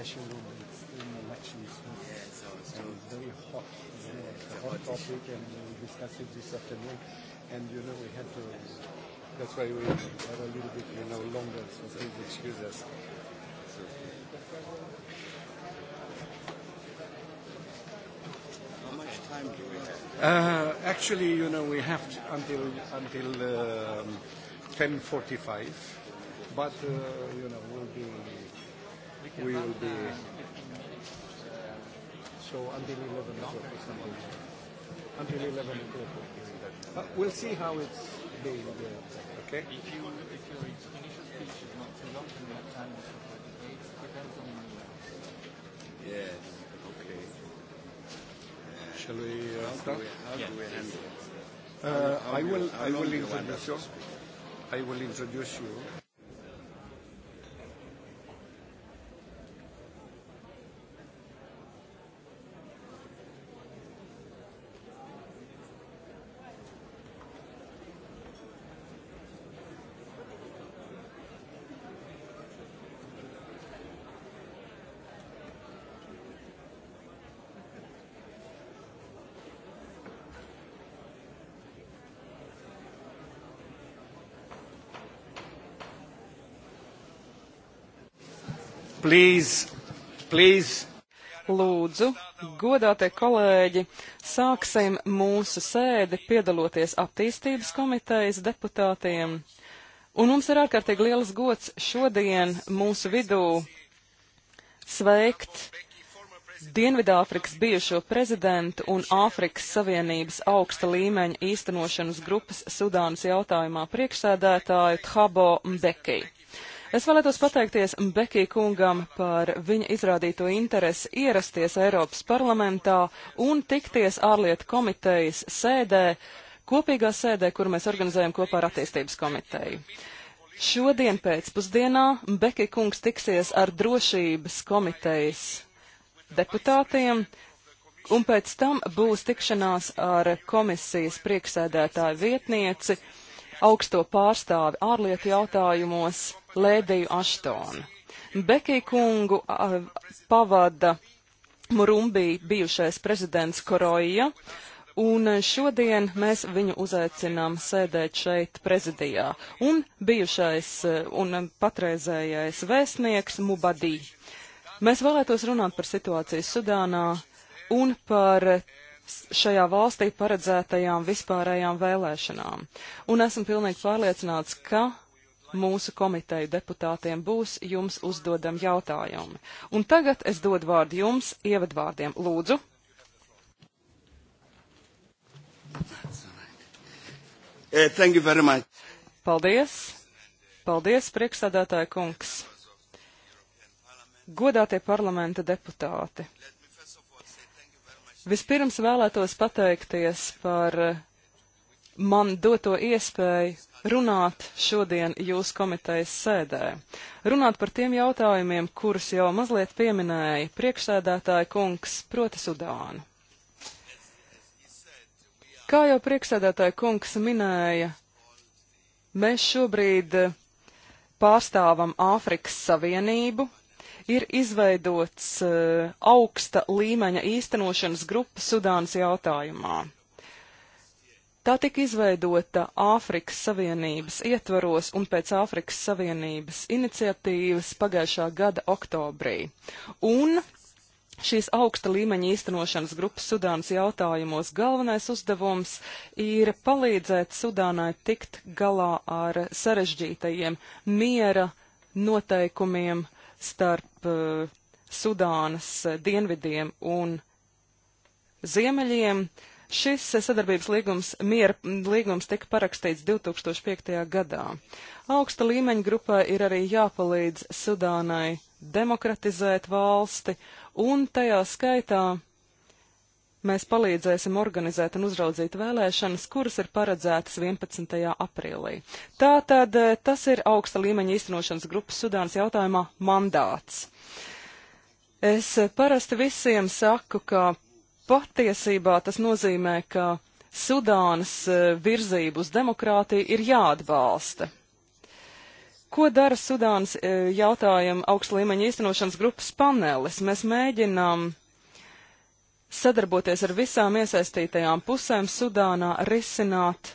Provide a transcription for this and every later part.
session will be extreme elections. Yeah, so it's and it's very hot. It's yeah, a, it's a hot, hot topic, and we'll discuss it this afternoon. And you know, we had to. That's why we had a little bit, you know, longer. So please excuse us. So. How much time do we have? Uh, actually, you know, we have to, until until um, 10:45, but uh, you know, we'll be we will be uh, so until 11 o'clock or something. Until 11 o'clock. Uh, we'll see how it's being. Uh, okay. If you if your initial speech is not too long, then that time is for the debate. Depends on. Yes. Okay. Uh, Shall we uh, how start? Do we, how yeah. do we handle it? Uh, how I will. I will introduce you. I will introduce you Please, please. Lūdzu, godātie kolēģi, sāksim mūsu sēdi piedaloties attīstības komitejas deputātiem. Un mums ir ārkārtīgi liels gods šodien mūsu vidū sveikt Dienvidāfrikas bijušo prezidentu un Āfrikas Savienības augsta līmeņa īstenošanas grupas Sudānas jautājumā priekšsēdētāju Thabo Mbeki. Es vēlētos pateikties Bekī kungam par viņa izrādīto interesi ierasties Eiropas parlamentā un tikties ārlietu komitejas sēdē, kopīgā sēdē, kur mēs organizējam kopā ar attīstības komiteju. Šodien pēcpusdienā Bekī kungs tiksies ar drošības komitejas deputātiem, un pēc tam būs tikšanās ar komisijas priekšsēdētāju vietnieci, augsto pārstāvi ārlietu jautājumos Lēdiju Aštonu. Bekī kungu pavada Murumbī bijušais prezidents Koroja, un šodien mēs viņu uzaicinām sēdēt šeit prezidijā. Un bijušais un patreizējais vēstnieks Mubadī. Mēs vēlētos runāt par situāciju Sudānā un par šajā valstī paredzētajām vispārējām vēlēšanām. Un esmu pilnīgi pārliecināts, ka mūsu komiteju deputātiem būs jums uzdodam jautājumi. Un tagad es dodu vārdu jums ievadvārdiem. Lūdzu! Eh, Paldies! Paldies, priekšsādātāja kungs! Godātie parlamenta deputāti! Vispirms vēlētos pateikties par man doto iespēju runāt šodien jūsu komitejas sēdē. Runāt par tiem jautājumiem, kurus jau mazliet pieminēja priekšsēdētāja kungs, proti Sudānu. Kā jau priekšsēdētāja kungs minēja, mēs šobrīd pārstāvam Āfrikas Savienību, ir izveidots uh, augsta līmeņa īstenošanas grupa Sudānas jautājumā. Tā tika izveidota Āfrikas Savienības ietvaros un pēc Āfrikas Savienības iniciatīvas pagājušā gada oktobrī. Un Šīs augsta līmeņa īstenošanas grupas Sudānas jautājumos galvenais uzdevums ir palīdzēt Sudānai tikt galā ar sarežģītajiem miera noteikumiem starp uh, Sudānas dienvidiem un ziemeļiem. Uh, Šis sadarbības līgums, miera līgums tika parakstīts 2005. gadā. Augsta līmeņa grupā ir arī jāpalīdz Sudānai demokratizēt valsti, un tajā skaitā mēs palīdzēsim organizēt un uzraudzīt vēlēšanas, kuras ir paredzētas 11. aprīlī. Tātad eh, tas ir augsta līmeņa īstenošanas grupas Sudānas jautājumā mandāts. Es eh, parasti visiem saku, ka patiesībā tas nozīmē, ka Sudānas e, virzību uz demokrātiju ir jāatbalsta. Ko dara Sudānas e, jautājuma augsta līmeņa īstenošanas grupas panelis? Mēs mēģinām sadarboties ar visām iesaistītajām pusēm Sudānā risināt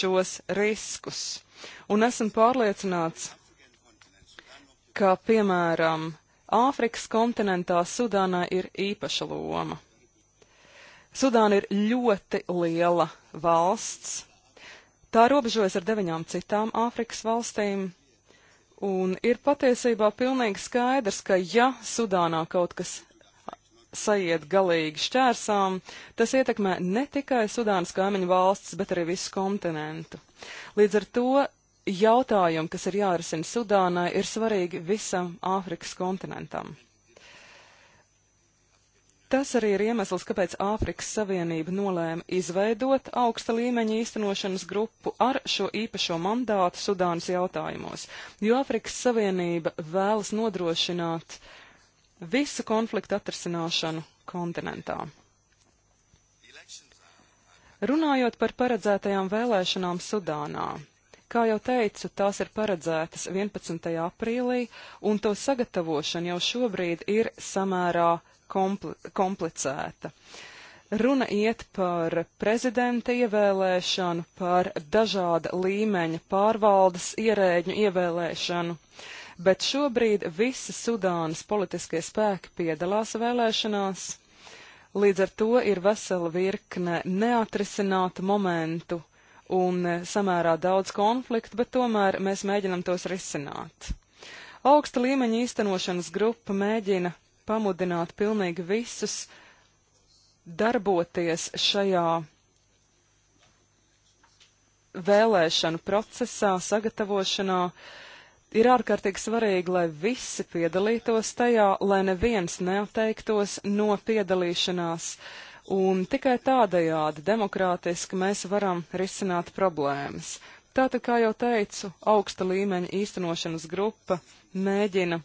šos riskus. Un esmu pārliecināts, ka, piemēram, Āfrikas kontinentā Sudānā ir īpaša loma. Sudāna ir ļoti liela valsts. Tā robežojas ar deviņām citām Āfrikas valstīm, un ir patiesībā pilnīgi skaidrs, ka ja Sudānā kaut kas saiet galīgi šķērsām, tas ietekmē ne tikai Sudānas kaimiņu valsts, bet arī visu kontinentu. Līdz ar to jautājumi, kas ir jārisina Sudānai, ir svarīgi visam Āfrikas kontinentam. Tas arī ir iemesls, kāpēc Āfrikas Savienība nolēma izveidot augsta līmeņa īstenošanas grupu ar šo īpašo mandātu Sudānas jautājumos, jo Āfrikas Savienība vēlas nodrošināt visu konfliktu atrisināšanu kontinentā. Runājot par paredzētajām vēlēšanām Sudānā, Kā jau teicu, tās ir paredzētas 11. aprīlī, un to sagatavošana jau šobrīd ir samērā kompli komplicēta. Runa iet par prezidenta ievēlēšanu, par dažāda līmeņa pārvaldes ierēģu ievēlēšanu, bet šobrīd visi Sudānas politiskie spēki piedalās vēlēšanās. Līdz ar to ir vesela virkne neatrisinātu momentu un samērā daudz konfliktu, bet tomēr mēs mēģinam tos risināt. Augsta līmeņa īstenošanas grupa mēģina pamudināt pilnīgi visus darboties šajā vēlēšanu procesā, sagatavošanā. Ir ārkārtīgi svarīgi, lai visi piedalītos tajā, lai neviens neatteiktos no piedalīšanās, un tikai tādējādi demokrātiski mēs varam risināt problēmas. Tātad, kā jau teicu, augsta līmeņa īstenošanas grupa mēģina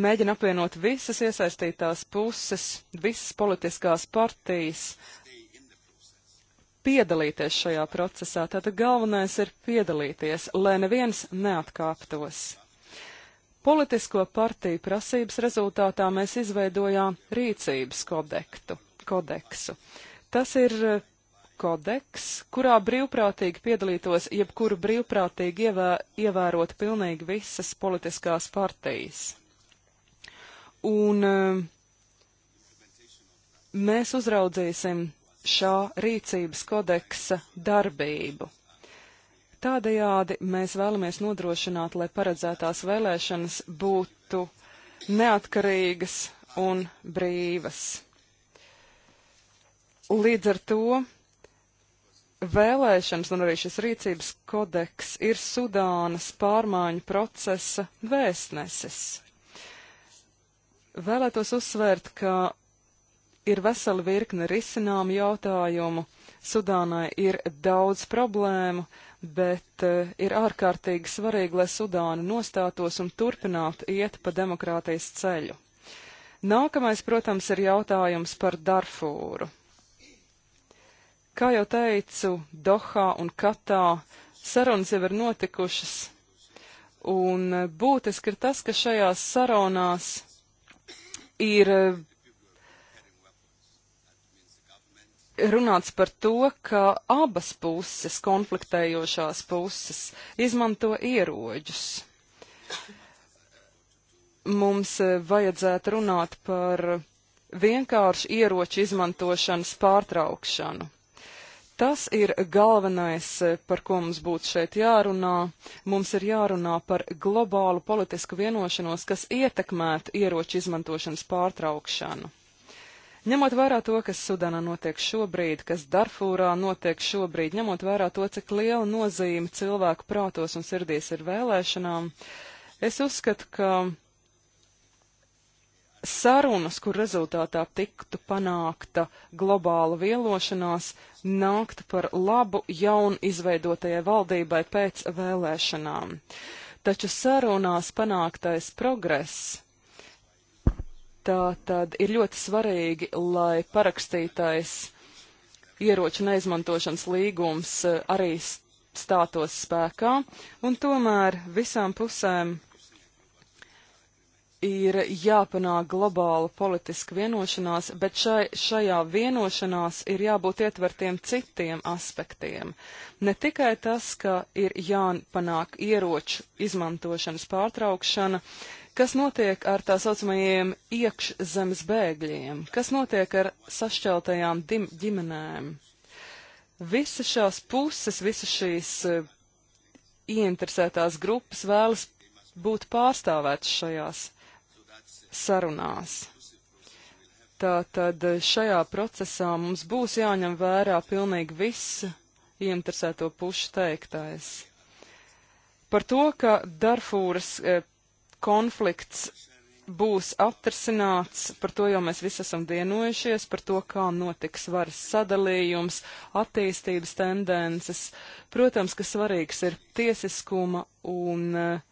mēģina apvienot visas iesaistītās puses, visas politiskās partijas, piedalīties šajā procesā. Tātad galvenais ir piedalīties, lai neviens neatkāptos. Politisko partiju prasības rezultātā mēs izveidojām rīcības kodektu, kodeksu. Tas ir eh, kodeks, kurā brīvprātīgi piedalītos jebkuru brīvprātīgi ievē, ievērot pilnīgi visas politiskās partijas. Un eh, mēs uzraudzīsim šā rīcības kodeksa darbību. Tādējādi mēs vēlamies nodrošināt, lai paredzētās vēlēšanas būtu neatkarīgas un brīvas. Līdz ar to vēlēšanas un arī šis rīcības kodeks ir Sudānas pārmaiņu procesa vēstnesis. Vēlētos uzsvērt, ka ir vesela virkne risināmu jautājumu. Sudānai ir daudz problēmu, bet uh, ir ārkārtīgi svarīgi, lai Sudāna nostātos un turpinātu iet pa demokrātijas ceļu. Nākamais, protams, ir jautājums par Darfūru. Kā jau teicu, Dohā un Katā sarunas jau ir notikušas, un eh, būtiski ir tas, ka šajās sarunās ir eh, runāts par to, ka abas puses, konfliktējošās puses, izmanto ieroģus. Mums eh, vajadzētu runāt par vienkāršu ieroču izmantošanas pārtraukšanu. Tas ir galvenais, eh, par ko mums būtu šeit jārunā. Mums ir jārunā par globālu politisku vienošanos, kas ietekmētu ieroču izmantošanas pārtraukšanu. Ņemot vērā to, kas Sudanā notiek šobrīd, kas Darfūrā notiek šobrīd, ņemot vērā to, cik liela nozīme cilvēku prātos un sirdīs ir vēlēšanām, es uzskatu, ka sarunas, kur rezultātā tiktu panākta globāla vielošanās, nāktu par labu jaun izveidotajai valdībai pēc vēlēšanām. Taču sarunās panāktais progress. Tā tad ir ļoti svarīgi, lai parakstītais ieroču neizmantošanas līgums eh, arī stātos spēkā, un tomēr visām pusēm ir jāpanāk globāla politiska vienošanās, bet šai, šajā vienošanās ir jābūt ietvertiem citiem aspektiem. Ne tikai tas, ka ir jāpanāk ieroču izmantošanas pārtraukšana, kas notiek ar tā saucamajiem iekšzemes bēgļiem, kas notiek ar sašķeltajām dim, ģimenēm. Visas šās puses, visas šīs eh, ieinteresētās grupas vēlas būt pārstāvētas šajās sarunās. Tātad šajā procesā mums būs jāņem vērā pilnīgi viss ieinteresēto pušu teiktais. Par to, ka Darfūras eh, konflikts būs atrisināts, par to jau mēs visi esam vienojušies, par to, kā notiks varas sadalījums, attīstības tendences. Protams, ka svarīgs ir tiesiskuma un uh,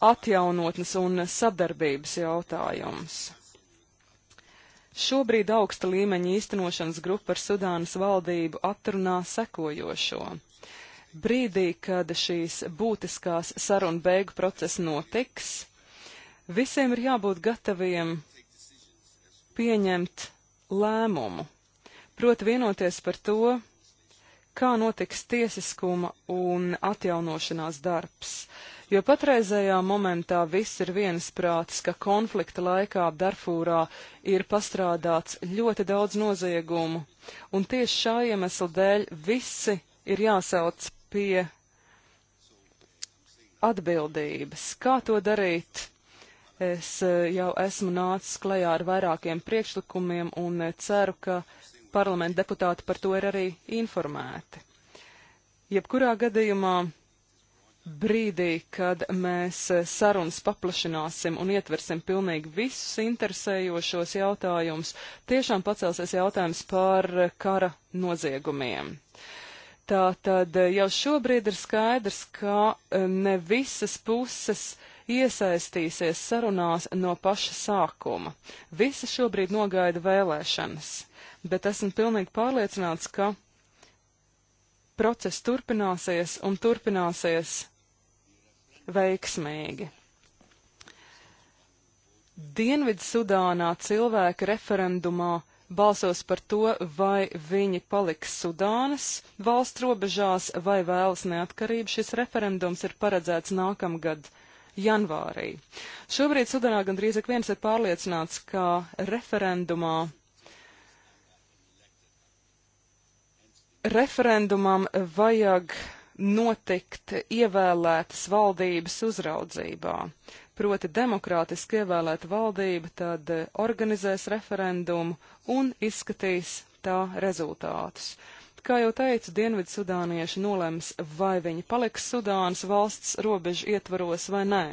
atjaunotnes un sadarbības jautājums. Šobrīd augsta līmeņa īstenošanas grupa ar Sudānas valdību atrunā sekojošo. Brīdī, kad šīs būtiskās sarunu beigu procesa notiks, visiem ir jābūt gataviem pieņemt lēmumu, proti vienoties par to, kā notiks tiesiskuma un atjaunošanās darbs. Uh, jo patreizējā momentā viss ir viensprātis, ka konflikta laikā Darfūrā ir pastrādāts ļoti daudz noziegumu, un tieši šā iemesla dēļ visi ir jāsauc pie atbildības. Kā to darīt? Es eh, jau esmu nācis klajā ar vairākiem priekšlikumiem un eh, ceru, ka parlamenta deputāti par to ir arī informēti. Jebkurā gadījumā brīdī, kad mēs eh, sarunas paplašināsim un ietversim pilnīgi visus interesējošos jautājumus, tiešām pacelsies jautājums par eh, kara noziegumiem. Tā tad eh, jau šobrīd ir skaidrs, ka ne visas puses iesaistīsies sarunās no paša sākuma. Visi šobrīd nogaida vēlēšanas, bet esmu pilnīgi pārliecināts, ka process turpināsies un turpināsies veiksmīgi. Dienvidsudānā cilvēki referendumā balsos par to, vai viņi paliks Sudānas valsts robežās vai vēlas neatkarību. Šis referendums ir paredzēts nākamgad janvārī. Šobrīd Sudānā gandrīz ik viens ir pārliecināts, ka referendumā referendumam vajag notikt ievēlētas valdības uzraudzībā. Proti demokrātiski ievēlēta valdība tad eh, organizēs referendumu un izskatīs tā rezultātus. Kā jau teicu, Dienvidu sudānieši nolems, vai viņi paliks Sudānas valsts robežu ietvaros vai nē.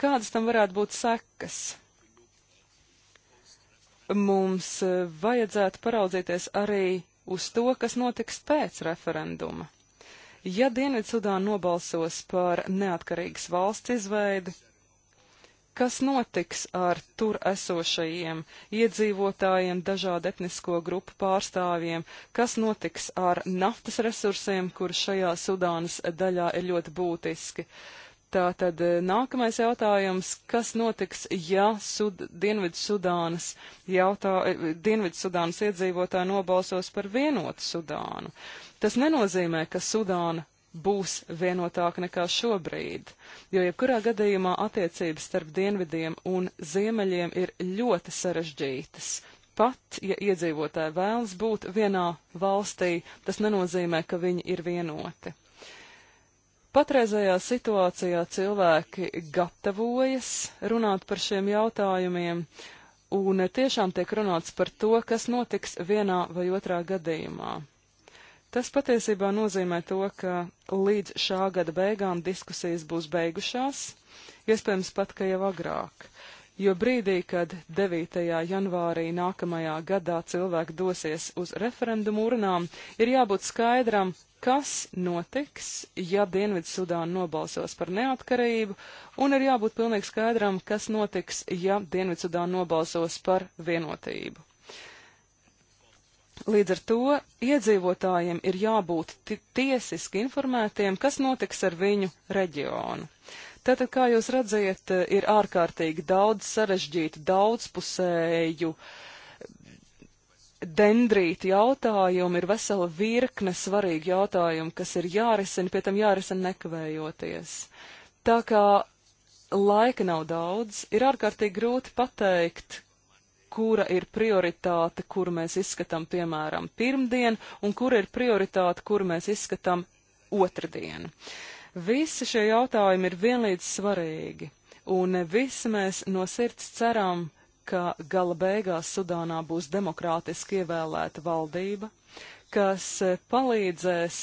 Kādas tam varētu būt sekas? Mums eh, vajadzētu paraudzīties arī uz to, kas notiks pēc referenduma. Ja Dienvidsudāna nobalsos par neatkarīgas valsts izveidi, kas notiks ar tur esošajiem iedzīvotājiem, dažādu etnisko grupu pārstāvjiem, kas notiks ar naftas resursiem, kur šajā Sudānas daļā ir ļoti būtiski. Uh, Tātad eh, nākamais jautājums, kas notiks, ja Sud Dienvidsudānas jautā, eh, Dienvidsudānas iedzīvotāji nobalsos par vienotu Sudānu? Tas nenozīmē, ka Sudāna būs vienotāka nekā šobrīd, jo jebkurā gadījumā attiecības starp dienvidiem un ziemeļiem ir ļoti sarežģītas. Pat, ja iedzīvotāji vēlas būt vienā valstī, tas nenozīmē, ka viņi ir vienoti. Patreizajā situācijā cilvēki gatavojas runāt par šiem jautājumiem, un tiešām tiek runāts par to, kas notiks vienā vai otrā gadījumā. Tas patiesībā nozīmē to, ka līdz šā gada beigām diskusijas būs beigušās, iespējams pat, ka jau agrāk jo brīdī, kad 9. janvārī nākamajā gadā cilvēki dosies uz referendumu urnām, ir jābūt skaidram, kas notiks, ja Dienvidu Sudāna nobalsos par neatkarību, un ir jābūt pilnīgi skaidram, kas notiks, ja Dienvidu Sudāna nobalsos par vienotību. Līdz ar to iedzīvotājiem ir jābūt tiesiski informētiem, kas notiks ar viņu reģionu. Tātad, kā jūs redzat, ir ārkārtīgi daudz sarežģītu, daudzpusēju dendrītu jautājumu, ir vesela virkne svarīgu jautājumu, kas ir jārisina, pie tam jārisina nekavējoties. Tā kā laika nav daudz, ir ārkārtīgi grūti pateikt, kura ir prioritāte, kuru mēs izskatām, piemēram, pirmdien, un kura ir prioritāte, kuru mēs izskatām otrdien. Uh, Visi šie jautājumi ir vienlīdz svarīgi, un visi mēs no sirds ceram, ka gala beigās Sudānā būs demokrātiski ievēlēta valdība, kas palīdzēs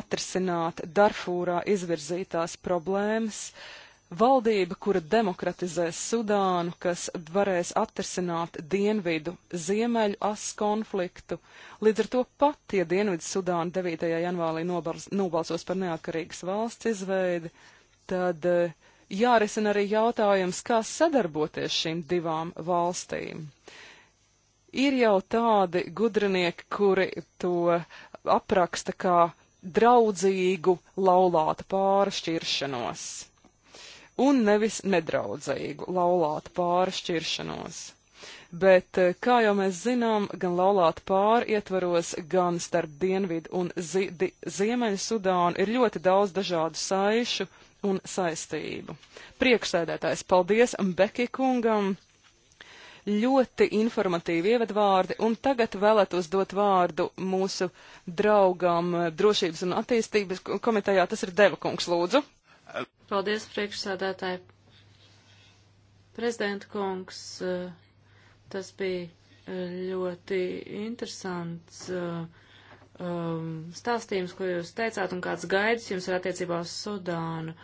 atrisināt Darfūrā izvirzītās problēmas, uh, Valdība, kura demokratizēs Sudānu, kas varēs atrisināt dienvidu ziemeļu as konfliktu, līdz ar to pat, ja dienvidu Sudāna 9. janvālī nobals, nobalsos par neatkarīgas valsts izveidi, tad eh, jārisina arī jautājums, kā sadarboties šīm divām valstīm. Ir jau tādi gudrinieki, kuri to apraksta kā draudzīgu laulāta pāršķiršanos un nevis nedraudzīgu laulātu pāru šķiršanos. Bet, eh, kā jau mēs zinām, gan laulāta pāri ietvaros, gan starp Dienvidu un zi di Ziemeļu Sudānu ir ļoti daudz dažādu saišu un saistību. Priekšsēdētājs, paldies Beki kungam! Ļoti informatīvi ievadvārdi, un tagad vēlētos dot vārdu mūsu draugam eh, Drošības un attīstības komitejā, tas ir Deva kungs, lūdzu. Paldies, priekšsādātāji. Prezidenta kungs, eh, tas bija eh, ļoti interesants eh, um, stāstījums, ko jūs teicāt, un kāds gaidis jums ir attiecībā uz Sudānu.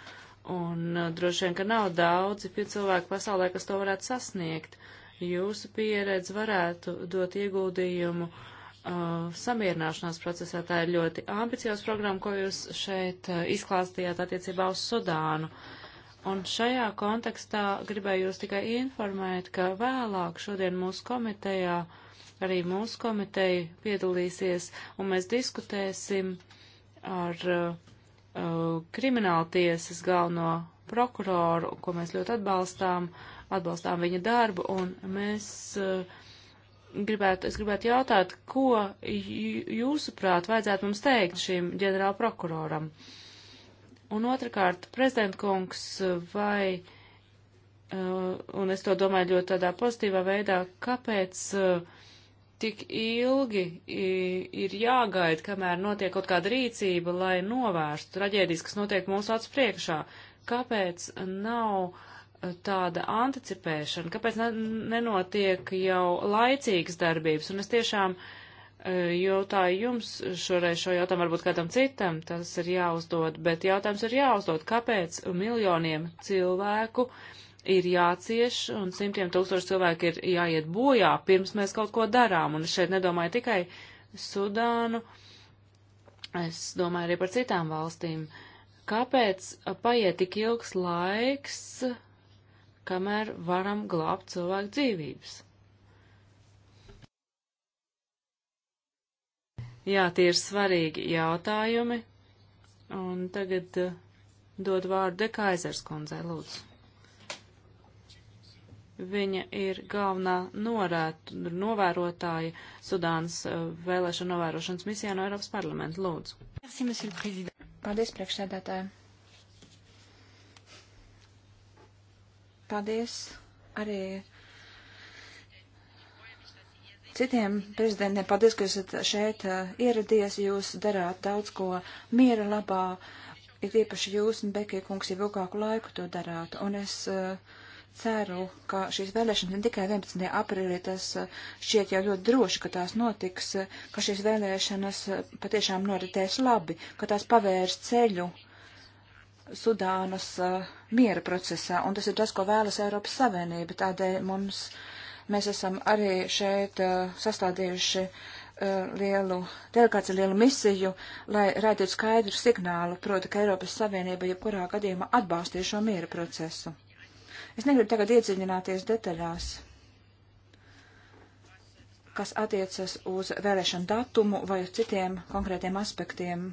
Un droši vien, ka nav daudzi cilvēki pasaulē, kas to varētu sasniegt. Jūsu pieredze varētu dot ieguldījumu uh, uh, samierināšanās procesā. Tā ir ļoti ambiciozs programma, ko jūs šeit uh, izklāstījāt attiecībā uz Sudānu. Un šajā kontekstā gribēju jūs tikai informēt, ka vēlāk šodien mūsu komitejā, arī mūsu komiteja piedalīsies, un mēs diskutēsim ar uh, uh krimināltiesas galveno prokuroru, ko mēs ļoti atbalstām, atbalstām viņa darbu, un mēs uh, gribētu, es gribētu jautāt, ko jūsuprāt vajadzētu mums teikt šim ģenerāla prokuroram? Un otrkārt, prezident kungs, vai, uh, un es to domāju ļoti tādā pozitīvā veidā, kāpēc uh, tik ilgi ir jāgaida, kamēr notiek kaut kāda rīcība, lai novērstu traģēdijas, kas notiek mūsu acu priekšā? Kāpēc nav tāda anticipēšana, kāpēc ne, nenotiek jau laicīgas darbības, un es tiešām e, jautāju jums šoreiz šo jautājumu, varbūt kādam citam tas ir jāuzdod, bet jautājums ir jāuzdod, kāpēc miljoniem cilvēku ir jācieš un simtiem tūkstoši cilvēku ir jāiet bojā, pirms mēs kaut ko darām, un es šeit nedomāju tikai Sudānu, es domāju arī par citām valstīm. Kāpēc paiet tik ilgs laiks, kamēr varam glābt cilvēku dzīvības. Jā, tie ir svarīgi jautājumi, un tagad uh, dod vārdu Dekaizers kundzei, lūdzu. Viņa ir galvenā norētu, novērotāja Sudānas uh, vēlēšana novērošanas misijā no Eiropas parlamenta. Lūdzu. Paldies, priekšsēdētāji. Paldies arī citiem prezidentiem. Paldies, ka esat šeit uh, ieradies. Jūs darāt daudz ko miera labā. Ir īpaši jūs un Bekie kungs jau ilgāku laiku to darāt. Un es uh, ceru, ka šīs vēlēšanas ne tikai 11. aprīlī, tas uh, šķiet jau ļoti droši, ka tās notiks, uh, ka šīs vēlēšanas patiešām noritēs labi, ka tās pavērs ceļu uh, Sudānas uh, miera procesā, un tas ir tas, ko vēlas Eiropas Savienība. Tādēļ mums, mēs esam arī šeit uh, sastādījuši uh, lielu delegāciju, lielu misiju, lai raidītu skaidru signālu, proti, ka Eiropas Savienība jebkurā gadījumā atbalstīs šo miera procesu. Es negribu tagad iedziļināties detaļās, kas attiecas uz vēlēšanu datumu vai uz citiem konkrētiem aspektiem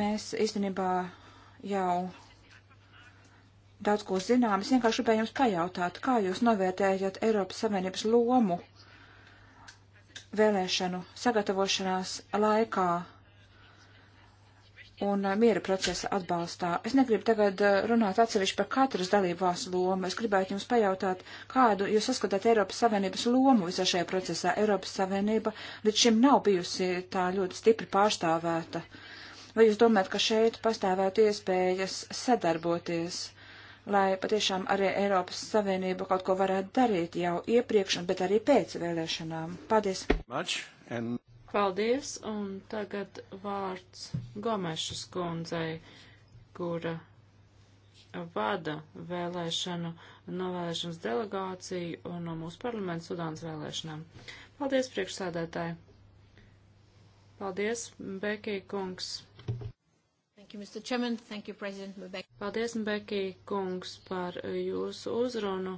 mēs īstenībā jau daudz ko zinām. Es vienkārši gribēju jums pajautāt, kā jūs novērtējat Eiropas Savienības lomu vēlēšanu sagatavošanās laikā un miera procesa atbalstā. Es negribu tagad eh, runāt atsevišķi par katras dalībās lomu. Es gribētu jums pajautāt, kādu jūs saskatāt Eiropas Savienības lomu visā šajā procesā. Eiropas Savienība līdz šim nav bijusi tā ļoti stipri pārstāvēta. Uh, Vai jūs domājat, ka šeit pastāvētu iespējas sadarboties, lai patiešām arī Eiropas Savienība kaut ko varētu darīt jau iepriekš, bet arī pēc vēlēšanām? Paldies! And... Paldies, un tagad vārds Gomešas kundzei, kura vada vēlēšanu, novēlēšanas delegāciju un no mūsu parlamenta Sudānas vēlēšanām. Paldies, priekšsādētāji! Paldies, Bekī kungs! Thank you, Mr. Chairman. Thank you, President Mbeki. Paldies, Mbeki kungs, par jūsu uzrunu.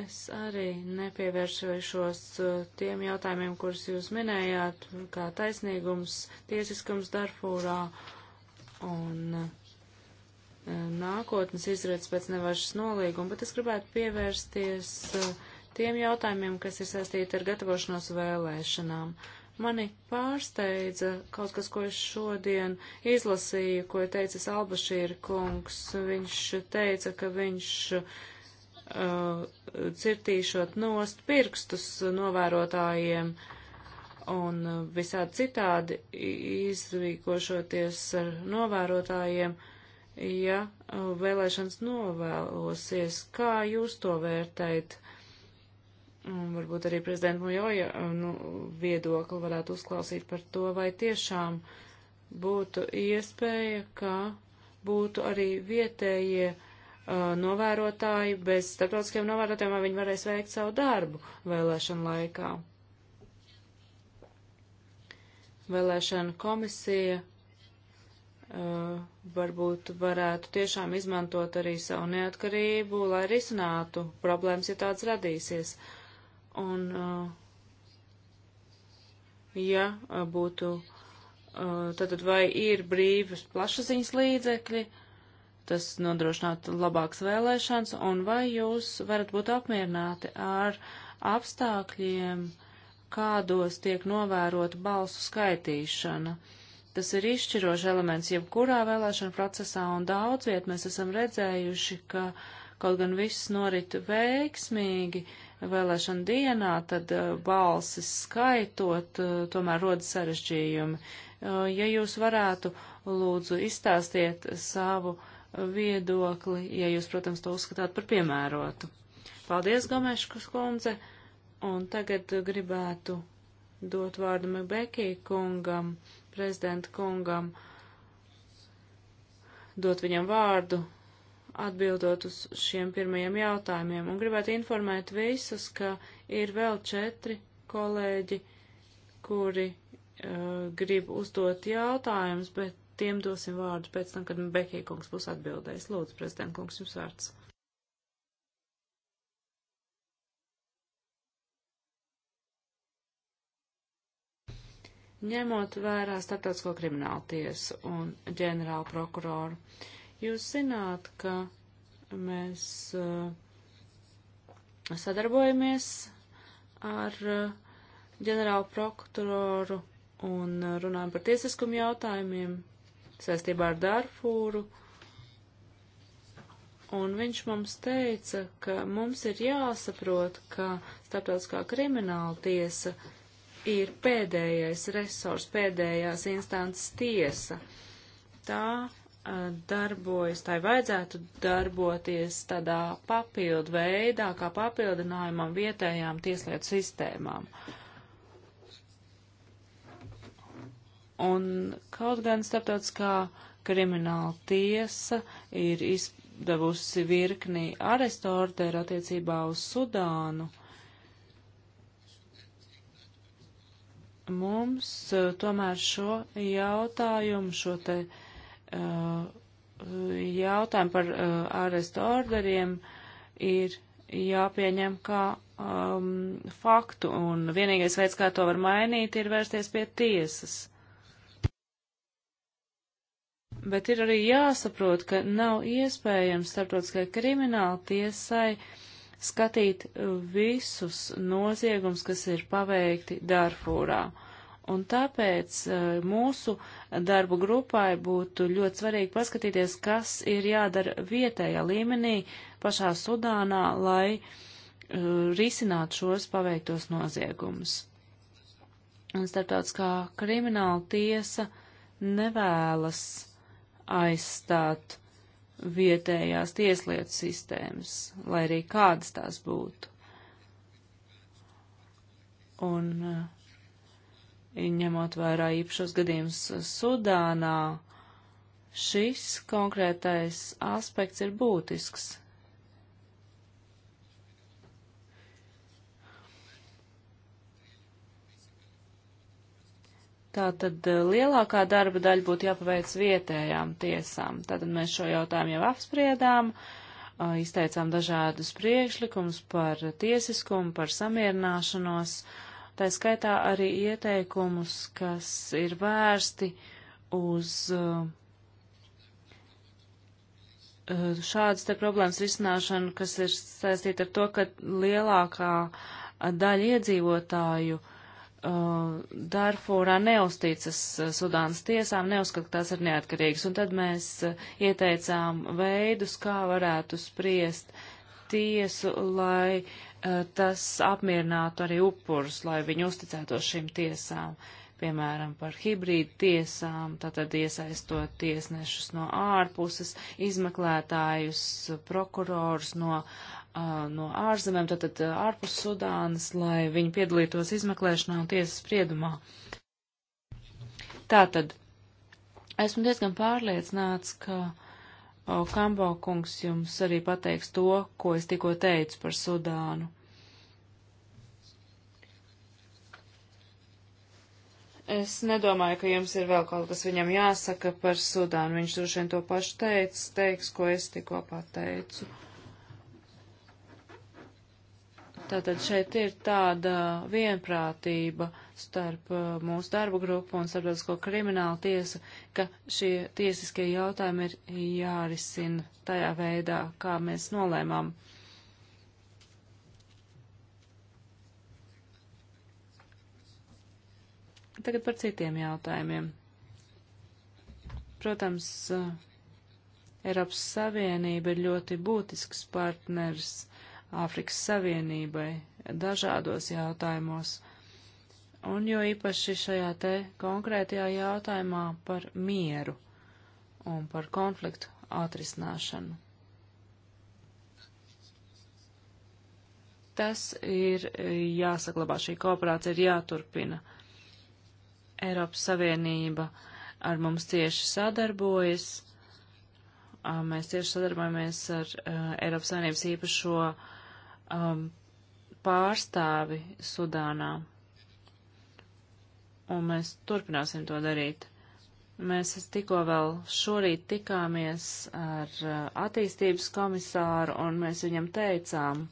Es arī nepievēršos eh, tiem jautājumiem, kurus jūs minējāt, kā taisnīgums, tiesiskums Darfūrā un eh, nākotnes izredz pēc nevašas nolīguma, bet es gribētu pievērsties eh, tiem jautājumiem, kas ir saistīti ar gatavošanos vēlēšanām. Uh, Mani pārsteidza kaut kas, ko es šodien izlasīju, ko ir teicis Albašīra kungs. Viņš teica, ka viņš uh, cirtīšot nost pirkstus novērotājiem un uh, visādi citādi izrīkošoties ar novērotājiem, ja uh, vēlēšanas novēlosies. Kā jūs to vērtējat? Uh, Un varbūt arī prezidenta Mujoja eh, nu, viedokli varētu uzklausīt par to, vai tiešām būtu iespēja, ka būtu arī vietējie uh, novērotāji bez starptautiskiem novērotājiem, vai viņi varēs veikt savu darbu vēlēšanu laikā. Vēlēšana komisija uh, varbūt varētu tiešām izmantot arī savu neatkarību, lai risinātu problēmas, ja tāds radīsies. Uh, Un, uh, ja uh, būtu, uh, tad vai ir brīvas plašsaziņas līdzekļi, tas nodrošinātu labākas vēlēšanas, un vai jūs varat būt apmierināti ar apstākļiem, kādos tiek novērota balsu skaitīšana. Tas ir izšķirošs elements jebkurā vēlēšana procesā, un daudz viet mēs esam redzējuši, ka kaut gan viss norit veiksmīgi, uh, vēlēšana dienā, tad uh, balsis skaitot uh, tomēr rodas sarežģījumi. Uh, ja jūs varētu, lūdzu, izstāstiet savu viedokli, ja jūs, protams, to uzskatāt par piemērotu. Paldies, Gomeškas kundze, un tagad gribētu dot vārdu Mekbekī kungam, prezidenta kungam, dot viņam vārdu atbildot uz šiem pirmajiem jautājumiem. Un gribētu informēt visus, ka ir vēl četri kolēģi, kuri uh, grib uzdot jautājumus, bet tiem dosim vārdu pēc tam, kad Bekīkungs būs atbildējis. Lūdzu, prezidentkungs, jums vārds. ņemot vērā starptautisko kriminālu tiesu un ģenerālu prokuroru. Jūs zināt, ka mēs uh, sadarbojamies ar uh, ģenerālu prokuroru un uh, runājam par tiesiskumu jautājumiem saistībā ar Darfūru. Un viņš mums teica, ka mums ir jāsaprot, ka starptautiskā krimināla tiesa ir pēdējais resurs, pēdējās instances tiesa. Tā darbojas, tai vajadzētu darboties tādā papildu veidā, kā papildinājumam vietējām tieslietu sistēmām. Un kaut gan starptautiskā krimināla tiesa ir izdevusi virkni arestu orderu attiecībā uz Sudānu, mums tomēr šo jautājumu, šo te uh, Uh, jautājumi par arestu uh, orderiem ir jāpieņem kā um, faktu, un vienīgais veids, kā to var mainīt, ir vērsties pie tiesas. Bet ir arī jāsaprot, ka nav iespējams starptautiskai krimināla tiesai skatīt visus noziegums, kas ir paveikti Darfūrā. Uh, Un tāpēc eh, mūsu darbu grupai būtu ļoti svarīgi paskatīties, kas ir jādara vietējā līmenī pašā Sudānā, lai eh, risinātu šos paveiktos noziegumus. Un starptautiskā krimināla tiesa nevēlas aizstāt vietējās tieslietu sistēmas, lai arī kādas tās būtu. Un uh, ņemot vērā īpašos gadījumus Sudānā, šis konkrētais aspekts ir būtisks. Tātad eh, lielākā darba daļa būtu jāpaveic vietējām tiesām. Tātad mēs šo jautājumu jau apspriedām, eh, izteicām dažādus priekšlikumus par tiesiskumu, par samierināšanos. Uh, tā skaitā arī ieteikumus, kas ir vērsti uz uh, uh, šādas te problēmas risināšanu, kas ir saistīta ar to, ka lielākā daļa iedzīvotāju uh, Darfūrā neuzticas uh, Sudānas tiesām, neuzskata, ka tās ir neatkarīgas. Un tad mēs uh, ieteicām veidus, kā varētu spriest tiesu, lai Eh, tas apmierinātu arī upurus, lai viņi uzticētos šīm tiesām, piemēram, par hibrīdu tiesām, tātad iesaistot tiesnešus no ārpuses, izmeklētājus, prokurors no, eh, no ārzemēm, tātad eh, ārpus Sudānas, lai viņi piedalītos izmeklēšanā un tiesas spriedumā. Tātad esmu diezgan pārliecināts, ka uh, Kambo kungs jums arī pateiks to, ko es tikko teicu par Sudānu. Es nedomāju, ka jums ir vēl kaut kas viņam jāsaka par Sudānu. Viņš droši vien to pašu teica, teiks, ko es tikko pateicu. Uh, Tātad šeit ir tāda vienprātība starp uh, mūsu darbu grupu un starptautisko kriminālu tiesu, ka šie tiesiskie jautājumi ir jārisina tajā veidā, kā mēs nolēmām. Tagad par citiem jautājumiem. Protams, uh, Eiropas Savienība ir ļoti būtisks partners Āfrikas Savienībai dažādos jautājumos, un jo īpaši šajā te konkrētajā jautājumā par mieru un par konfliktu atrisināšanu. Tas ir jāsaglabā, šī kooperācija ir jāturpina. Eiropas Savienība ar mums cieši sadarbojas. Mēs cieši sadarbojamies ar Eiropas Savienības īpašo uh, um, pārstāvi Sudānā. Un mēs turpināsim to darīt. Mēs tikko vēl šorīt tikāmies ar uh, attīstības komisāru un mēs viņam teicām,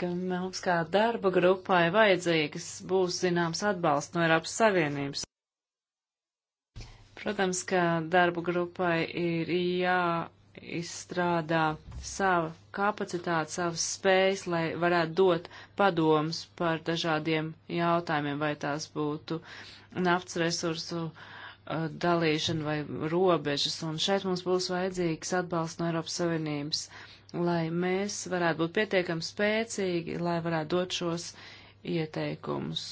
ka mums kā darba grupai vajadzīgas būs zināms atbalsts no Eiropas Savienības. Protams, ka darba grupai ir jā izstrādā savu kapacitāti, savas spējas, lai varētu dot padomus par dažādiem jautājumiem, vai tās būtu naftas resursu uh, dalīšana vai robežas. Un šeit mums būs vajadzīgs atbalsts no Eiropas Savienības, lai mēs varētu būt pietiekami spēcīgi, lai varētu dot šos ieteikumus.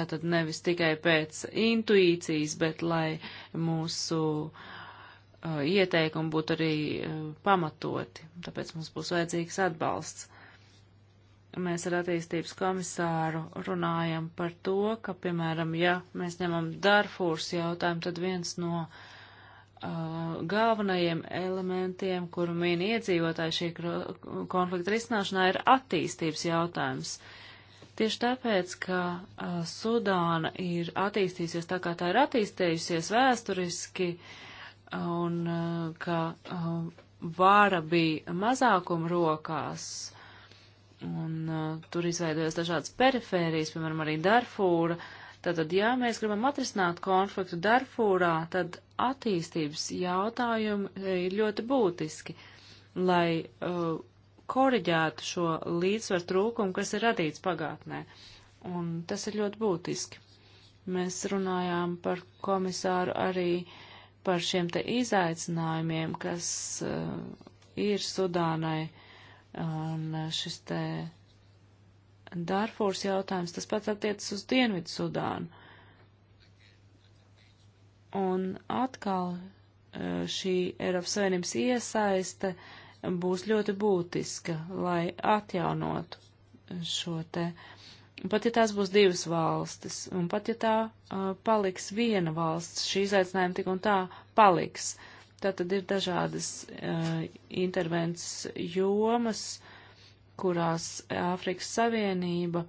Tātad nevis tikai pēc intuīcijas, bet lai mūsu uh, Uh, ieteikumi būtu arī uh, pamatoti, tāpēc mums būs vajadzīgs atbalsts. Mēs ar attīstības komisāru runājam par to, ka, piemēram, ja mēs ņemam Darfūras jautājumu, tad viens no uh, galvenajiem elementiem, kuru min iedzīvotāji šī konflikta risināšanā, ir attīstības jautājums. Tieši tāpēc, ka uh, Sudāna ir attīstījusies tā, kā tā ir attīstījusies vēsturiski, uh, un eh, ka eh, vāra bija mazākuma rokās. Un uh, tur izveidojas dažādas perifērijas, piemēram, arī Darfūra. Tātad, ja mēs gribam atrisināt konfliktu Darfūrā, tad attīstības jautājumi ir ļoti būtiski, lai uh, koriģētu šo līdzsvaru trūkumu, kas ir radīts pagātnē. Un tas ir ļoti būtiski. Mēs runājām par komisāru arī uh, par šiem te izaicinājumiem, kas uh, ir Sudānai, un šis te Darfūrs jautājums, tas pats attiecas uz Dienvidu Sudānu. Un atkal uh, šī Eiropas Savienības iesaiste būs ļoti būtiska, lai atjaunotu šo te uh, Pat ja tās būs divas valstis, un pat ja tā uh, paliks viena valsts, šī izaicinājuma tik un tā paliks. Tātad ir dažādas uh, intervences jomas, kurās Āfrikas Savienība,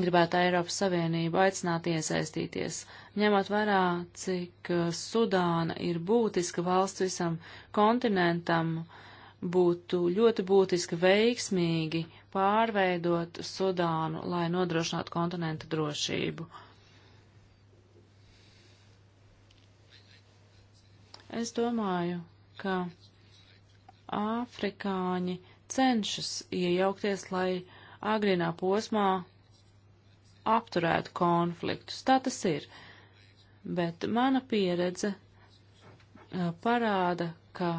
gribētu Eiropas Savienību aicināt iesaistīties, ņemot vērā, cik uh, Sudāna ir būtiska valsts visam kontinentam, būtu ļoti būtiski veiksmīgi uh, pārveidot Sudānu, lai nodrošinātu kontinentu drošību. Es domāju, ka afrikāņi cenšas iejaukties, lai agrīnā posmā apturētu konfliktus. Tā tas ir. Bet mana pieredze uh, parāda, ka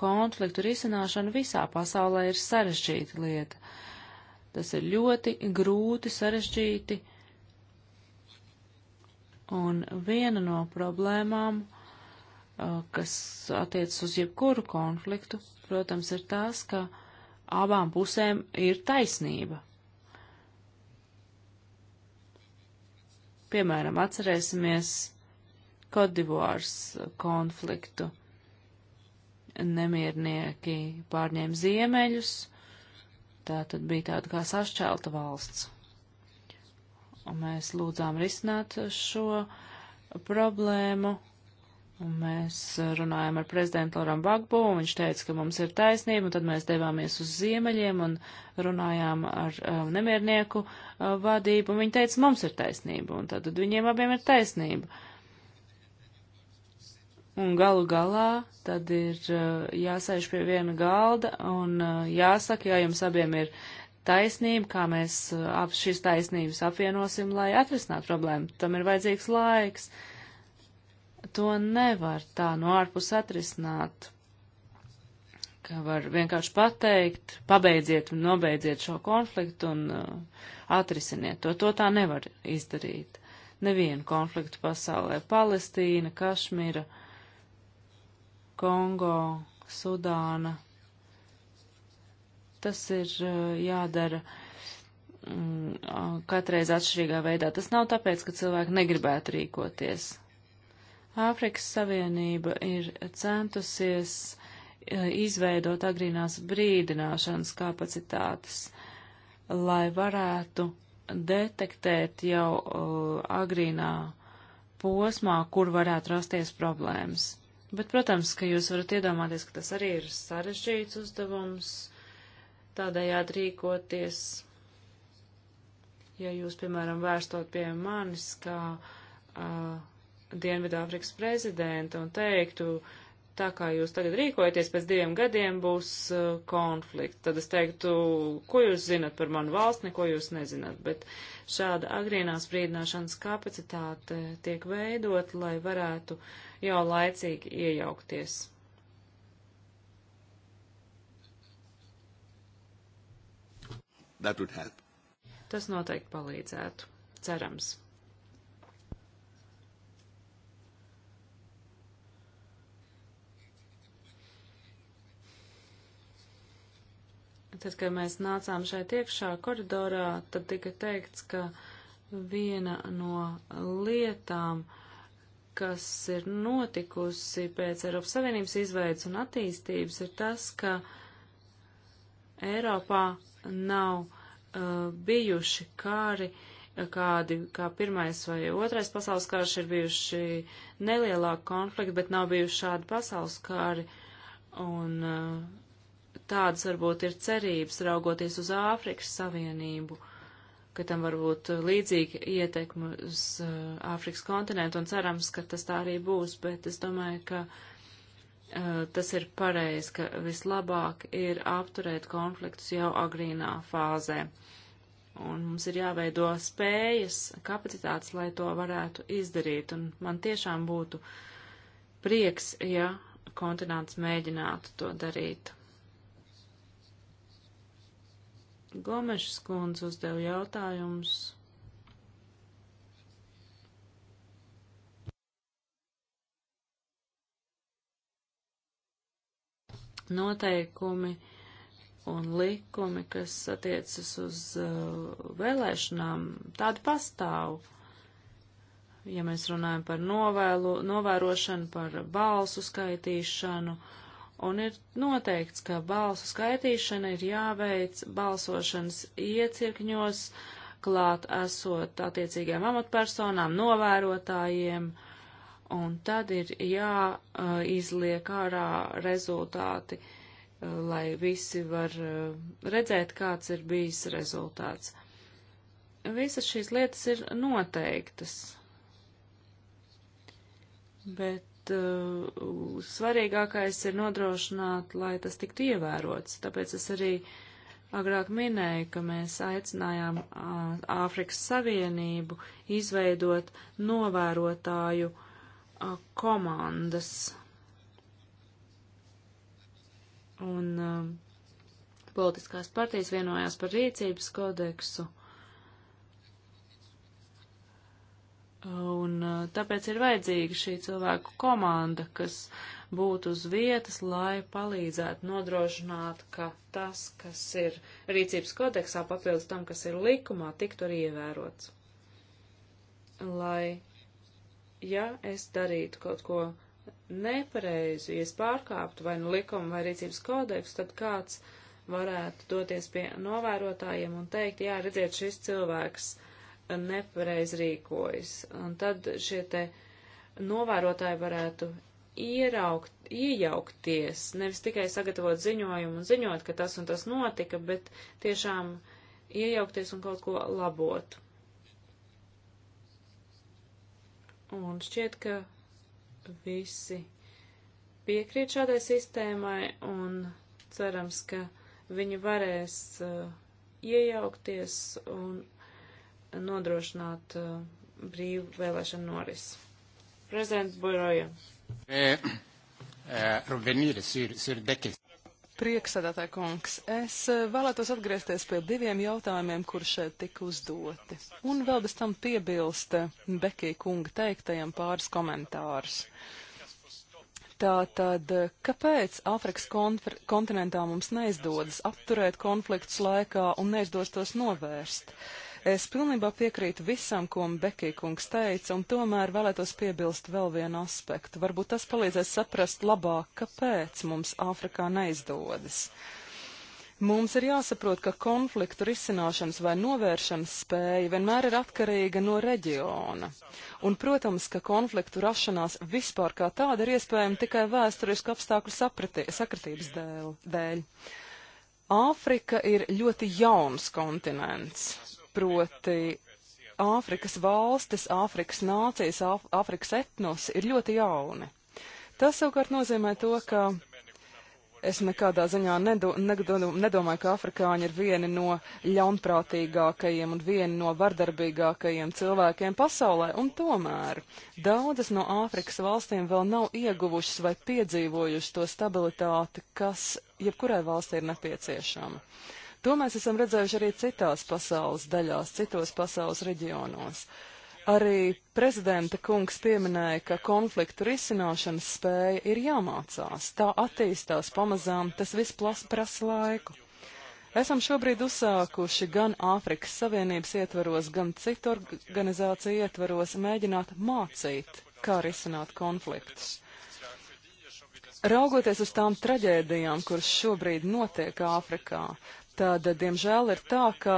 konfliktu risināšana visā pasaulē ir sarežģīta lieta. Tas ir ļoti grūti, sarežģīti. Un viena no problēmām, uh, kas attiecas uz jebkuru konfliktu, protams, ir tās, ka abām pusēm ir taisnība. Piemēram, atcerēsimies Kodivārs konfliktu nemiernieki pārņēma ziemeļus, tā tad bija tāda kā sašķelta valsts. Un mēs lūdzām risināt šo problēmu, un mēs runājām ar prezidentu Loram Bagbu, un viņš teica, ka mums ir taisnība, un tad mēs devāmies uz ziemeļiem un runājām ar um, nemiernieku uh, vadību, un viņi teica, mums ir taisnība, un tad viņiem abiem ir taisnība. Uh, Un galu galā tad ir uh, jāsēž pie viena galda un uh, jāsaka, ja jums abiem ir taisnība, kā mēs uh, ap šīs taisnības apvienosim, lai atrisinātu problēmu. Tam ir vajadzīgs laiks. To nevar tā no ārpus atrisināt. Ka var vienkārši pateikt, pabeidziet un nobeidziet šo konfliktu un uh, atrisiniet to. To tā nevar izdarīt. Nevienu konfliktu pasaulē. Palestīna, Kašmira. Uh, Kongo, Sudāna. Tas ir eh, jādara mm, katreiz atšķirīgā veidā. Tas nav tāpēc, ka cilvēki negribētu rīkoties. Āfrikas Savienība ir centusies e, izveidot agrīnās brīdināšanas kapacitātes, lai varētu detektēt jau e, agrīnā posmā, kur varētu rasties problēmas. Bet, protams, ka jūs varat iedomāties, ka tas arī ir sarežģīts uzdevums tādējādi rīkoties. Ja jūs, piemēram, vērstot pie manis kā uh, Dienvidāfrikas prezidenta un teiktu, tā kā jūs tagad rīkojaties, pēc diviem gadiem būs uh, konflikts, tad es teiktu, ko jūs zinat par manu valsti, neko jūs nezinat. Bet šāda agrīnās brīdināšanas kapacitāte tiek veidot, lai varētu uh, jau laicīgi iejaukties. Tas noteikti palīdzētu, cerams. Tad, kad mēs nācām šeit iekšā koridorā, tad tika teikts, ka viena no lietām, uh, kas ir notikusi pēc Eiropas Savienības izveidas un attīstības, ir tas, ka Eiropā nav uh, bijuši kāri, kādi, kā pirmais vai otrais pasaules kārš ir bijuši nelielāki konflikti, bet nav bijuši šādi pasaules kāri. Un uh, tādas varbūt ir cerības raugoties uz Āfrikas Savienību. Uh, ka tam var būt līdzīga ietekme uz uh, Āfrikas kontinentu un cerams, ka tas tā arī būs, bet es domāju, ka uh, tas ir pareizi, ka vislabāk ir apturēt konfliktus jau agrīnā fāzē. Un mums ir jāveido spējas, kapacitātes, lai to varētu izdarīt. Un man tiešām būtu prieks, ja kontinents mēģinātu to darīt. Gomešas kundze uzdev jautājumus. Noteikumi un likumi, kas attiecas uz uh, vēlēšanām, tādi pastāv. Ja mēs runājam par novēlu, novērošanu, par balsu skaitīšanu, uh, un ir noteikts, ka balsu skaitīšana ir jāveic balsošanas iecirkņos, klāt esot attiecīgiem amatpersonām, novērotājiem, un tad ir jāizliek ārā rezultāti, lai visi var eh, redzēt, kāds ir bijis rezultāts. Visas šīs lietas ir noteiktas. Bet uh, svarīgākais ir nodrošināt, lai tas tiktu ievērots. Tāpēc es arī agrāk minēju, ka mēs aicinājām uh, Āfrikas uh, Savienību izveidot novērotāju uh, komandas. Un uh, politiskās partijas vienojās par rīcības kodeksu. Uh, Un uh, tāpēc ir vajadzīga šī cilvēku komanda, kas būtu uz vietas, lai palīdzētu nodrošināt, ka tas, kas ir rīcības kodeksā papildus tam, kas ir likumā, tiktu arī ievērots. Lai, ja es darītu kaut ko nepareizi, ja es pārkāptu vai nu likumu vai rīcības kodeksu, tad kāds varētu doties pie novērotājiem un teikt, jā, redziet, šis cilvēks uh, nepareiz rīkojas. Un tad šie te novērotāji varētu ieraukt, iejaukties, nevis tikai sagatavot ziņojumu un ziņot, ka tas un tas notika, bet tiešām iejaukties un kaut ko labot. Un šķiet, ka visi piekrīt šādai sistēmai un cerams, ka viņi varēs uh, iejaukties un nodrošināt uh, brīvu vēlēšanu noris. Prezidents Buroja. Eh, eh, Prieksēdētāji kungs, es eh, vēlētos atgriezties pie diviem jautājumiem, kur šeit tika uzdoti. Un vēl bez tam piebilst Bekī kunga teiktajam pāris komentārus. Tātad, kāpēc Āfrikas kontinentā mums neizdodas apturēt konfliktus laikā un neizdodas tos novērst? Uh, Es pilnībā piekrītu visam, ko Bekīkungs teica, un tomēr vēlētos piebilst vēl vienu aspektu. Varbūt tas palīdzēs saprast labāk, kāpēc mums Āfrikā neizdodas. Mums ir jāsaprot, ka konfliktu risināšanas vai novēršanas spēja vienmēr ir atkarīga no reģiona. Un, protams, ka konfliktu rašanās vispār kā tāda ir iespējama tikai vēsturisku apstākļu sapratī, sakritības dēļ. dēļ. Āfrika ir ļoti jauns kontinents proti Āfrikas valstis, Āfrikas nācijas, Āfrikas etnosi ir ļoti jauni. Tas savukārt nozīmē to, ka es nekādā ziņā nedo, nedo, nedomāju, ka afrikāņi ir vieni no ļaunprātīgākajiem un vieni no vardarbīgākajiem cilvēkiem pasaulē, un tomēr daudzas no Āfrikas valstīm vēl nav ieguvušas vai piedzīvojušas to stabilitāti, kas jebkurai valstī ir nepieciešama. To mēs esam redzējuši arī citās pasaules daļās, citos pasaules reģionos. Arī prezidenta kungs pieminēja, ka konfliktu risināšanas spēja ir jāmācās. Tā attīstās pamazām, tas viss prasa laiku. Esam šobrīd uzsākuši gan Āfrikas Savienības ietvaros, gan citu organizāciju ietvaros mēģināt mācīt, kā risināt konfliktus. Raugoties uz tām traģēdijām, kuras šobrīd notiek Āfrikā, tad, diemžēl, ir tā, ka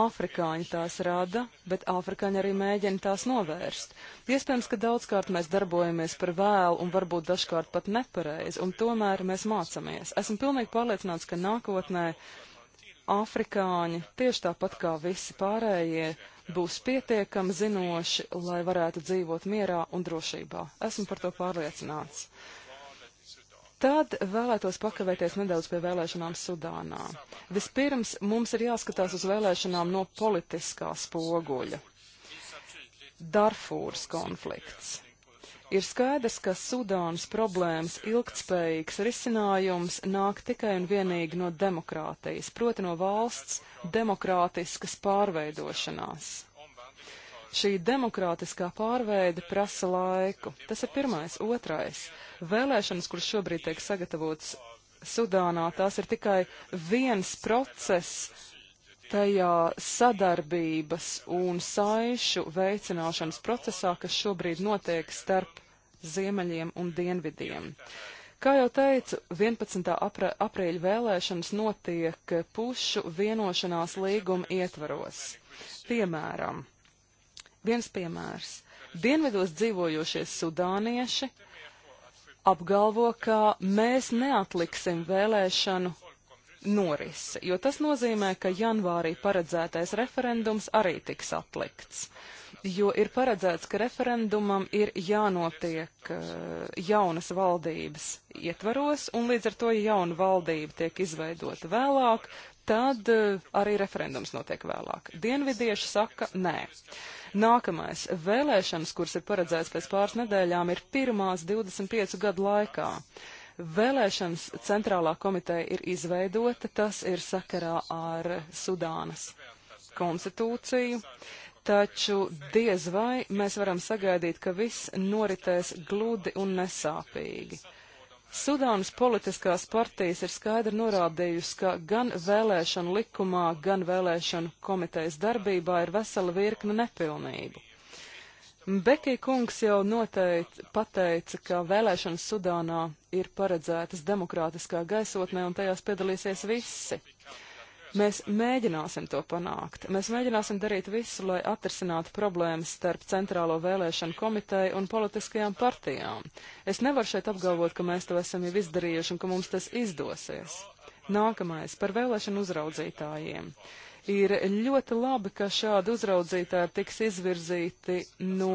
Afrikāņi tās rada, bet afrikāņi arī mēģina tās novērst. Iespējams, ka daudzkārt mēs darbojamies par vēlu un varbūt dažkārt pat nepareizi, un tomēr mēs mācamies. Esmu pilnīgi pārliecināts, ka nākotnē afrikāņi, tieši tāpat kā visi pārējie, būs pietiekami zinoši, lai varētu dzīvot mierā un drošībā. Esmu par to pārliecināts. Tad vēlētos pakavēties nedaudz pie vēlēšanām Sudānā. Vispirms mums ir jāskatās uz vēlēšanām no politiskā spoguļa. Darfūras konflikts. Ir skaidrs, ka Sudānas problēmas ilgtspējīgs risinājums nāk tikai un vienīgi no demokrātijas, proti no valsts demokrātiskas pārveidošanās. Šī demokrātiskā pārveide prasa laiku. Tas ir pirmais. Otrais. Vēlēšanas, kuras šobrīd tiek sagatavotas Sudānā, tās ir tikai viens process tajā sadarbības un saišu veicināšanas procesā, kas šobrīd notiek starp ziemeļiem un dienvidiem. Kā jau teicu, 11. Aprē, aprīļa vēlēšanas notiek pušu vienošanās līguma ietvaros. Piemēram, Viens piemērs. Dienvidos dzīvojošie sudānieši apgalvo, ka mēs neatliksim vēlēšanu norisi, jo tas nozīmē, ka janvārī paredzētais referendums arī tiks atlikts jo ir paredzēts, ka referendumam ir jānotiek uh, jaunas valdības ietvaros, un līdz ar to, ja jauna valdība tiek izveidota vēlāk, tad eh, arī referendums notiek vēlāk. Dienvidieši saka nē. Nākamais vēlēšanas, kuras ir paredzēts pēc pāris nedēļām, ir pirmās 25 gadu laikā. Vēlēšanas centrālā komiteja ir izveidota, tas ir sakarā ar Sudānas konstitūciju, taču diez vai mēs varam sagaidīt, ka viss noritēs gludi un nesāpīgi. Sudānas politiskās partijas ir skaidri norādījusi, ka gan vēlēšanu likumā, gan vēlēšanu komitejas darbībā ir vesela virkne nepilnību. Bekī kungs jau noteikti pateica, ka vēlēšanas Sudānā ir paredzētas demokrātiskā gaisotnē un tajās piedalīsies visi. Mēs mēģināsim to panākt. Mēs mēģināsim darīt visu, lai atrisinātu problēmas starp Centrālo vēlēšanu komiteju un politiskajām partijām. Es nevaru šeit apgalvot, ka mēs to esam jau izdarījuši un ka mums tas izdosies. Nākamais par vēlēšanu uzraudzītājiem. Ir ļoti labi, ka šādi uzraudzītāji tiks izvirzīti no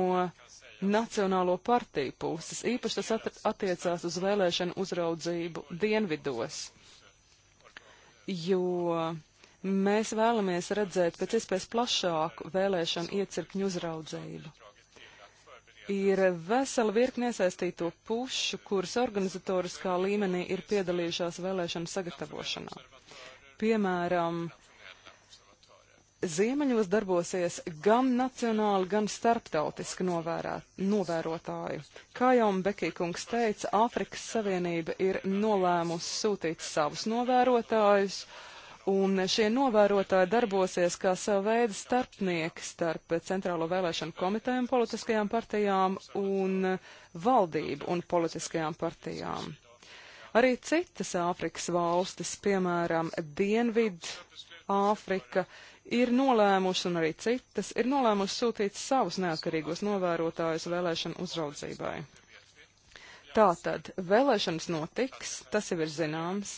Nacionālo partiju puses. Īpaši tas at attiecās uz vēlēšanu uzraudzību dienvidos, jo Mēs vēlamies redzēt pēc iespējas plašāku vēlēšanu iecirkņu uzraudzību. Ir vesela virkni iesaistīto pušu, kuras organizatoriskā līmenī ir piedalījušās vēlēšanu sagatavošanā. Piemēram, Ziemeņos darbosies gan nacionāli, gan starptautiski novērā, novērotāji. Kā jau Bekīkungs teica, Āfrikas Savienība ir nolēmusi sūtīt savus novērotājus, uh, Un šie novērotāji darbosies kā savu veidu starpnieki starp Centrālo vēlēšanu komitēm, politiskajām partijām un valdību un politiskajām partijām. Arī citas Āfrikas valstis, piemēram, Dienvid Āfrika, ir nolēmuši, un arī citas, ir nolēmuši sūtīt savus neatkarīgos novērotājus vēlēšanu uzraudzībai. Tātad, vēlēšanas notiks, tas jau ir zināms,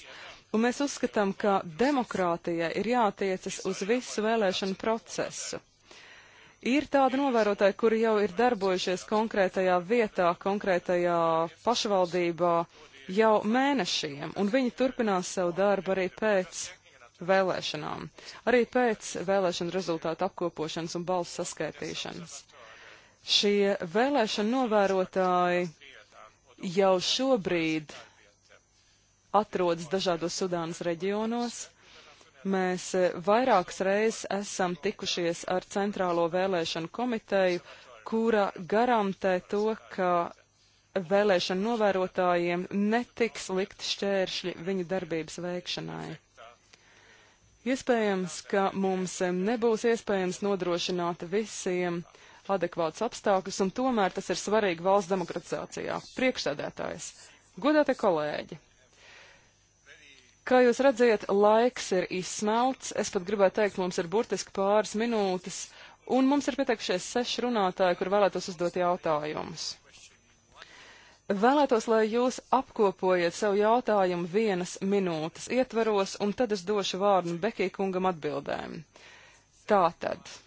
Un mēs uzskatām, ka demokrātijai ir jātiecas uz visu vēlēšanu procesu. Ir tādi novērotāji, kuri jau ir darbojušies konkrētajā vietā, konkrētajā pašvaldībā jau mēnešiem, un viņi turpinās savu darbu arī pēc vēlēšanām, arī pēc vēlēšanu rezultātu apkopošanas un balsu saskaitīšanas. Šie vēlēšana novērotāji jau šobrīd atrodas dažādos Sudānas reģionos. Mēs e, vairākas reizes esam tikušies ar Centrālo vēlēšanu komiteju, kura garantē to, ka vēlēšanu novērotājiem netiks likt šķēršļi viņu darbības veikšanai. Iespējams, ka mums nebūs iespējams nodrošināt visiem adekvāts apstākļus, un tomēr tas ir svarīgi valsts demokratizācijā. Priekšsēdētājs, godātie kolēģi, Kā jūs redzat, laiks ir izsmelts. Es pat gribētu teikt, mums ir burtiski pāris minūtes, un mums ir pieteikušies seši runātāji, kur vēlētos uzdot jautājumus. Vēlētos, lai jūs apkopojiet savu jautājumu vienas minūtes ietvaros, un tad es došu vārdu Bekī kungam atbildēm. Tātad.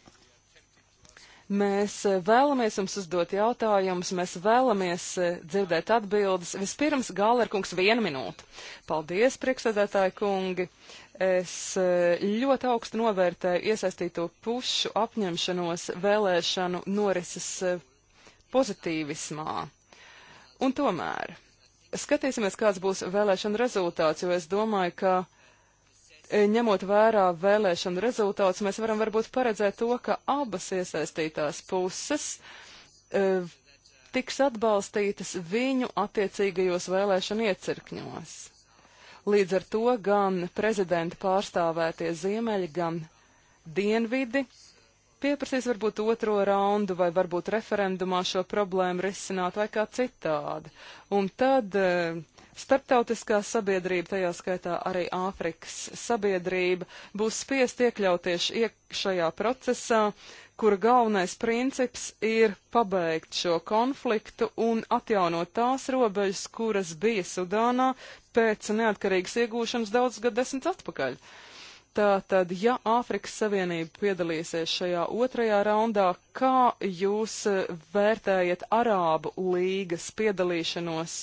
Mēs eh, vēlamies jums uzdot jautājumus, mēs vēlamies eh, dzirdēt atbildes. Vispirms, Gālerkungs, viena minūte. Paldies, priekšsēdētāji kungi. Es eh, ļoti augstu novērtēju iesaistīto pušu apņemšanos vēlēšanu norises pozitīvismā. Un tomēr, skatīsimies, kāds būs vēlēšana rezultāts, jo es domāju, ka ņemot vērā vēlēšanu rezultātus, mēs varam varbūt paredzēt to, ka abas iesaistītās puses e, tiks atbalstītas viņu attiecīgajos vēlēšanu iecirkņos. Līdz ar to gan prezidenta pārstāvētie ziemeļi, gan dienvidi pieprasīs varbūt otro raundu vai varbūt referendumā šo problēmu risināt vai kā citādi. Un tad uh, e, Starptautiskā sabiedrība, tajā skaitā arī Āfrikas sabiedrība, būs spiest iekļauties iekšējā procesā, kura galvenais princips ir pabeigt šo konfliktu un atjaunot tās robežas, kuras bija Sudānā pēc neatkarīgas iegūšanas daudz gadu desmit atpakaļ. Uh, Tātad, ja Āfrikas Savienība piedalīsies šajā otrajā raundā, kā jūs e, vērtējat Arābu līgas piedalīšanos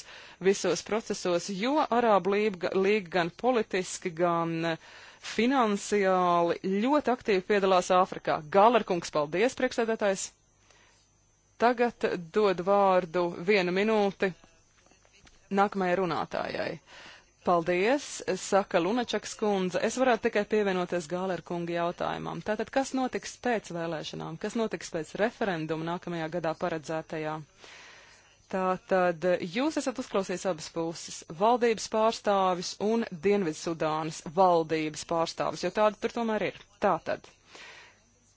visos procesos, jo Arābu līga, līga gan politiski, gan e, finansiāli ļoti aktīvi piedalās Āfrikā? Galerkungs, paldies, priekšsēdētājs! Tagad dod vārdu vienu minūti nākamajai runātājai. Uh, Paldies, saka Lunačaks kundze. Es varētu tikai pievienoties Gālera kunga jautājumam. Tātad, kas notiks pēc vēlēšanām? Kas notiks pēc referenduma nākamajā gadā paredzētajā? Tātad jūs esat uzklausījis abas puses - valdības pārstāvis un Dienvidsudānas valdības pārstāvis, jo tāda tur tomēr ir. Tātad,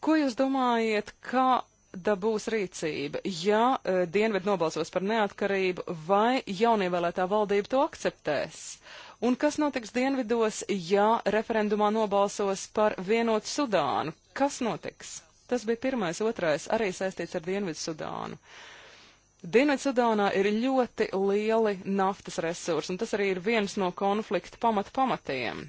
ko jūs domājat, kā kāda būs rīcība, ja uh, e, Dienvid nobalsos par neatkarību, vai jaunievēlētā valdība to akceptēs? Un kas notiks Dienvidos, ja referendumā nobalsos par vienotu Sudānu? Kas notiks? Tas bija pirmais, otrais, arī saistīts ar Dienvidu Sudānu. Dienvidsudānā ir ļoti lieli naftas resursi, un tas arī ir viens no konflikta pamat pamatiem.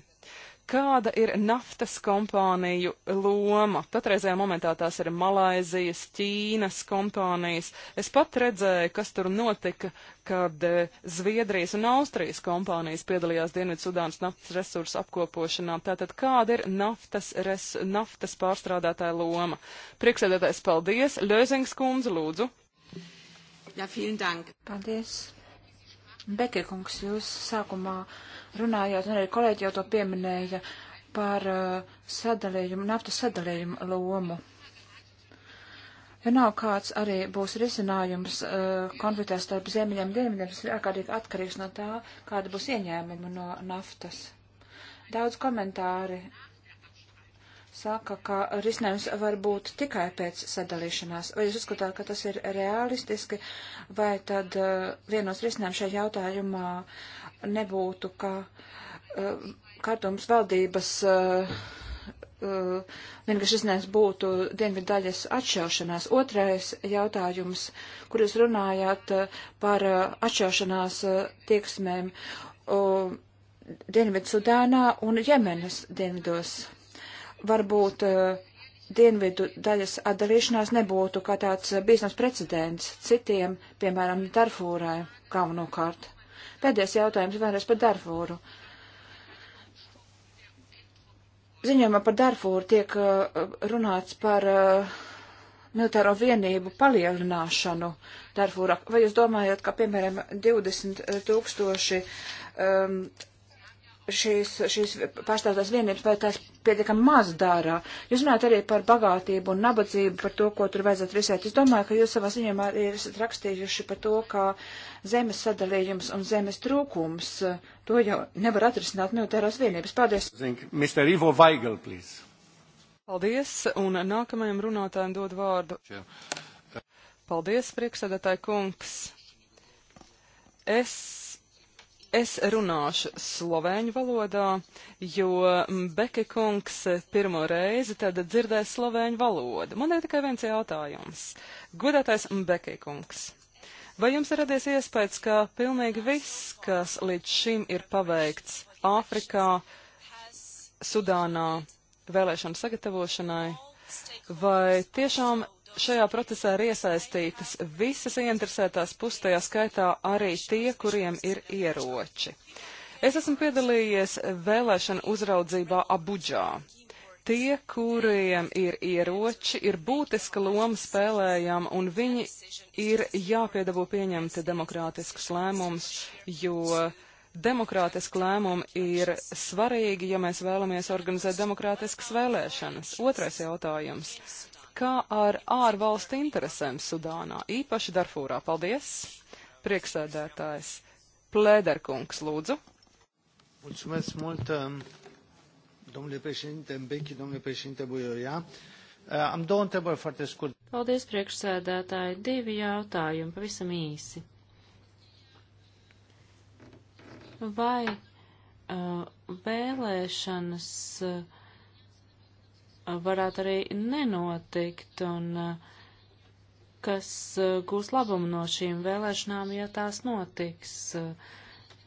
Kāda ir naftas kompāniju loma? Patreizajā momentā tās ir Malaizijas, Ķīnas kompānijas. Es pat redzēju, kas tur notika, kad eh, Zviedrijas un Austrijas kompānijas piedalījās Dienvidsudānas naftas resursu apkopošanā. Tātad kāda ir naftas, res, naftas pārstrādātāja loma? Prieksēdētājs paldies. Ļozings kundze, lūdzu. Jā, ja, vielen dank. Paldies. Bekekungs, jūs sākumā runājāt, un arī kolēģi jau to pieminēja, par uh, sadalījumu, naftas sadalījumu lomu. Ja nav kāds arī būs risinājums uh, konfliktā starp ziemeļiem un dienvidiem, tas ir ārkārtīgi atkarīgs no tā, kāda būs ieņēmuma no naftas. Daudz komentāri saka, ka risinājums var būt tikai pēc sadalīšanās. Vai jūs uzskatāt, ka tas ir realistiski, vai tad uh, vienos risinājumus šajā jautājumā uh, nebūtu, ka uh, eh, kārtums valdības uh, eh, uh, eh, vienkārši iznēs būtu dienvidaļas atšķaušanās. Otrais jautājums, kur jūs runājāt uh, par uh, atšķaušanās uh, tieksmēm uh, Dienvidu Sudānā un Jemenas dienvidos. Varbūt uh, dienvidu daļas atdalīšanās nebūtu kā tāds bīstams precedents citiem, piemēram, Darfūrai galvenokārt. Pēdējais jautājums vēlreiz par Darfūru. Ziņojumā par Darfūru tiek uh, runāts par uh, militāro vienību palielināšanu Darfūrā. Vai jūs domājat, ka, piemēram, 20 tūkstoši um, šīs, šīs pārstāvotās vienības, vai tās pietiekami maz dārā. Jūs runājat arī par bagātību un nabadzību, par to, ko tur vajadzētu risēt. Es domāju, ka jūs savā ziņā arī esat rakstījuši par to, kā zemes sadalījums un zemes trūkums, eh, to jau nevar atrisināt militārās vienības. Paldies! Mr. Ivo Weigel, please. Paldies, un nākamajam runātājam dod vārdu. Paldies, priekšsēdētāji kungs. Es Es runāšu slovēņu valodā, jo mm, Beke kungs pirmo reizi tad dzirdēs slovēņu valodu. Man ir tikai viens jautājums. Godātais Beke kungs, vai jums ir radies iespējas, ka pilnīgi viss, kas līdz šim ir paveikts Āfrikā, Sudānā, vēlēšanu sagatavošanai, vai tiešām Šajā procesā ir iesaistītas visas ieinteresētās pustajā skaitā arī tie, kuriem ir ieroči. Es esmu piedalījies vēlēšana uzraudzībā Abudžā. Tie, kuriem ir ieroči, ir būtiska loma spēlējama, un viņi ir jāpiedabū pieņemt demokrātiskus lēmumus, jo demokrātiski lēmumi ir svarīgi, ja mēs vēlamies organizēt demokrātiskas vēlēšanas. Otrais jautājums kā ar ārvalstu interesēm Sudānā, īpaši Darfūrā. Paldies! Prieksēdētājs Plēderkungs, lūdzu. Mulțumesc mult, um, domnule președinte Mbeki, domnule președinte Buioia. Uh, am două întrebări foarte scurte. Paldies, priekšsēdētāji. Divi jautājumi, pavisam īsi. Vai uh, vēlēšanas uh, varētu arī nenotikt un eh, kas eh, gūs labumu no šīm vēlēšanām, ja tās notiks. Eh,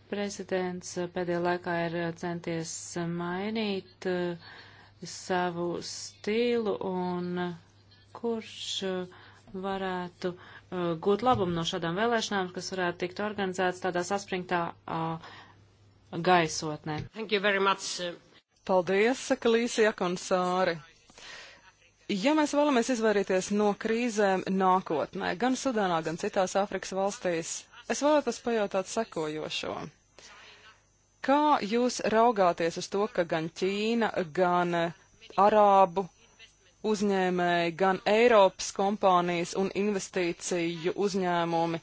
prezidents pēdējā laikā ir centies mainīt savu stilu un kurš varētu uh, gūt labumu no šādām vēlēšanām, kas varētu tikt organizētas tādā saspringtā uh, gaisotnē. Paldies, saka Līsija Konsāri. Ja mēs vēlamies izvairīties no krīzēm nākotnē, gan Sudānā, gan citās Āfrikas valstīs, es vēlētos pajautāt sekojošo. Kā jūs raugāties uz to, ka gan Ķīna, gan Arābu uzņēmēji, gan Eiropas kompānijas un investīciju uzņēmumi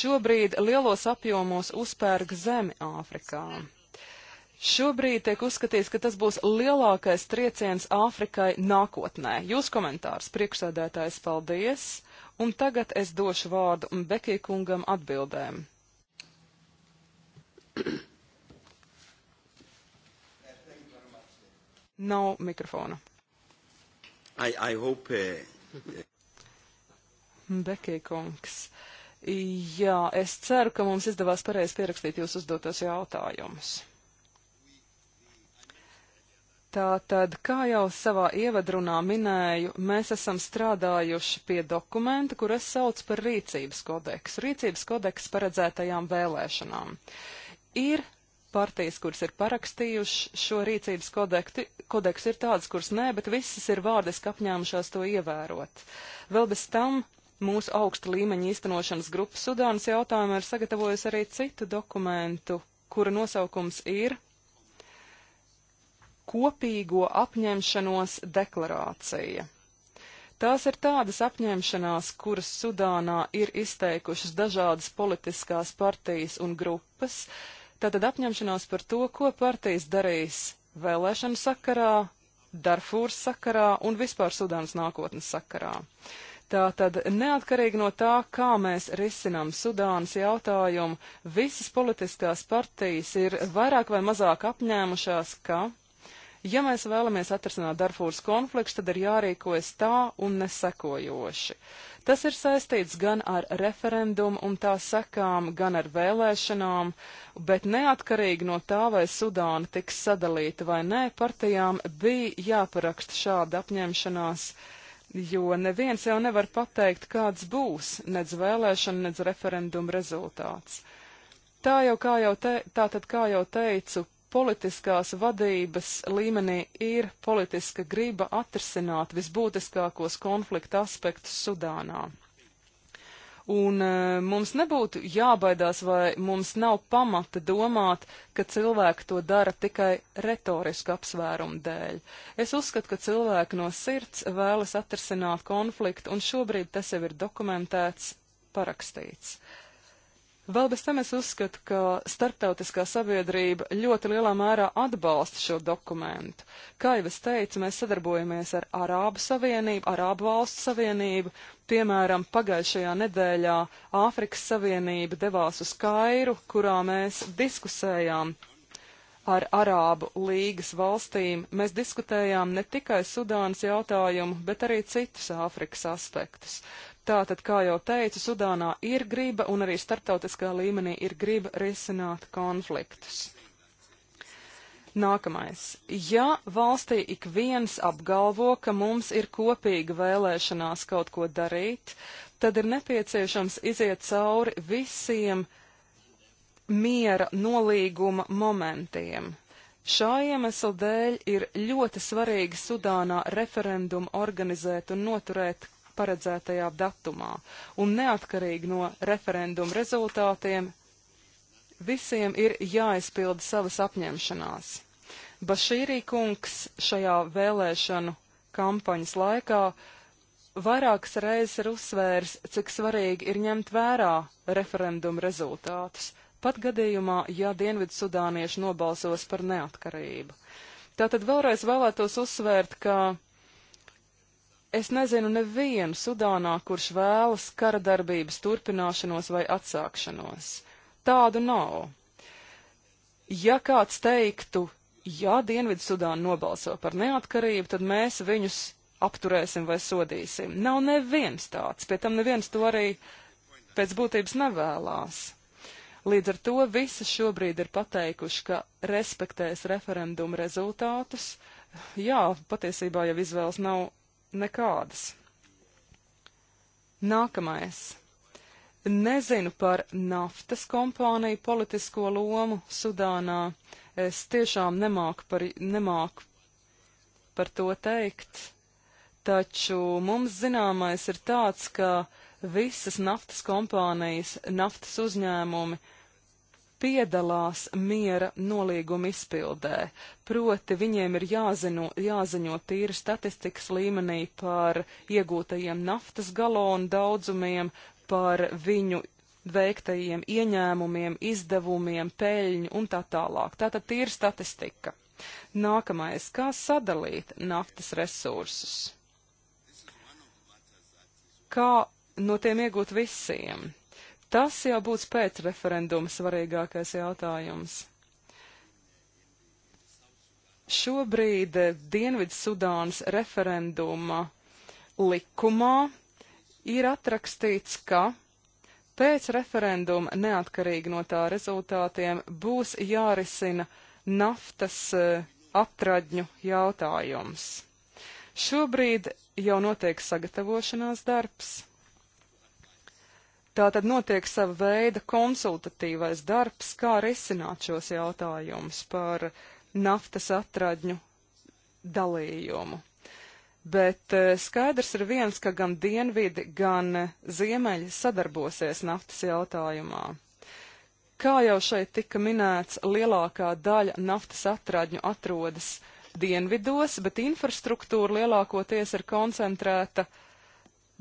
šobrīd lielos apjomos uzpērk zemi Āfrikā? Šobrīd tiek uzskatīts, ka tas būs lielākais trieciens Āfrikai nākotnē. Jūs komentārs, priekšsēdētājs, paldies, un tagad es došu vārdu Bekī kungam atbildēm. Nav mikrofona. I, I hope, uh... Bekī kungs. Jā, es ceru, ka mums izdevās pareizi pierakstīt jūs uzdotos jautājumus. Tātad, kā jau savā ievadrunā minēju, mēs esam strādājuši pie dokumenta, kur es saucu par rīcības kodeksu, rīcības kodeksu paredzētajām vēlēšanām. Ir partijas, kuras ir parakstījuši šo rīcības kodekti, kodeksu, ir tādas, kuras nē, bet visas ir vārdiski apņēmušās to ievērot. Vēl bez tam mūsu augsta līmeņa īstenošanas grupa Sudānas jautājumā ir sagatavojusi arī citu dokumentu, kura nosaukums ir kopīgo apņemšanos deklarācija. Tās ir tādas apņemšanās, kuras Sudānā ir izteikušas dažādas politiskās partijas un grupas, tātad apņemšanās par to, ko partijas darīs vēlēšanu sakarā, Darfūras sakarā un vispār Sudānas nākotnes sakarā. Tātad, neatkarīgi no tā, kā mēs risinām Sudānas jautājumu, visas politiskās partijas ir vairāk vai mazāk apņēmušās, ka Ja mēs vēlamies atrasināt Darfūras konfliktu, tad ir jārīkojas tā un nesekojoši. Tas ir saistīts gan ar referendumu un tā sekām, gan ar vēlēšanām, bet neatkarīgi no tā, vai Sudāna tiks sadalīta vai nē, partijām bija jāparaksta šāda apņemšanās, jo neviens jau nevar pateikt, kāds būs nedz vēlēšana, nedz referenduma rezultāts. Tā jau kā jau, te, tā tad, kā jau teicu, politiskās vadības līmenī ir politiska griba atrisināt visbūtiskākos konflikta aspektus Sudānā. Un e, mums nebūtu jābaidās, vai mums nav pamata domāt, ka cilvēki to dara tikai retorisku apsvērumu dēļ. Es uzskatu, ka cilvēki no sirds vēlas atrisināt konfliktu, un šobrīd tas jau ir dokumentēts, parakstīts. Uh, Vēl bez tam es uzskatu, ka starptautiskā sabiedrība ļoti lielā mērā atbalsta šo dokumentu. Kā jau es teicu, mēs sadarbojamies ar Arābu Savienību, Arābu valstu savienību, piemēram, pagājušajā nedēļā Āfrikas Savienība devās uz Kairu, kurā mēs diskusējām ar Arābu līgas valstīm mēs diskutējām ne tikai Sudānas jautājumu, bet arī citus Āfrikas aspektus. Tātad, kā jau teicu, Sudānā ir griba un arī starptautiskā līmenī ir griba risināt konfliktus. Nākamais. Ja valstī ik viens apgalvo, ka mums ir kopīga vēlēšanās kaut ko darīt, tad ir nepieciešams iziet cauri visiem miera nolīguma momentiem. Šā iemesla dēļ ir ļoti svarīgi Sudānā referendumu organizēt un noturēt paredzētajā datumā, un neatkarīgi no referenduma rezultātiem visiem ir jāizpilda savas apņemšanās. Bašīrī kungs šajā vēlēšanu kampaņas laikā vairākas reizes ir uzsvērs, cik svarīgi ir ņemt vērā referendumu rezultātus, pat gadījumā, ja Dienvidu sudānieši nobalsos par neatkarību. Tātad vēlreiz vēlētos uzsvērt, ka Es nezinu nevienu Sudānā, kurš vēlas kara darbības turpināšanos vai atsākšanos. Tādu nav. Ja kāds teiktu, ja Dienvidu Sudāna nobalso par neatkarību, tad mēs viņus apturēsim vai sodīsim. Nav neviens tāds, pie tam neviens to arī pēc būtības nevēlās. Līdz ar to visi šobrīd ir pateikuši, ka respektēs referendumu rezultātus. Jā, patiesībā jau izvēles nav Nekādas. Nākamais. Nezinu par naftas kompāniju politisko lomu Sudānā. Es tiešām nemāku par, nemāku par to teikt. Taču mums zināmais ir tāds, ka visas naftas kompānijas, naftas uzņēmumi piedalās miera nolīguma izpildē. Proti viņiem ir jāzino, jāziņo tīri statistikas līmenī par iegūtajiem naftas galonu daudzumiem, par viņu veiktajiem ieņēmumiem, izdevumiem, peļņu un tā tālāk. Tātad tīra statistika. Nākamais, kā sadalīt naftas resursus? Kā no tiem iegūt visiem? Tas jau būs pēc referenduma svarīgākais jautājums. Šobrīd Dienvidsudānas referenduma likumā ir atrakstīts, ka pēc referenduma neatkarīgi no tā rezultātiem būs jārisina naftas eh, atradņu jautājums. Šobrīd jau notiek sagatavošanās darbs. Tā tad notiek sava veida konsultatīvais darbs, kā risināt šos jautājumus par naftas atradņu dalījumu. Bet eh, skaidrs ir viens, ka gan dienvidi, gan ziemeļi sadarbosies naftas jautājumā. Kā jau šeit tika minēts, lielākā daļa naftas atradņu atrodas dienvidos, bet infrastruktūra lielākoties ir koncentrēta uh,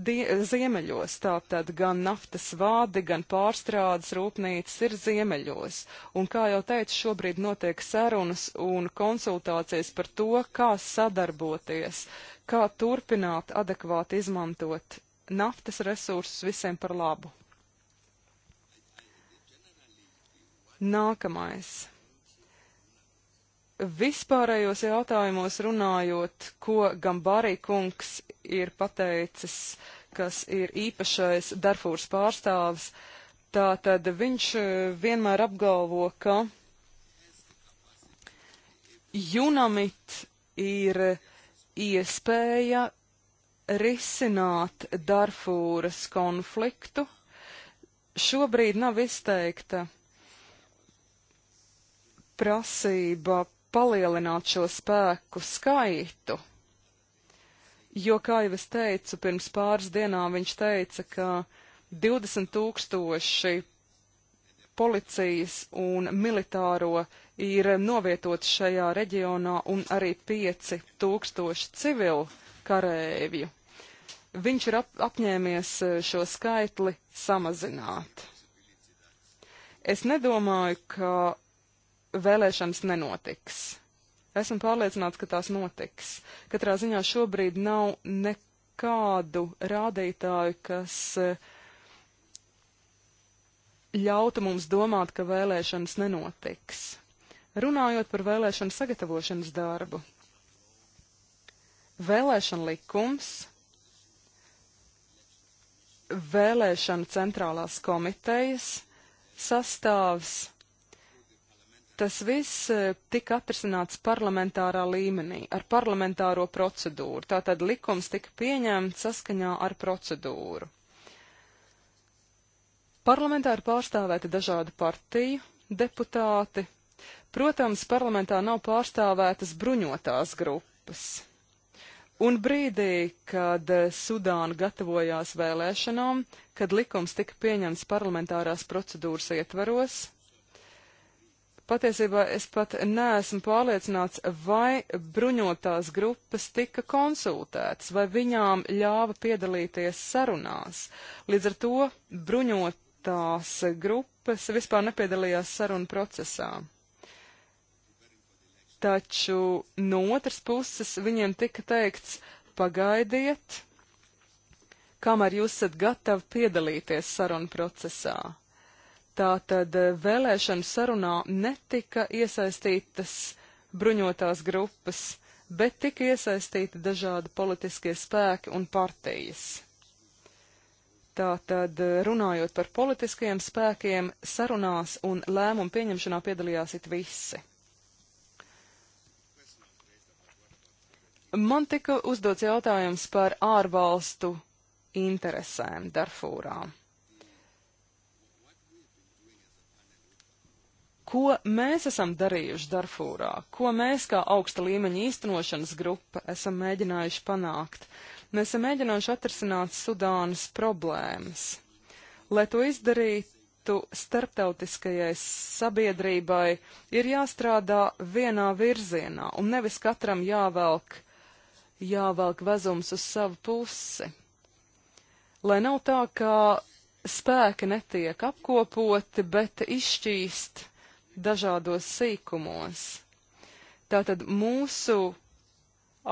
die, ziemeļos, tātad gan naftas vādi, gan pārstrādes rūpnīcas ir ziemeļos. Un, kā jau teicu, šobrīd notiek sarunas un konsultācijas par to, kā sadarboties, kā turpināt adekvāti izmantot naftas resursus visiem par labu. Nākamais vispārējos jautājumos runājot, ko Gambārī kungs ir pateicis, kas ir īpašais Darfūras pārstāvis, tā tad viņš e, vienmēr apgalvo, ka Junamit ir iespēja risināt Darfūras konfliktu. Šobrīd nav izteikta prasība palielināt šo spēku skaitu. Jo, kā jau es teicu, pirms pāris dienām viņš teica, ka 20 tūkstoši policijas un militāro ir novietoti šajā reģionā un arī 5 tūkstoši civilu karēvju. Viņš ir ap apņēmies eh, šo skaitli samazināt. Es nedomāju, ka vēlēšanas nenotiks. Esmu pārliecināts, ka tās notiks. Katrā ziņā šobrīd nav nekādu rādītāju, kas eh, ļautu mums domāt, ka vēlēšanas nenotiks. Runājot par vēlēšanu sagatavošanas darbu. Vēlēšana likums, vēlēšana centrālās komitejas sastāvs Tas viss eh, tika atrisināts parlamentārā līmenī, ar parlamentāro procedūru. Tātad likums tika pieņemts saskaņā ar procedūru. Parlamentā ir pārstāvēti dažādu partiju deputāti. Protams, parlamentā nav pārstāvētas bruņotās grupas. Un brīdī, kad eh, Sudāna gatavojās vēlēšanām, kad likums tika pieņemts parlamentārās procedūras ietvaros, Patiesībā es pat neesmu pārliecināts, vai bruņotās grupas tika konsultētas, vai viņām ļāva piedalīties sarunās. Līdz ar to bruņotās grupas vispār nepiedalījās sarunu procesā. Taču no otras puses viņiem tika teikts, pagaidiet, kamēr jūs esat gatavi piedalīties sarunu procesā. Tātad eh, vēlēšanu sarunā netika iesaistītas bruņotās grupas, bet tika iesaistīti dažādi politiskie spēki un partijas. Tātad, eh, runājot par politiskajiem spēkiem, sarunās un lēmumu pieņemšanā piedalījās it visi. Man tika uzdots jautājums par ārvalstu interesēm Darfūrā. ko mēs esam darījuši Darfūrā, ko mēs kā augsta līmeņa īstenošanas grupa esam mēģinājuši panākt. Mēs esam mēģinājuši atrisināt Sudānas problēmas. Lai to izdarītu, starptautiskajai sabiedrībai ir jāstrādā vienā virzienā un nevis katram jāvelk, jāvelk vezums uz savu pusi. Lai nav tā, ka spēki netiek apkopoti, bet izšķīst dažādos sīkumos. Tātad mūsu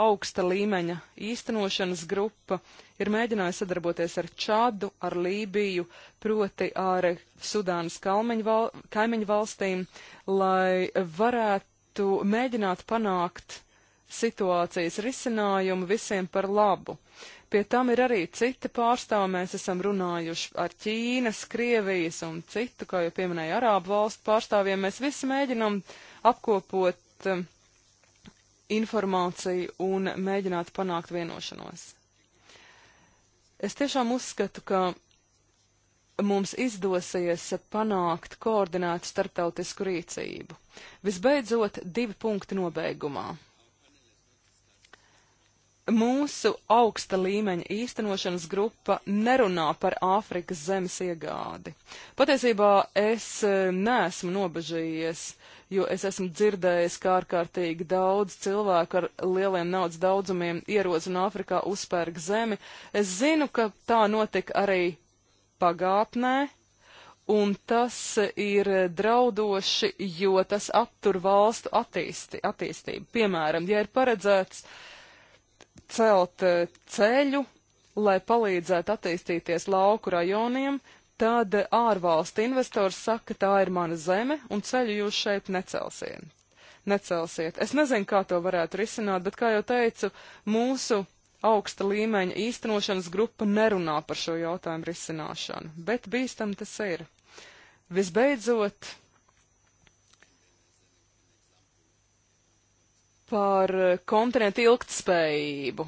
augsta līmeņa īstenošanas grupa ir mēģinājusi sadarboties ar Čādu, ar Lībiju, proti ar Sudānas val, kaimiņu valstīm, lai varētu mēģināt panākt situācijas risinājumu visiem par labu. Uh, Pie tam ir arī citi pārstāvi, mēs esam runājuši ar Ķīnas, Krievijas un citu, kā jau pieminēja, Arābu valstu pārstāvjiem. Mēs visi mēģinam apkopot um, informāciju un mēģināt panākt vienošanos. Es tiešām uzskatu, ka mums izdosies panākt koordinētu starptautisku rīcību. Visbeidzot, divi punkti nobeigumā. Mūsu augsta līmeņa īstenošanas grupa nerunā par Āfrikas zemes iegādi. Patiesībā es e, neesmu nobežījies, jo es esmu dzirdējis, kā ārkārtīgi daudz cilvēku ar lieliem naudas daudzumiem ierodas un Āfrikā uzpērk zemi. Es zinu, ka tā notika arī pagātnē, un tas ir draudoši, jo tas aptur valstu attīsti, attīstību. Piemēram, ja ir paredzēts, uh, celt eh, ceļu, lai palīdzētu attīstīties lauku rajoniem, tad eh, ārvalstu investors saka, tā ir mana zeme un ceļu jūs šeit necelsiet. Necelsiet. Es nezinu, kā to varētu risināt, bet, kā jau teicu, mūsu augsta līmeņa īstenošanas grupa nerunā par šo jautājumu risināšanu, bet bīstam tas ir. Visbeidzot, par eh, kontinentu ilgtspējību.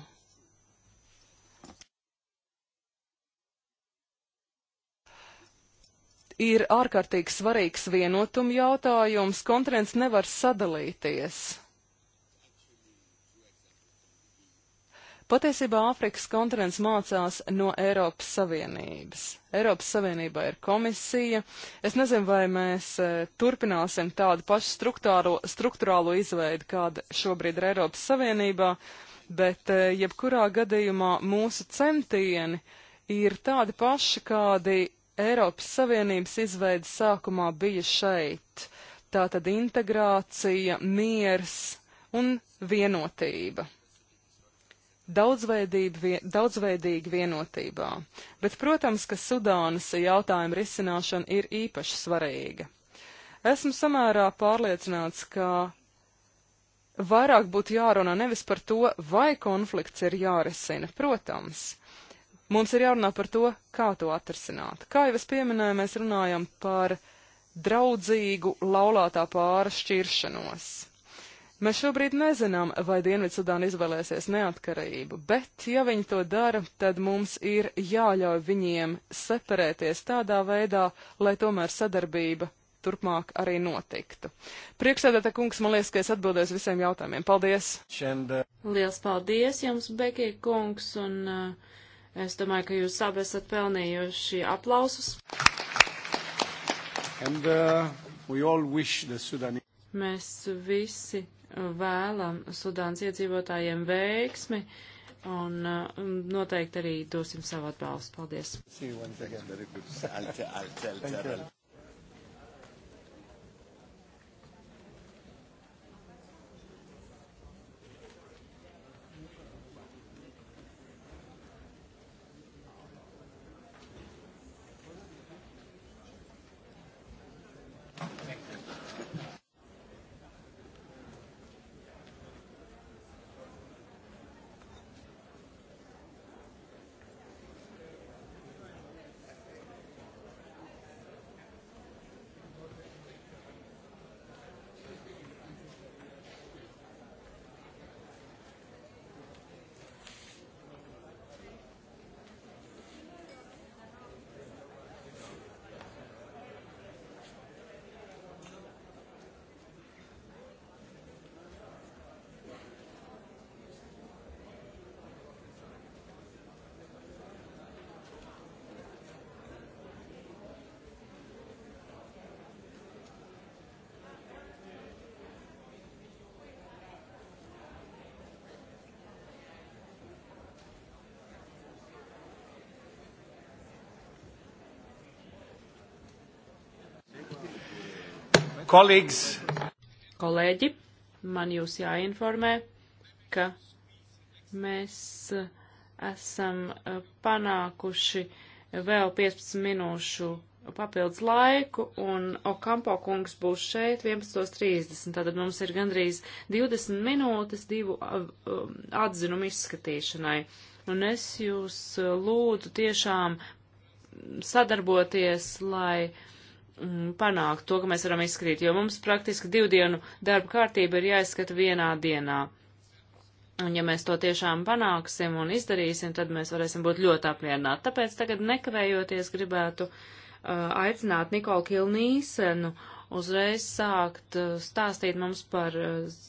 Ir ārkārtīgi svarīgs vienotuma jautājums. Kontinents nevar sadalīties. Patiesībā Āfrikas kontinents mācās no Eiropas Savienības. Eiropas Savienībā ir komisija. Es nezinu, vai mēs e, turpināsim tādu pašu struktūrālo izveidu, kāda šobrīd ir Eiropas Savienībā, bet e, jebkurā gadījumā mūsu centieni ir tādi paši, kādi Eiropas Savienības izveidas sākumā bija šeit. Tā tad integrācija, miers un vienotība. Vien, daudzveidīgi vienotībā. Bet, protams, ka Sudānas jautājuma risināšana ir īpaši svarīga. Esmu samērā pārliecināts, ka vairāk būtu jārunā nevis par to, vai konflikts ir jārisina, protams. Mums ir jārunā par to, kā to atrisināt. Kā jau es pieminēju, mēs runājam par draudzīgu laulātā pāra šķiršanos. Mēs šobrīd nezinām, vai Dienvidsudāna izvēlēsies neatkarību, bet, ja viņi to dara, tad mums ir jāļauj viņiem separēties tādā veidā, lai tomēr sadarbība turpmāk arī notiktu. Priekšsēdētā kungs, man liekas, ka es atbildēšu visiem jautājumiem. Paldies! Šenda. Liels paldies jums, Bekī kungs, un uh, es domāju, ka jūs abi esat pelnījuši aplausus. And, uh, Mēs visi vēlam Sudānas iedzīvotājiem veiksmi uh, un noteikti arī dosim savu atbalstu. Paldies! Kolēģis. Kolēģi, man jūs jāinformē, ka mēs eh, esam eh, panākuši vēl 15 minūšu papildus laiku, un Okampo kungs būs šeit 11.30. Tātad mums ir gandrīz 20 minūtes divu eh, atzinumu izskatīšanai. Un es jūs lūdzu tiešām sadarboties, lai uh, Mm, panākt to, ka mēs varam izskrīt, jo mums praktiski divu dienu darba kārtība ir jāizskata vienā dienā. Un ja mēs to tiešām panāksim un izdarīsim, tad mēs varēsim būt ļoti apmierināti. Tāpēc tagad nekavējoties gribētu uh, aicināt Nikolu Kilnīsenu uzreiz sākt uh, stāstīt mums par uh,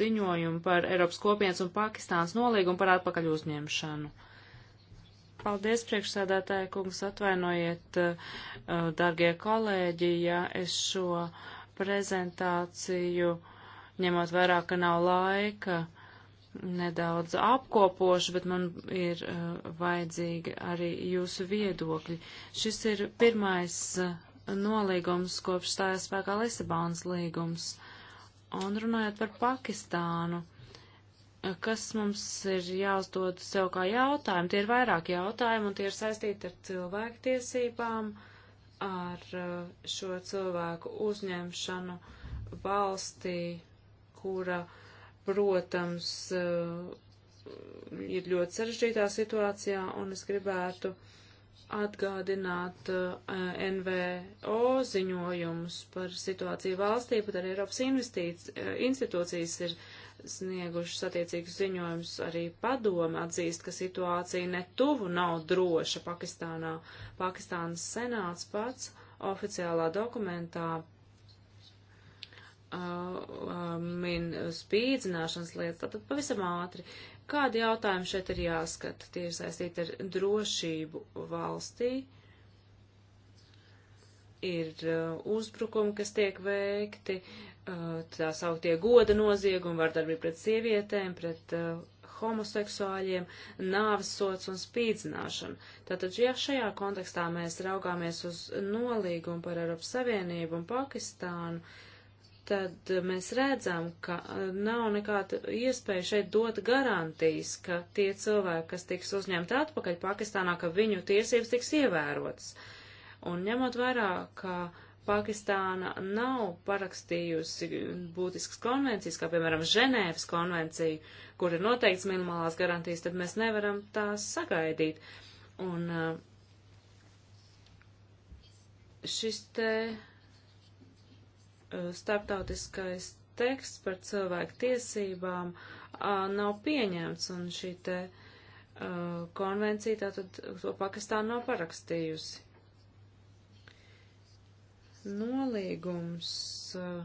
ziņojumu par Eiropas kopienas un Pakistānas nolīgumu par atpakaļ uzņemšanu. Paldies, priekšsādātāja kungs, atvainojiet, uh, dargie kolēģi, ja es šo prezentāciju, ņemot vērā, ka nav laika, nedaudz apkopošu, bet man ir uh, vajadzīgi arī jūsu viedokļi. Šis ir pirmais uh, nolīgums kopš stājas spēkā Lisabonas līgums. Un runājot par Pakistānu kas mums ir jāuzdod sev kā jautājumu. Tie ir vairāki jautājumi, un tie ir saistīti ar cilvēktiesībām, ar uh, šo cilvēku uzņemšanu valstī, kura, protams, uh, ir ļoti sarežģītā situācijā, un es gribētu atgādināt uh, NVO ziņojumus par situāciju valstī, pat arī Eiropas institūcijas ir sniegušas attiecīgus ziņojumus, arī padome atzīst, ka situācija netuvu nav droša Pakistānā. Pakistānas senāts pats oficiālā dokumentā uh, um, min spīdzināšanas lietas, tātad pavisam ātri. Kādi jautājumi šeit ir jāskata? Tie ir saistīti ar drošību valstī. Ir uh, uzbrukumi, kas tiek veikti, uh, tā sauktie goda noziegumi, vardarbība pret sievietēm, pret uh, homoseksuāļiem, nāves sots un spīdzināšana. Tātad, ja šajā kontekstā mēs raugāmies uz nolīgumu par Eiropas Savienību un Pakistānu, tad mēs redzam, ka uh, nav nekāda iespēja šeit dot garantijas, ka tie cilvēki, kas tiks uzņemti atpakaļ Pakistānā, ka viņu tiesības tiks ievērotas. Un ņemot vairāk, ka uh, Pakistāna nav parakstījusi būtiskas konvencijas, kā piemēram Ženēvas konvencija, kur ir noteikts minimālās garantijas, tad mēs nevaram tās sagaidīt. Un eh, šis te eh, starptautiskais teksts par cilvēku tiesībām eh, nav pieņemts, un šī te konvencija tātad to Pakistāna nav parakstījusi. Nolīgums uh,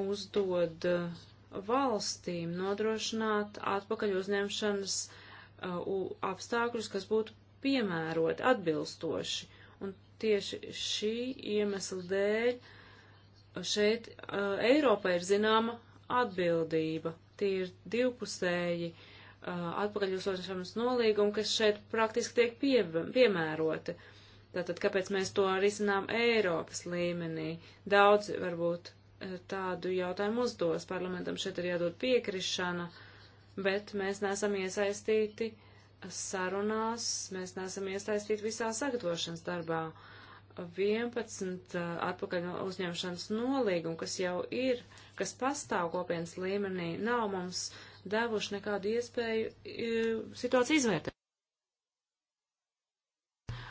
uzdod uh, valstīm nodrošināt atpakaļ uzņemšanas uh, apstākļus, kas būtu piemēroti, atbilstoši. Un tieši šī iemesla dēļ šeit Eiropai ir zināma atbildība. Tie ir divpusēji atpakaļ uzņemšanas nolīgumi, kas šeit praktiski tiek pie, piemēroti. Uh, Tātad, kāpēc mēs to risinām Eiropas līmenī? Daudz varbūt eh, tādu jautājumu uzdos. Parlamentam šeit ir jādod piekrišana, bet mēs neesam iesaistīti sarunās, mēs neesam iesaistīti visā sagatavošanas darbā. 11 eh, atpakaļ uzņemšanas nolīgumu, kas jau ir, kas pastāv kopienas līmenī, nav mums devuši nekādu iespēju eh, situāciju izvērtēt.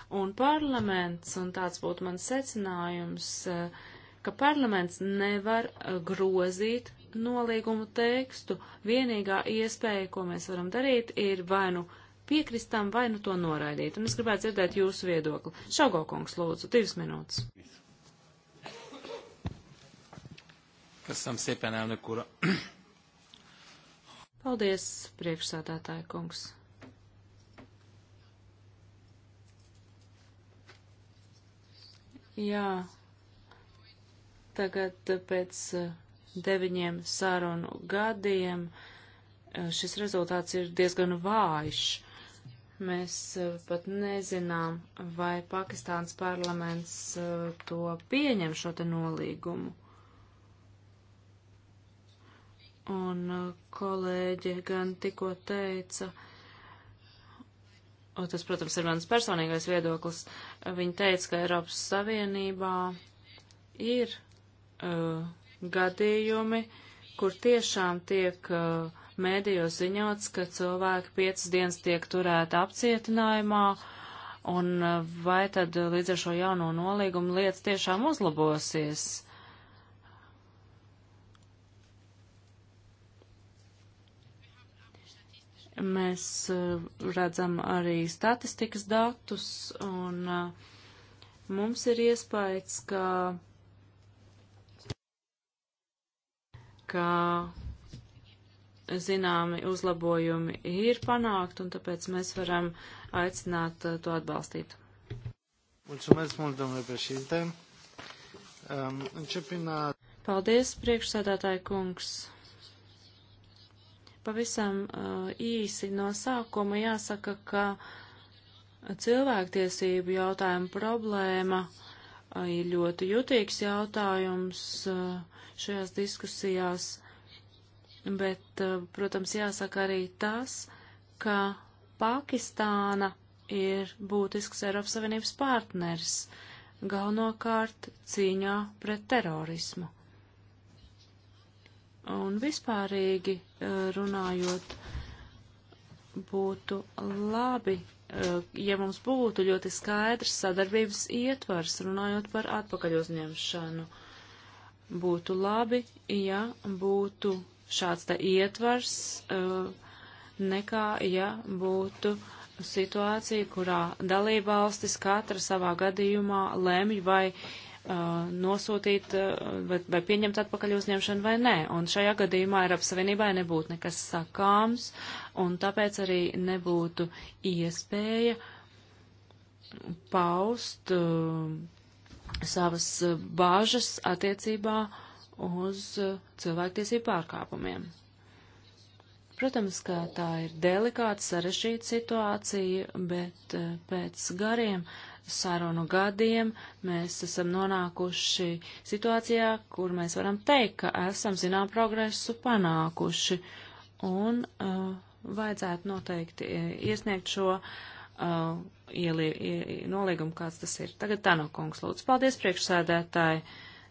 Un parlaments, un tāds būtu mans secinājums, eh, ka parlaments nevar eh, grozīt nolīgumu tekstu. Vienīgā iespēja, ko mēs varam darīt, ir vai nu piekrist tam, vai nu to noraidīt. Un es gribētu dzirdēt jūsu viedokli. Šaugo kungs, lūdzu, divas minūtes. Köszönöm szépen, elnök úr! Paldies, priekšsādātāja kungs! Jā, tagad pēc eh, deviņiem sarunu gadiem eh, šis rezultāts ir diezgan vājš. Mēs eh, pat nezinām, vai Pakistāns parlaments to pieņem šo te nolīgumu. Un kolēģi gan tikko teica, uh, un tas, protams, ir mans personīgais viedoklis, viņa teica, ka Eiropas Savienībā ir uh, gadījumi, kur tiešām tiek uh, mēdījos ziņots, ka cilvēki piecas dienas tiek turēti apcietinājumā, un uh, vai tad uh, līdz ar šo jauno nolīgumu lietas tiešām uzlabosies? Mēs eh, redzam arī statistikas datus, un eh, mums ir iespējas, ka, ka zināmi uzlabojumi ir panākti, un tāpēc mēs varam aicināt eh, to atbalstīt. Mulțumesc mult, domnule președinte. Um, încep prin a... Paldies, priekšsēdētāji kungs. Pavisam uh, īsi no sākuma jāsaka, ka cilvēktiesību jautājuma problēma uh, ir ļoti jutīgs jautājums uh, šajās diskusijās, bet, uh, protams, jāsaka arī tas, ka Pakistāna ir būtisks Eiropas Savienības partners, galvenokārt cīņā pret terorismu. Un vispārīgi eh, runājot, būtu labi, eh, ja mums būtu ļoti skaidrs sadarbības ietvars, runājot par atpakaļ uzņemšanu. Būtu labi, ja būtu šāds te ietvars, eh, nekā ja būtu situācija, kurā dalībvalstis katra savā gadījumā lemj vai uh, Uh, nosūtīt uh, vai, vai pieņemt atpakaļ uzņemšanu vai nē. Un šajā gadījumā Eiropas Savienībai nebūtu nekas sakāms, un tāpēc arī nebūtu iespēja paust uh, savas bāžas attiecībā uz uh, cilvēktiesību pārkāpumiem. Protams, ka tā ir delikāta, sarežģīta situācija, bet uh, pēc gariem uh, sarunu gadiem mēs esam nonākuši situācijā, kur mēs varam teikt, ka esam zinām progresu panākuši un uh, vajadzētu noteikti e, iesniegt šo uh, ielie, ie, noliegumu, kāds tas ir. Tagad Tanokungs lūdzu. Paldies priekšsēdētāji.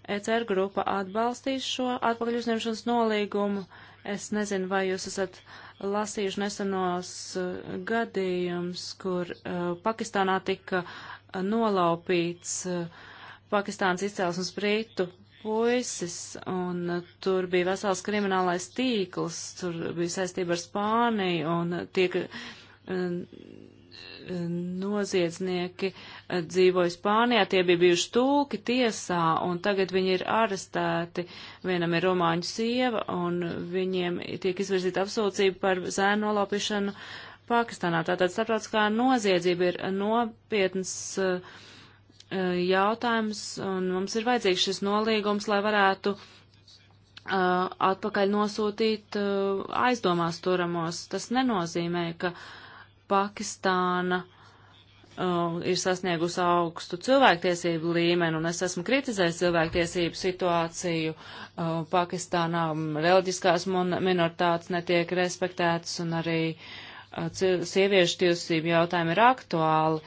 ECR grupa atbalstīs šo atpakaļ uzņemšanas nolīgumu. Es nezinu, vai jūs esat lasījuši nesenos uh, gadījums, kur uh, Pakistānā tika nolaupīts eh, Pakistāns izcelsmes brītu puisis, un eh, tur bija vesels kriminālais tīkls, tur bija saistība ar Spāniju, un eh, tiek noziedznieki dzīvoja Spānijā, tie bija bijuši tulki tiesā, un tagad viņi ir arestēti. Vienam ir romāņu sieva, un viņiem tiek izvirzīta apsūdzība par zēnu nolaupīšanu uh, Pakistānā. Tātad starptautiskā noziedzība ir nopietns uh, jautājums, un mums ir vajadzīgs šis nolīgums, lai varētu uh, atpakaļ nosūtīt uh, aizdomās turamos. Tas nenozīmē, ka Pakistāna ir sasniegusi augstu cilvēktiesību līmeni, un es esmu kritizējis cilvēktiesību situāciju Pakistānā. Reliģiskās minoritātes netiek respektētas, un arī uh, sieviešu tiesību jautājumi ir aktuāli,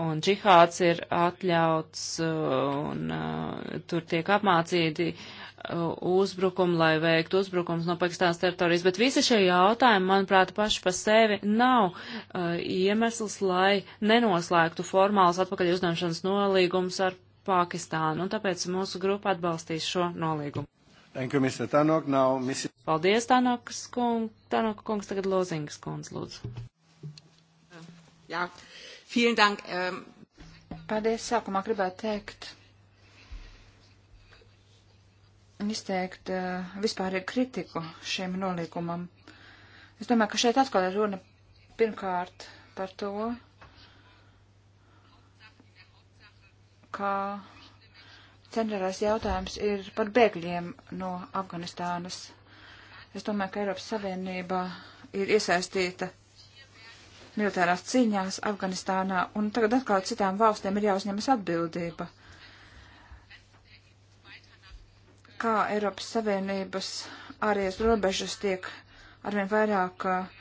un džihāds ir atļauts, uh, un uh, tur tiek apmācīti uh, uzbrukumu, lai veiktu uzbrukums no Pakistānas teritorijas, bet visi šie jautājumi, manuprāt, paši pa sevi nav uh, iemesls, lai nenoslēgtu formāls atpakaļ uzņemšanas nolīgums ar Pakistānu, un tāpēc mūsu grupa atbalstīs šo nolīgumu. Thank you, Mr. Tanok. Now, Mrs. Paldies, Tanokas kungs. Tanoka kungs, tagad Lozingas kungs, lūdzu. Jā, vielen dank. Um... Paldies, sākumā gribētu teikt un izteikt uh, vispār ir kritiku šiem nolīgumam. Es domāju, ka šeit atkal ir runa pirmkārt par to, kā. Ka centrālais jautājums ir par bēgļiem no Afganistānas. Es domāju, ka Eiropas Savienība ir iesaistīta militārās cīņās Afganistānā, un tagad atkal citām valstīm ir jāuzņemas atbildība. Kā Eiropas Savienības ārējas robežas tiek arvien vairāk uh,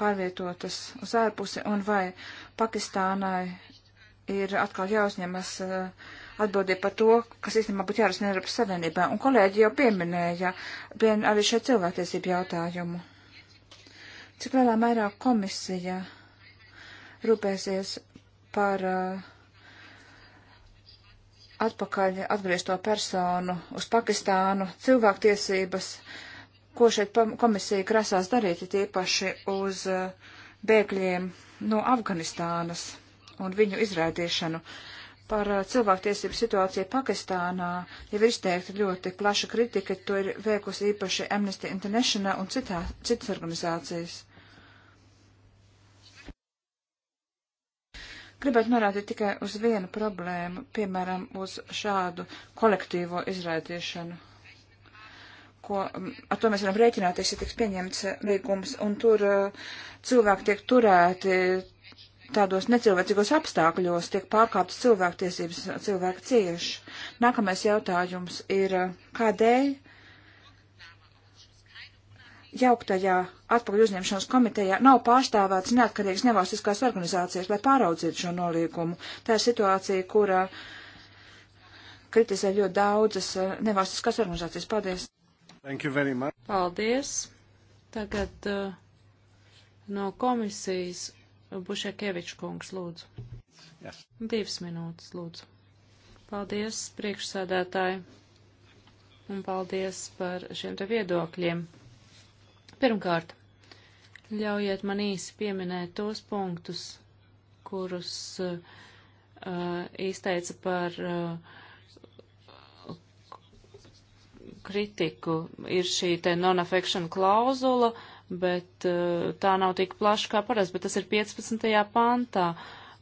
pārvietotas uz ārpusi, un vai Pakistānai ir atkal jāuzņemas uh, atbildība par to, kas īstenībā būtu jārasina Eiropas Savienībā. Un kolēģi jau pieminēja pien arī šeit cilvēktiesību jautājumu. Cik lielā mērā komisija rūpēsies par uh, atpakaļ atgriezto personu uz Pakistānu cilvēktiesības, ko šeit komisija krasās darīt, ir īpaši uz uh, bēgļiem no Afganistānas un viņu izraidīšanu. Uh, par eh, cilvēktiesību situāciju Pakistānā jau ir izteikta ļoti plaša kritika, to ir veikusi īpaši Amnesty International un citā, citas organizācijas. Gribētu norādīt tikai uz vienu problēmu, piemēram, uz šādu kolektīvo izraidīšanu, ko, mm, ar to mēs varam rēķināties, ja tiks pieņemts eh, līgums, un tur eh, cilvēki tiek turēti tādos necilvēcīgos apstākļos tiek pārkāptas cilvēktiesības, cilvēki cieši. Nākamais jautājums ir, uh, kādēļ jauktajā atpakaļ uzņemšanas komitejā nav pārstāvēts neatkarīgas nevalstiskās organizācijas, lai pāraudzītu šo nolīgumu. Tā ir situācija, kura kritizē ļoti daudzas uh, nevalstiskās organizācijas. Paldies! Paldies! Tagad uh, no komisijas Bušekievičs kungs, lūdzu. Yes. Divas minūtes, lūdzu. Paldies, priekšsēdētāji, un paldies par šiem te viedokļiem. Pirmkārt, ļaujiet man īsi pieminēt tos punktus, kurus uh, izteica par uh, kritiku. Ir šī te non-affection klauzula, uh, bet eh, tā nav tik plaša kā parasti, bet tas ir 15. pantā.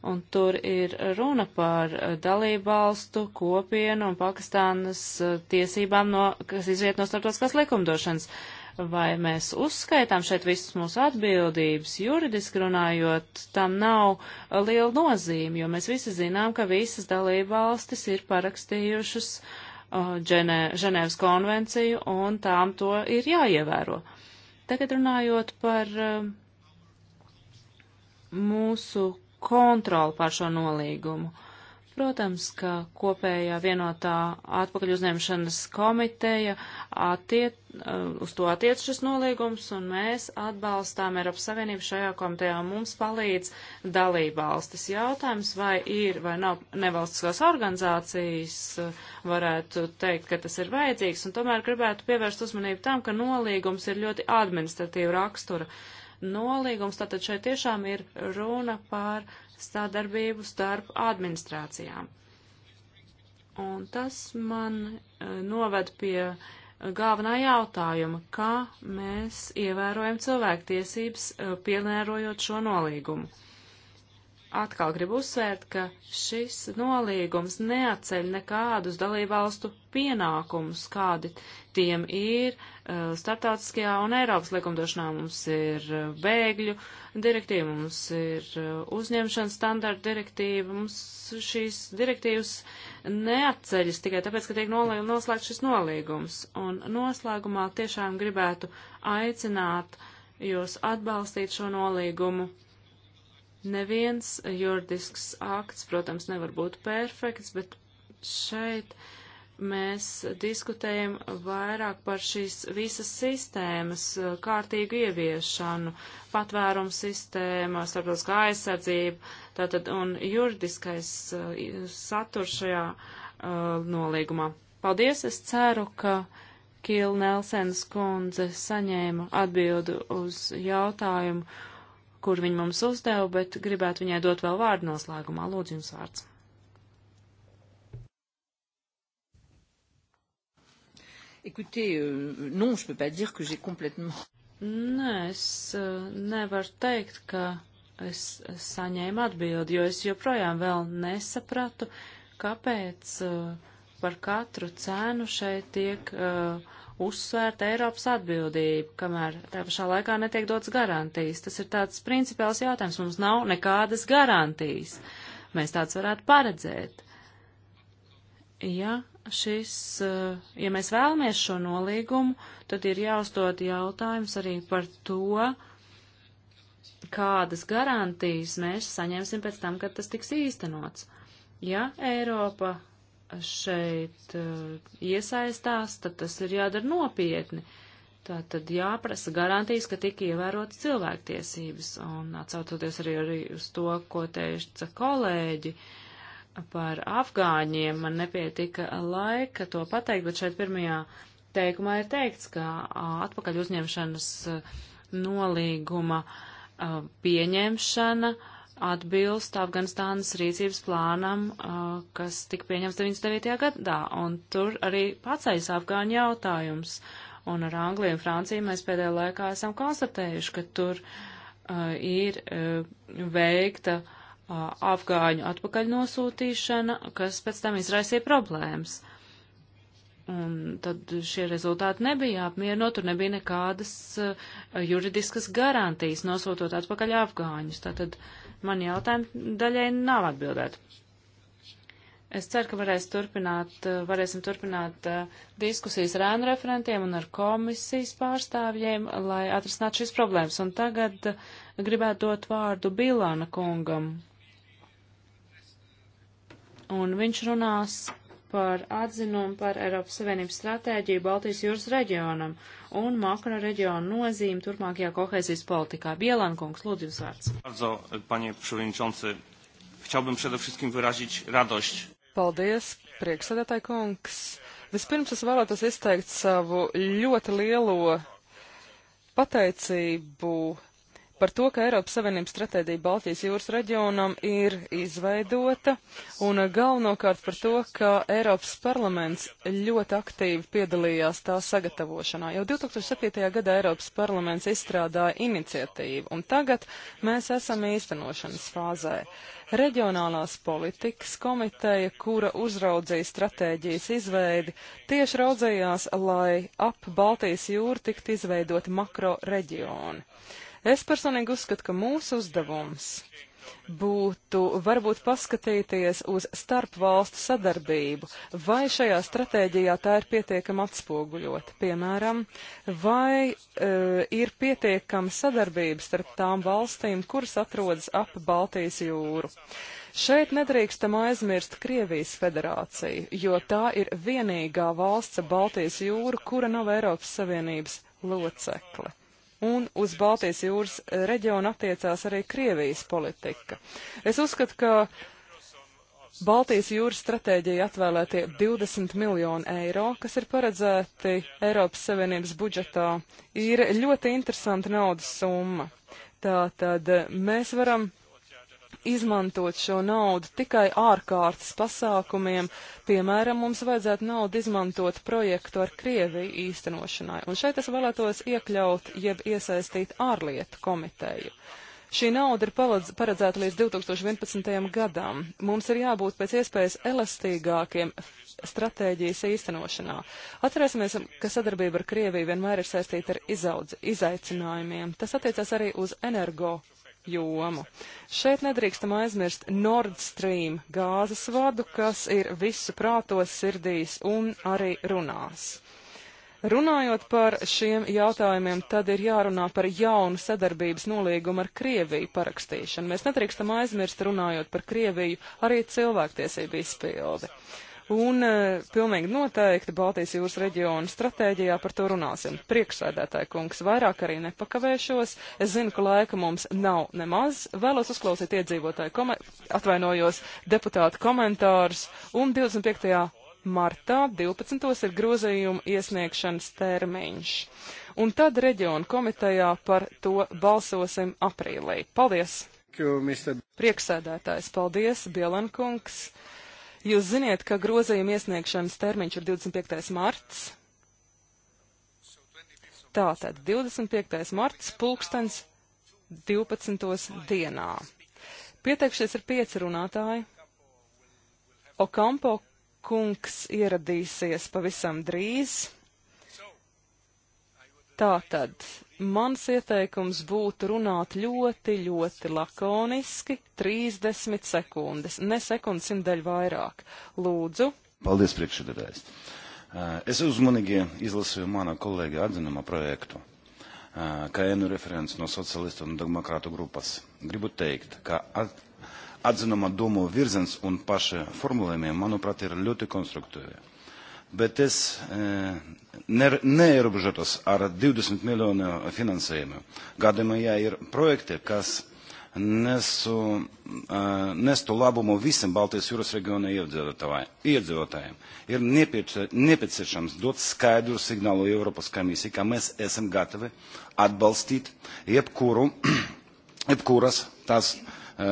Un tur ir runa par eh, dalībvalstu, kopienu un Pakistānas eh, tiesībām, no, kas izriet no starptautiskās likumdošanas. Vai mēs uzskaitām šeit visas mūsu atbildības, juridiski runājot, tam nav liela nozīme, jo mēs visi zinām, ka visas dalībvalstis ir parakstījušas uh, Ženēvas konvenciju un tām to ir jāievēro. Uh, Tagad runājot par eh, mūsu kontroli pār šo nolīgumu. Protams, ka kopējā vienotā atpakaļ uzņemšanas komiteja attiec, uh, uz to attiec šis nolīgums, un mēs atbalstām Eiropas Savienību šajā komitejā, un mums palīdz dalībvalstis. Jautājums, vai ir vai nav nevalstiskās organizācijas, uh, varētu teikt, ka tas ir vajadzīgs, un tomēr gribētu pievērst uzmanību tam, ka nolīgums ir ļoti administratīva rakstura. Nolīgums tātad šeit tiešām ir runa par sadarbību starp administrācijām. Un tas man e, noved pie galvenā jautājuma, kā mēs ievērojam cilvēktiesības, e, piemērojot šo nolīgumu atkal gribu uzsvērt, ka šis nolīgums neatceļ nekādus dalībvalstu pienākumus, kādi tiem ir uh, startautiskajā un Eiropas likumdošanā. Mums ir uh, bēgļu direktīva, mums ir uh, uzņemšanas standarta direktīva, mums šīs direktīvas neatceļas tikai tāpēc, ka tiek noslēgts šis nolīgums. Un noslēgumā tiešām gribētu aicināt jūs atbalstīt šo nolīgumu Neviens juridisks akts, protams, nevar būt perfekts, bet šeit mēs diskutējam vairāk par šīs visas sistēmas eh, kārtīgu ieviešanu, patvērumu sistēmu, starptautiskā aizsardzība, tātad un juridiskais eh, saturs šajā uh, nolīgumā. Paldies, es ceru, ka Kīla Nelsens kundze saņēma atbildu uz jautājumu kur viņa mums uzdeva, bet gribētu viņai dot vēl vārdu noslēgumā. Lūdzu, jums vārds. Écoutez, euh, non, je peux pas dire que j'ai complètement. Nē, es euh, nevaru teikt, ka es saņēmu atbildi, jo es joprojām vēl nesapratu, kāpēc uh, par katru cēnu šeit tiek uh, uzsvērt Eiropas atbildību, kamēr tā pašā laikā netiek dots garantijas. Tas ir tāds principiāls jautājums. Mums nav nekādas garantijas. Mēs tāds varētu paredzēt. Ja, šis, eh, ja mēs vēlamies šo nolīgumu, tad ir jāuzdod jautājums arī par to, kādas garantijas mēs saņemsim pēc tam, kad tas tiks īstenots. Ja Eiropa šeit eh, iesaistās, tad tas ir jādara nopietni. Tā tad jāprasa garantijas, ka tika ievērotas cilvēktiesības. Un atsaucoties arī, arī uz to, ko teica kolēģi par afgāņiem, man nepietika laika to pateikt, bet šeit pirmajā teikumā ir teikts, ka atpakaļ uzņemšanas eh, nolīguma pieņemšana uh, atbilst Afganistānas rīcības plānam, uh, kas tika pieņems 99. gadā, un tur arī pacais Afgāņu jautājums. Un ar Angliju un Franciju mēs pēdējā laikā esam konstatējuši, ka tur uh, ir uh, veikta afgāņu atpakaļnosūtīšana, kas pēc tam izraisīja problēmas. Un tad šie rezultāti nebija apmierino, tur nebija nekādas juridiskas garantijas nosūtot atpakaļ afgāņus. Tātad uh, Man jautājumi daļai nav atbildēt. Es ceru, ka varēs turpināt, eh, varēsim turpināt eh, diskusijas ar ēnu referentiem un ar komisijas pārstāvjiem, lai atrisinātu šīs problēmas. Un tagad eh, gribētu dot vārdu Bilāna kungam. Un viņš runās par atzinumu par Eiropas Savienības stratēģiju Baltijas jūras reģionam un makro reģionu nozīmi turpmākajā kohēzijas politikā. Bielankungs, lūdzu jums vārds. Bardzo, panie przewodniczący, chciałbym przede wszystkim wyrazić radość. Paldies, priekšsēdētāji kungs. Vispirms es vēlētos izteikt savu ļoti lielo pateicību par to, ka Eiropas Savienības stratēģija Baltijas jūras reģionam ir izveidota, un galvenokārt par to, ka Eiropas parlaments ļoti aktīvi piedalījās tā sagatavošanā. Jau 2007. gadā Eiropas parlaments izstrādāja iniciatīvu, un tagad mēs esam īstenošanas fāzē. Reģionālās politikas komiteja, kura uzraudzīja stratēģijas izveidi, tieši raudzējās, lai ap Baltijas jūru tiktu izveidoti makro reģioni. Es personīgi uzskatu, ka mūsu uzdevums būtu varbūt paskatīties uz starpvalstu sadarbību, vai šajā stratēģijā tā ir pietiekami atspoguļota, piemēram, vai e, ir pietiekama sadarbība starp tām valstīm, kuras atrodas ap Baltijas jūru. Šeit nedrīkstam aizmirst Krievijas federāciju, jo tā ir vienīgā valsts Baltijas jūru, kura nav Eiropas Savienības locekle un uz Baltijas jūras reģionu attiecās arī Krievijas politika. Es uzskatu, ka Baltijas jūras stratēģija atvēlētie 20 miljoni eiro, kas ir paredzēti Eiropas Savienības budžetā, ir ļoti interesanta naudas summa. Tātad mēs varam izmantot šo naudu tikai ārkārtas pasākumiem. Piemēram, mums vajadzētu naudu izmantot projektu ar Krieviju īstenošanai. Un šeit es vēlētos iekļaut, jeb iesaistīt ārlietu komiteju. Šī nauda ir paledz, paredzēta līdz 2011. gadam. Mums ir jābūt pēc iespējas elastīgākiem stratēģijas īstenošanā. Atcerēsimies, ka sadarbība ar Krieviju vienmēr ir saistīta ar izaudz, izaicinājumiem. Tas attiecas arī uz energo jomu. Šeit nedrīkstam aizmirst Nord Stream gāzes vadu, kas ir visu prātos, sirdīs un arī runās. Runājot par šiem jautājumiem, tad ir jārunā par jaunu sadarbības nolīgumu ar Krieviju parakstīšanu. Mēs nedrīkstam aizmirst, runājot par Krieviju, arī cilvēktiesību izpildi. Un e, pilnīgi noteikti Baltijas jūras reģiona stratēģijā par to runāsim. Priekšsēdētāji kungs, vairāk arī nepakavēšos. Es zinu, ka laika mums nav nemaz. Vēlos uzklausīt iedzīvotāju, kom... atvainojos, deputātu komentārus. Un 25. martā 12. ir grozījuma iesniegšanas termiņš. Un tad reģiona komitejā par to balsosim aprīlī. Paldies! Priekšsēdētājs, paldies, Bielankungs! Jūs ziniet, ka grozījuma iesniegšanas termiņš ir 25. marts. Tātad 25. marts pulkstens 12. dienā. Pieteikšies ir pieci runātāji. Okampo kungs ieradīsies pavisam drīz. Tātad, mans ieteikums būtu runāt ļoti, ļoti lakoniski, 30 sekundes, ne sekundes simtdaļu vairāk. Lūdzu. Paldies, priekšsēdētājs. Eh, es uzmanīgi izlasīju mana kolēģa atzinuma projektu, eh, kā ēnu referents no socialistu un demokrātu grupas. Gribu teikt, ka atzinuma domu virziens un paši formulējumi, manuprāt, ir ļoti konstruktīvi bet es eh, neierobežotos ar 20 miljonu finansējumu. Gadījumā, ja ir projekti, kas nesu, eh, nestu labumu visiem Baltijas jūras reģiona iedzīvotājiem. Ir nepieciešams dot skaidru signālu Eiropas komisijai, ka mēs esam gatavi atbalstīt jebkuru, jebkuras tās eh,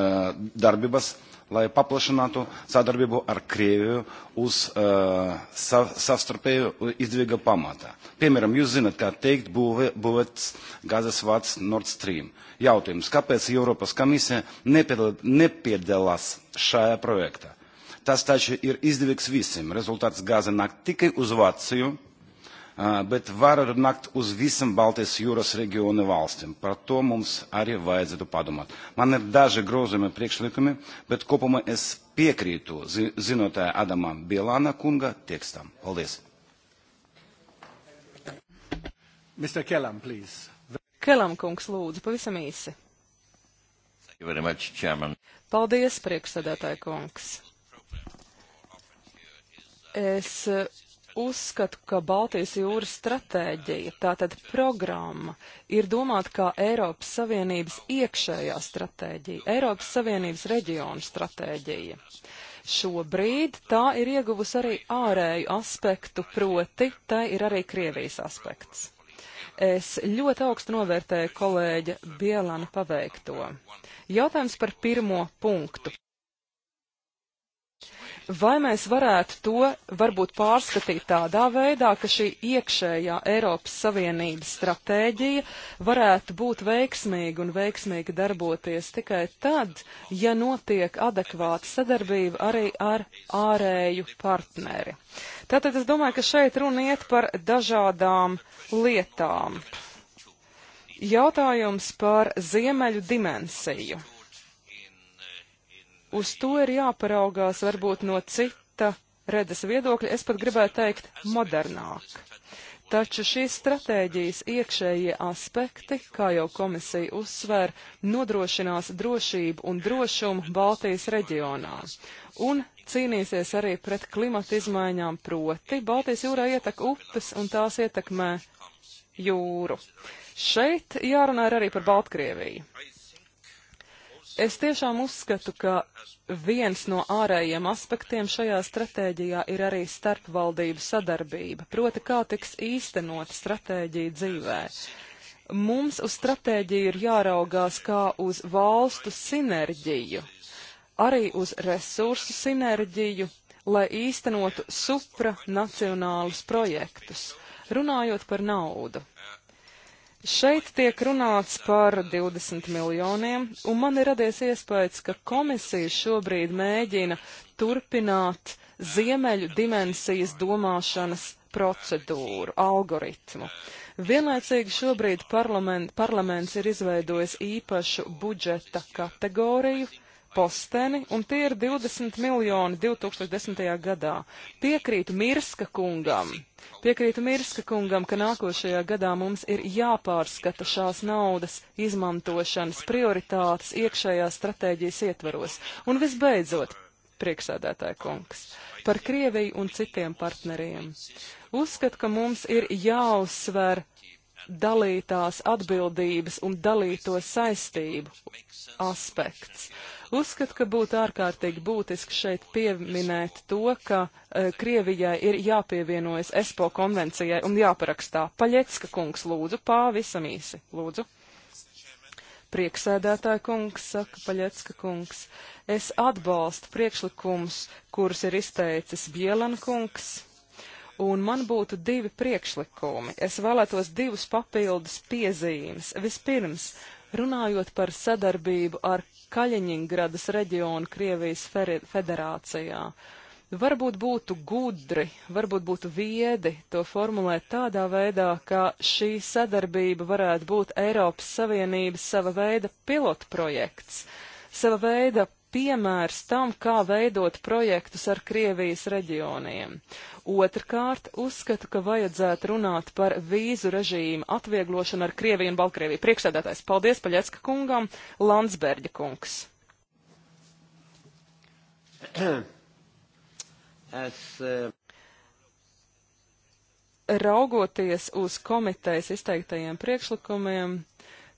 darbības lai paplašinātu sadarbību ar Krieviju uz uh, eh, sav, savstarpēju izdevīgu pamata. Piemēram, jūs zināt, kā teikt būvē, būvēts gazas vats Nord Stream. Jautājums, kāpēc Eiropas komisija nepiedalās šajā projektā? Tas taču ir izdevīgs visiem. Rezultāts gāze nāk tikai uz Vāciju, bet var arī nakt uz visam Baltijas jūras reģionu valstīm. Par to mums arī vajadzētu padomāt. Man ir daži grozījumi priekšlikumi, bet kopumā es piekrītu zi zinotāja Adamā Bielāna kunga tekstam. Paldies! Mr. Kellam, please. Kelam kungs, lūdzu, pavisam īsi. Much, chairman. Paldies, priekšsēdētāja kungs. Es uzskatu, ka Baltijas jūras stratēģija, tātad programma, ir domāta kā Eiropas Savienības iekšējā stratēģija, Eiropas Savienības reģionu stratēģija. Šobrīd tā ir ieguvusi arī ārēju aspektu, proti, tai ir arī Krievijas aspekts. Es ļoti augstu novērtēju kolēģa Bielana paveikto. Jautājums par pirmo punktu Vai mēs varētu to varbūt pārskatīt tādā veidā, ka šī iekšējā Eiropas Savienības stratēģija varētu būt veiksmīga un veiksmīgi darboties tikai tad, ja notiek adekvāta sadarbība arī ar ārēju partneri? Tātad es domāju, ka šeit runa iet par dažādām lietām. Jautājums par ziemeļu dimensiju uz to ir jāparaugās varbūt no cita redzes viedokļa, es pat gribētu teikt modernāk. Taču šīs stratēģijas iekšējie aspekti, kā jau komisija uzsver, nodrošinās drošību un drošumu Baltijas reģionā un cīnīsies arī pret klimata izmaiņām, proti Baltijas jūrā ietek upes un tās ietekmē jūru. Šeit jārunā arī par Baltkrieviju. Es tiešām uzskatu, ka viens no ārējiem aspektiem šajā stratēģijā ir arī starpvaldību sadarbība, proti kā tiks īstenot stratēģija dzīvē. Mums uz stratēģiju ir jāraugās kā uz valstu sinerģiju, arī uz resursu sinerģiju, lai īstenotu supranacionālus projektus. Runājot par naudu, Šeit tiek runāts par 20 miljoniem, un man ir radies iespējas, ka komisija šobrīd mēģina turpināt ziemeļu dimensijas domāšanas procedūru, algoritmu. Vienlaicīgi šobrīd parlament, parlaments ir izveidojis īpašu budžeta kategoriju, posteni, un tie ir 20 miljoni 2010. gadā. Piekrītu Mirska kungam. Piekrītu Mirska kungam, ka nākošajā gadā mums ir jāpārskata šās naudas izmantošanas prioritātes iekšējā stratēģijas ietvaros. Un visbeidzot, priekšsēdētāja kungs, par Krieviju un citiem partneriem. Uzskat, ka mums ir jāuzsver dalītās atbildības un dalīto saistību aspekts. Uzskatu, ka būtu ārkārtīgi būtiski šeit pieminēt to, ka uh, Krievijai ir jāpievienojas ESPO konvencijai un jāparakstā. Paļecka kungs, lūdzu, pāvisam īsi, lūdzu. Prieksēdētāja kungs, saka Paļecka kungs, es atbalstu priekšlikumus, kurus ir izteicis Bielan kungs un man būtu divi priekšlikumi. Es vēlētos divus papildus piezīmes. Vispirms, Runājot par sadarbību ar Kaļiņingradas reģionu Krievijas federācijā, Varbūt būtu gudri, varbūt būtu viedi to formulēt tādā veidā, ka šī sadarbība varētu būt Eiropas Savienības sava veida pilotprojekts, sava veida piemērs tam, kā veidot projektus ar Krievijas reģioniem. Otrkārt, uzskatu, ka vajadzētu runāt par vīzu režīmu atvieglošanu ar Krieviju un Baltkrieviju. Priekšsēdētājs, paldies Paļecka kungam, Landsberģa kungs. Es, uh... Raugoties uz komitejas izteiktajiem priekšlikumiem,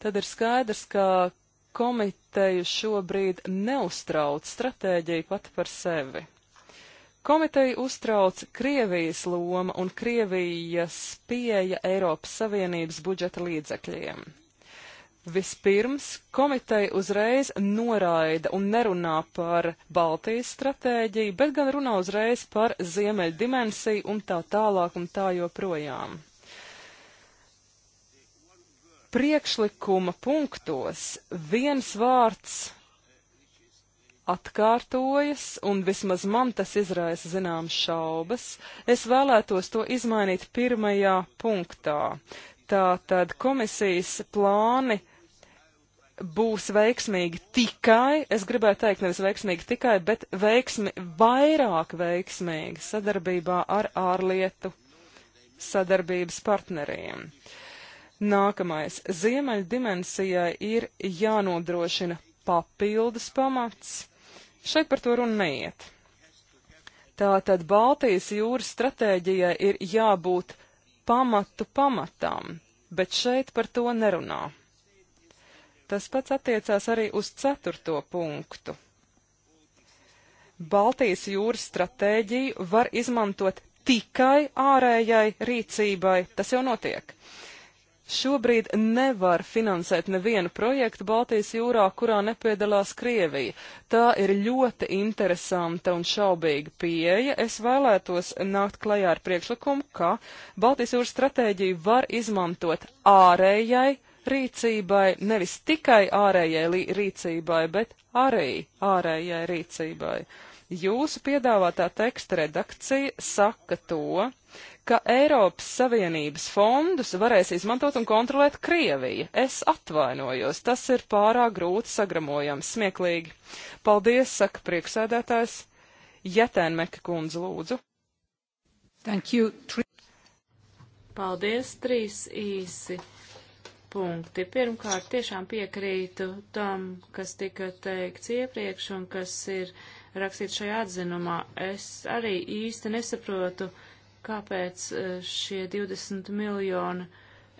tad ir skaidrs, ka komiteju šobrīd neuztrauc stratēģija pati par sevi. Komiteju uztrauc Krievijas loma un Krievijas pieeja Eiropas Savienības budžeta līdzekļiem. Vispirms komiteja uzreiz noraida un nerunā par Baltijas stratēģiju, bet gan runā uzreiz par Ziemeļu dimensiju un tā tālāk un tā joprojām priekšlikuma punktos viens vārds atkārtojas, un vismaz man tas izraisa zināmas šaubas, es vēlētos to izmainīt pirmajā punktā. Tātad komisijas plāni būs veiksmīgi tikai, es gribēju teikt nevis veiksmīgi tikai, bet veiksmi, vairāk veiksmīgi sadarbībā ar ārlietu sadarbības partneriem. Uh, Nākamais. Ziemeļa dimensijai ir jānodrošina papildus pamats. Šeit par to runa neiet. Tātad Baltijas jūras stratēģijai ir jābūt pamatu pamatām, bet šeit par to nerunā. Tas pats attiecās arī uz ceturto punktu. Baltijas jūras stratēģiju var izmantot tikai ārējai rīcībai, tas jau notiek. Uh, Šobrīd nevar finansēt nevienu projektu Baltijas jūrā, kurā nepiedalās Krievija. Tā ir ļoti interesanta un šaubīga pieeja. Es vēlētos nākt klajā ar priekšlikumu, ka Baltijas jūras stratēģiju var izmantot ārējai rīcībai, nevis tikai ārējai rīcībai, bet arī ārējai rīcībai. Jūsu piedāvātā teksta redakcija saka to, ka Eiropas Savienības fondus varēs izmantot un kontrolēt Krievija. Es atvainojos, tas ir pārāk grūti sagramojams, smieklīgi. Paldies, saka priekšsēdētājs. Jetēnmeka kundze, lūdzu. Thank you. Paldies, trīs īsi punkti. Pirmkārt, tiešām piekrītu tam, kas tika teikts iepriekš un kas ir rakstīts šajā atzinumā. Es arī īsti nesaprotu, uh, kāpēc e, šie 20 miljoni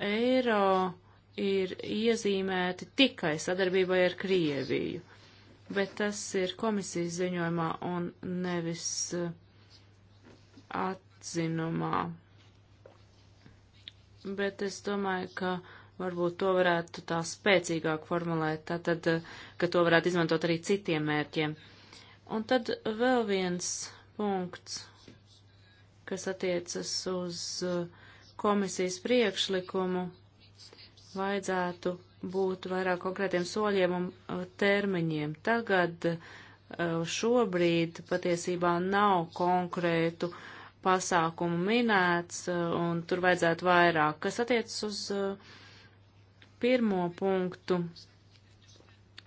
eiro ir iezīmēti tikai sadarbībai ar Krieviju. Bet tas ir komisijas ziņojumā un nevis e, atzinumā. Bet es domāju, ka varbūt to varētu tā spēcīgāk formulēt, tātad, e, ka to varētu izmantot arī citiem mērķiem. Un tad vēl viens punkts, kas attiecas uz uh, komisijas priekšlikumu, vajadzētu būt vairāk konkrētiem soļiem un uh, termiņiem. Tagad uh, šobrīd patiesībā nav konkrētu pasākumu minēts, un tur vajadzētu vairāk. Kas attiecas uz pirmo punktu,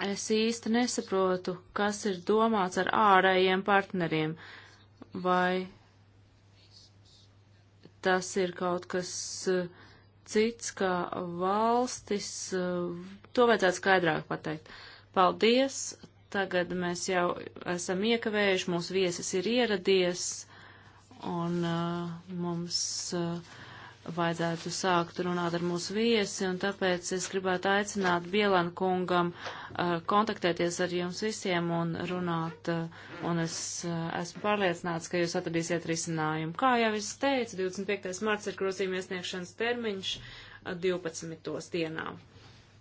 es īsti nesaprotu, kas ir domāts ar ārējiem partneriem, vai tas ir kaut kas eh, cits, kā valstis. Eh, to vajadzētu skaidrāk pateikt. Paldies! Tagad mēs jau esam iekavējuši, mūsu viesis ir ieradies, un uh, mums. Uh, vajadzētu sākt runāt ar mūsu viesi, un tāpēc es gribētu aicināt Bielan kungam uh, kontaktēties ar jums visiem un runāt, uh, un es uh, esmu pārliecināts, ka jūs atradīsiet risinājumu. Kā jau es teicu, 25. marts ir grozījuma iesniegšanas termiņš 12. Uh, dienā.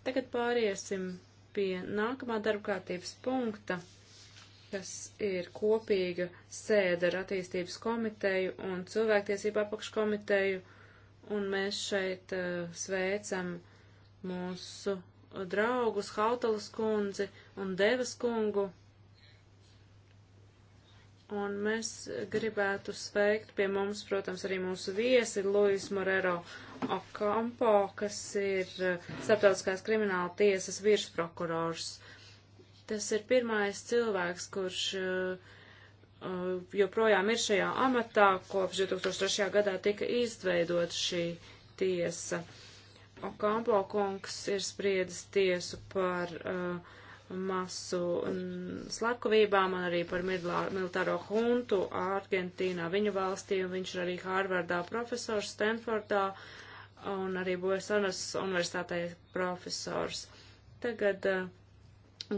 Tagad pāriesim pie nākamā darba kārtības punkta kas ir kopīga sēda ar attīstības komiteju un cilvēktiesību apakškomiteju un mēs šeit uh, sveicam mūsu draugus Hautalas kundzi un Devas kungu. Un mēs gribētu sveikt pie mums, protams, arī mūsu viesi Luis Morero Okampo, kas ir eh, starptautiskās krimināla tiesas virsprokurors. Tas ir pirmais cilvēks, kurš uh, Uh, joprojām ir šajā amatā, kopš 2003. gadā tika izveidot šī tiesa. Okampo kungs ir spriedis tiesu par uh, masu mm, slepkavībām un arī par midlā, militāro huntu Argentīnā, viņu valstī, un viņš ir arī Hārvardā profesors Stanfordā un arī Bojasanas universitātē profesors. Tagad uh,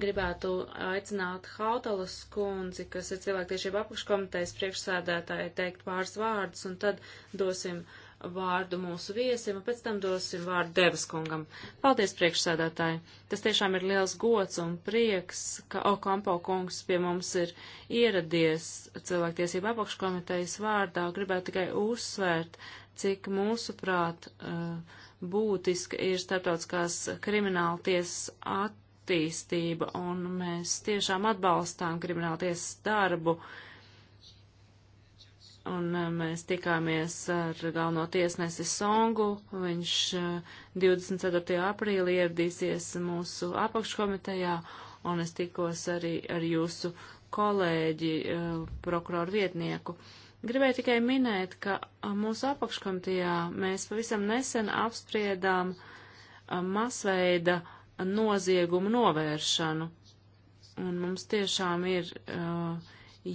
gribētu aicināt Hautalas kundzi, kas ir cilvēktiešība apakškomitejas priekšsēdētāja, teikt pāris vārdus, un tad dosim vārdu mūsu viesim, un pēc tam dosim vārdu Devas kungam. Paldies, priekšsēdētāji! Tas tiešām ir liels gods un prieks, ka Okampo kungs pie mums ir ieradies cilvēktiesība apakškomitejas vārdā. Gribētu tikai uzsvērt, cik mūsuprāt uh, būtiska ir starptautiskās krimināla tiesas at attīstība, un mēs tiešām atbalstām krimināltiesas darbu. Un eh, mēs tikāmies ar galveno tiesnesi Songu. Viņš 24. Eh, aprīlī ieradīsies mūsu apakškomitejā, un es tikos arī ar jūsu kolēģi, eh, prokuroru vietnieku. Gribēju tikai minēt, ka mūsu apakškomitejā mēs pavisam nesen apspriedām masveida uh, noziegumu novēršanu. Un mums tiešām ir uh,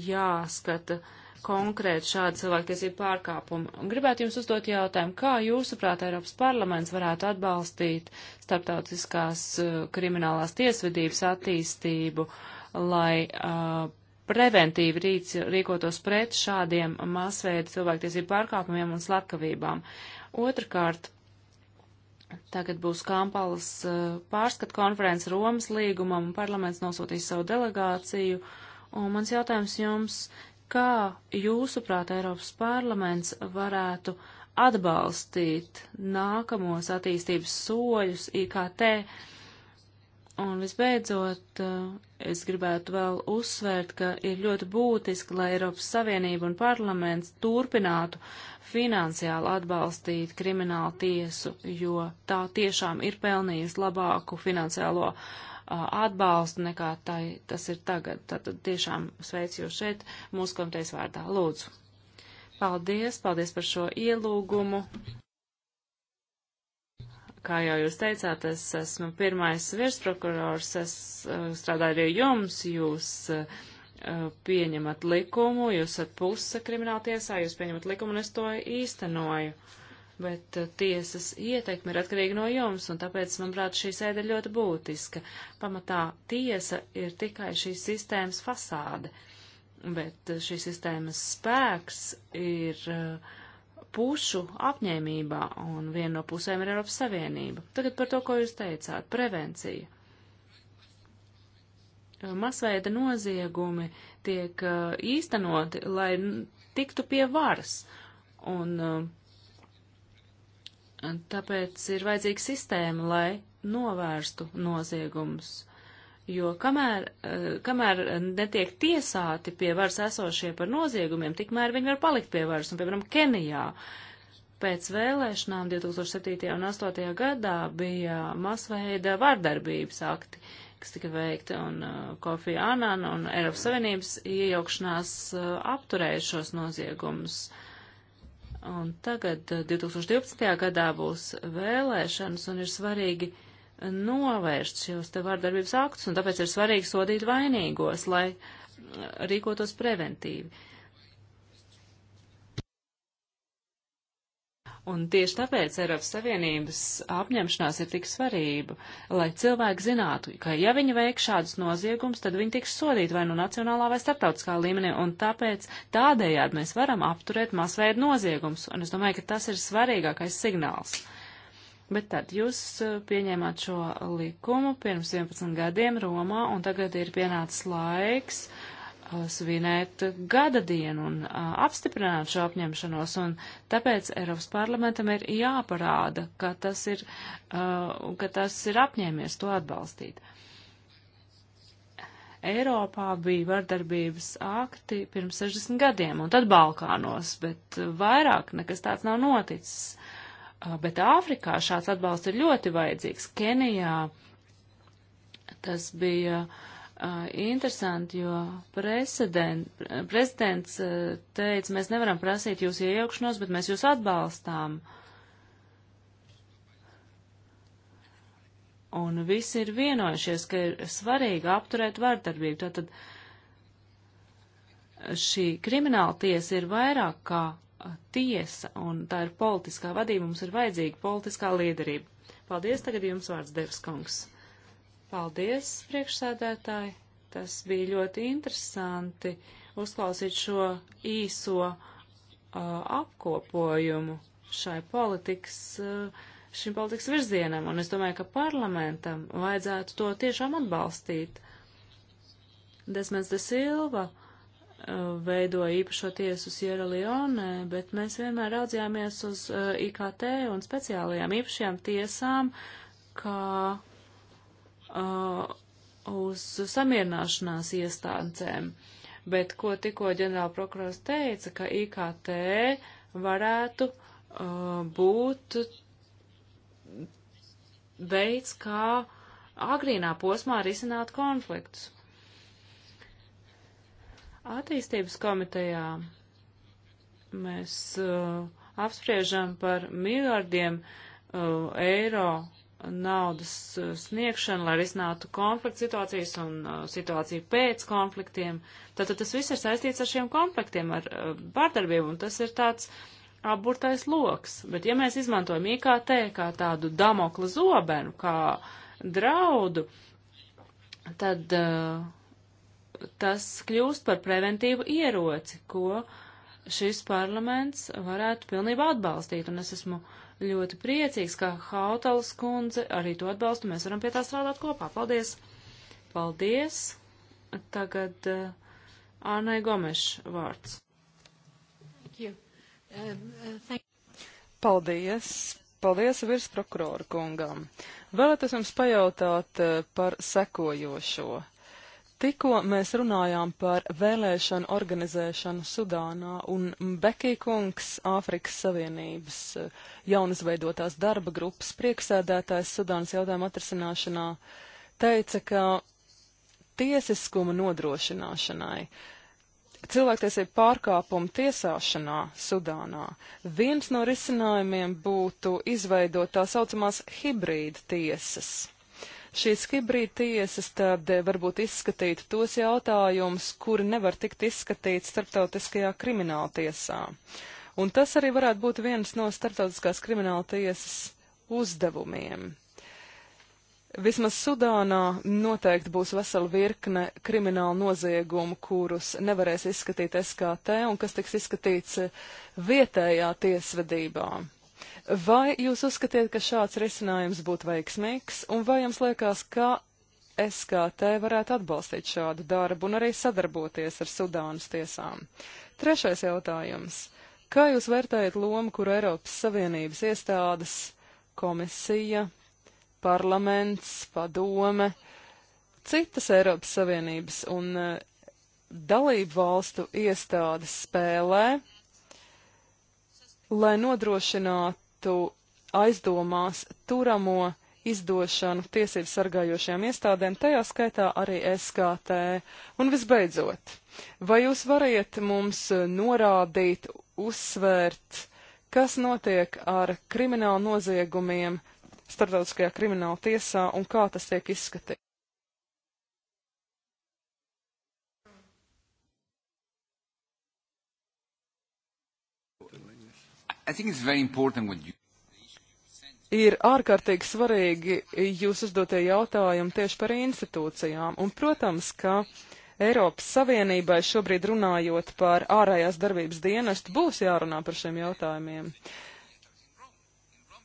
jāskata konkrēti šādi cilvēktiesību pārkāpumi. Un gribētu jums uzdot jautājumu, kā jūsuprāt Eiropas parlaments varētu atbalstīt starptautiskās uh, kriminālās tiesvedības attīstību, lai uh, preventīvi rīc, rīkotos pret šādiem masveida cilvēktiesību pārkāpumiem un slepkavībām. Otrakārt, Tagad būs Kampalas eh, pārskat konferences Romas līgumam un parlaments nosūtīs savu delegāciju. Un mans jautājums jums, kā jūsuprāt Eiropas parlaments varētu atbalstīt nākamos attīstības soļus IKT? Un visbeidzot, eh, es gribētu vēl uzsvērt, ka ir ļoti būtiski, lai Eiropas Savienība un parlaments turpinātu finansiāli atbalstīt kriminālu tiesu, jo tā tiešām ir pelnījusi labāku finansiālo uh, atbalstu nekā tai, tas ir tagad. Tātad tiešām sveicu jūs šeit mūsu komitejas vārdā. Lūdzu. Paldies, paldies par šo ielūgumu kā jau jūs teicāt, es esmu pirmais virsprokurors, es eh, strādāju arī jums, jūs eh, pieņemat likumu, jūs esat puse krimināla tiesā, jūs pieņemat likumu un es to īstenoju. Bet eh, tiesas ieteikumi ir atkarīgi no jums, un tāpēc, manuprāt, šī sēde ir ļoti būtiska. Pamatā tiesa ir tikai šīs sistēmas fasāde, bet šīs sistēmas spēks ir uh, pušu apņēmībā, un viena no pusēm ir Eiropas Savienība. Tagad par to, ko jūs teicāt - prevencija. Masveida noziegumi tiek īstenoti, lai tiktu pie varas, un tāpēc ir vajadzīga sistēma, lai novērstu noziegumus jo kamēr, eh, kamēr netiek tiesāti pie varas esošie par noziegumiem, tikmēr viņi var palikt pie varas. Un, piemēram, Kenijā pēc vēlēšanām 2007. un 2008. gadā bija masveida vardarbības akti, kas tika veikti, un uh, Kofi Anan un Eiropas Savienības iejaukšanās uh, apturēja šos noziegumus. Un tagad, 2012. gadā, būs vēlēšanas, un ir svarīgi uh, novērst šos te vārdarbības aktus, un tāpēc ir svarīgi sodīt vainīgos, lai mm, rīkotos preventīvi. Un tieši tāpēc Eiropas Savienības apņemšanās ir tik svarība, lai cilvēki zinātu, ka ja viņi veik šādus noziegumus, tad viņi tiks sodīti vai nu no nacionālā vai starptautiskā līmenī, un tāpēc tādējādi mēs varam apturēt masveidu noziegumus, un es domāju, ka tas ir svarīgākais signāls. Uh, Bet tad jūs eh, pieņēmāt šo likumu pirms 11 gadiem Romā, un tagad ir pienācis laiks uh, svinēt gada dienu un uh, apstiprināt šo apņemšanos, un tāpēc Eiropas parlamentam ir jāparāda, ka tas ir, uh, ka tas ir apņēmies to atbalstīt. Eiropā bija vardarbības akti pirms 60 gadiem, un tad Balkānos, bet vairāk nekas tāds nav noticis. Uh, Ah, bet Āfrikā šāds atbalsts ir ļoti vajadzīgs. Kenijā tas bija uh, interesanti, jo prezidents uh, teica, mēs nevaram prasīt jūs iejaukšanos, bet mēs jūs atbalstām. Un visi ir vienojušies, ka ir svarīgi apturēt vardarbību. Tātad šī krimināla tiesa ir vairāk kā tiesa, un tā ir politiskā vadība, mums ir vajadzīga politiskā liederība. Paldies, tagad jums vārds Devs kungs. Paldies, priekšsēdētāji. Tas bija ļoti interesanti uzklausīt šo īso uh, apkopojumu šai politikas, uh, šim politikas virzienam, un es domāju, ka parlamentam vajadzētu to tiešām atbalstīt. Desmens de Silva. Uh, Uh, veidoja īpašo tiesu Sierra Leone, bet mēs vienmēr raudzījāmies uz uh, IKT un speciālajām īpašajām tiesām, kā uh, uz samierināšanās iestāncēm. Bet ko tikko ģenerāla prokurors teica, ka IKT varētu uh, būt veids, kā agrīnā posmā risināt konfliktus. Attīstības komitejā mēs uh, apspriežam par miljardiem uh, eiro naudas uh, sniegšanu, lai risinātu konflikts situācijas un uh, situāciju pēc konfliktiem. Tātad tas viss ir saistīts ar šiem konfliktiem, ar uh, pārdarbību, un tas ir tāds apburtais loks. Bet ja mēs izmantojam IKT kā tādu damokla zobenu, kā draudu, tad uh, tas kļūst par preventīvu ieroci, ko šis parlaments varētu pilnībā atbalstīt. Un es esmu ļoti priecīgs, ka Hautals kundze arī to atbalstu. Mēs varam pie tā strādāt kopā. Paldies! Paldies! Tagad uh, Ānai Gomeša vārds. Thank you. Um, uh, thank you. Paldies! Paldies virsprokuroru kungam! Vēlētos jums pajautāt eh, par sekojošo. Tikko mēs runājām par vēlēšanu organizēšanu Sudānā, un Bekī kungs, Āfrikas Savienības eh, jaunizveidotās darba grupas prieksēdētājs Sudānas jautājumu atrasināšanā, teica, ka tiesiskuma nodrošināšanai, cilvēktiesību pārkāpumu tiesāšanā Sudānā, viens no risinājumiem būtu izveidot tā saucamās hibrīda tiesas šīs hibrīd tiesas tad eh, varbūt izskatītu tos jautājumus, kuri nevar tikt izskatīti starptautiskajā krimināla tiesā. Un tas arī varētu būt viens no starptautiskās krimināla tiesas uzdevumiem. Vismaz Sudānā noteikti būs vesela virkne kriminālu noziegumu, kurus nevarēs izskatīt SKT un kas tiks izskatīts vietējā tiesvedībā. Vai jūs uzskatiet, ka šāds risinājums būtu veiksmīgs, un vai jums liekas, ka SKT varētu atbalstīt šādu darbu un arī sadarboties ar Sudānas tiesām? Trešais jautājums. Kā jūs vērtējat lomu, kur Eiropas Savienības iestādes, komisija, parlaments, padome, citas Eiropas Savienības un eh, dalību valstu iestādes spēlē, lai nodrošinātu varētu aizdomās turamo izdošanu tiesību sargājošajām iestādēm, tajā skaitā arī SKT. Un visbeidzot, vai jūs variet mums norādīt, uzsvērt, kas notiek ar kriminālu noziegumiem starptautiskajā krimināla tiesā un kā tas tiek izskatīts? Ir ārkārtīgi svarīgi jūs uzdotie jautājumi tieši par institūcijām. Un, protams, ka Eiropas Savienībai šobrīd runājot par ārējās darbības dienestu, būs jārunā par šiem jautājumiem.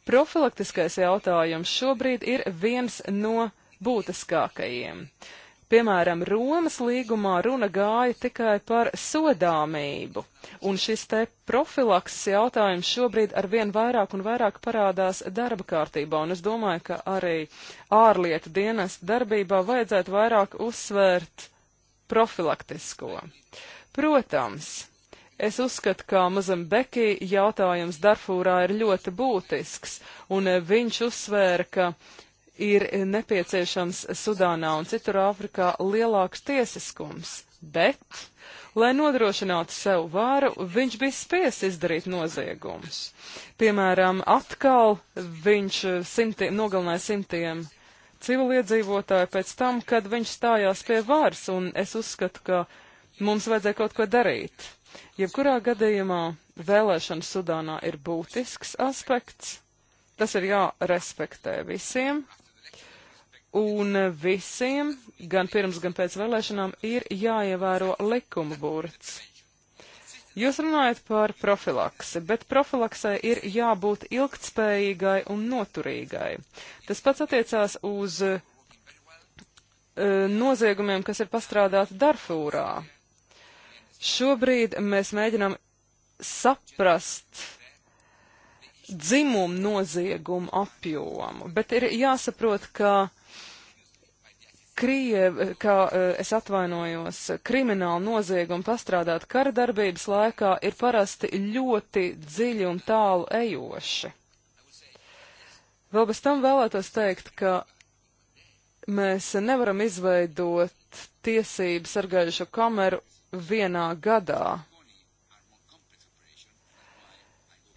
Profilaktiskais jautājums šobrīd ir viens no būtiskākajiem. Uh, Piemēram, Romas līgumā runa gāja tikai par sodāmību, un šis te profilakses jautājums šobrīd ar vien vairāk un vairāk parādās darba kārtībā, un es domāju, ka arī ārlietu dienas darbībā vajadzētu vairāk uzsvērt profilaktisko. Protams, Es uzskatu, ka Mazambekī jautājums Darfūrā ir ļoti būtisks, un viņš uzsvēra, ka ir nepieciešams Sudānā un citur Āfrikā lielāks tiesiskums, bet, lai nodrošinātu sev vāru, viņš bija spies izdarīt noziegumus. Piemēram, atkal viņš eh, simtiem, nogalināja simtiem civiliedzīvotāju pēc tam, kad viņš stājās pie vāras, un es uzskatu, ka mums vajadzēja kaut ko darīt. Jebkurā gadījumā vēlēšanas Sudānā ir būtisks aspekts, tas ir jārespektē visiem, Un visiem, gan pirms, gan pēc vēlēšanām, ir jāievēro likuma burts. Jūs runājat par profilaksi, bet profilaksai ir jābūt ilgtspējīgai un noturīgai. Tas pats attiecās uz uh, noziegumiem, kas ir pastrādāti Darfūrā. Šobrīd mēs mēģinām saprast dzimumu noziegumu apjomu, bet ir jāsaprot, ka Krievi, kā eh, es atvainojos, krimināla nozieguma pastrādāt kara darbības laikā ir parasti ļoti dziļi un tālu ejoši. Vēl bez tam vēlētos teikt, ka mēs nevaram izveidot tiesību sargājušo kameru vienā gadā.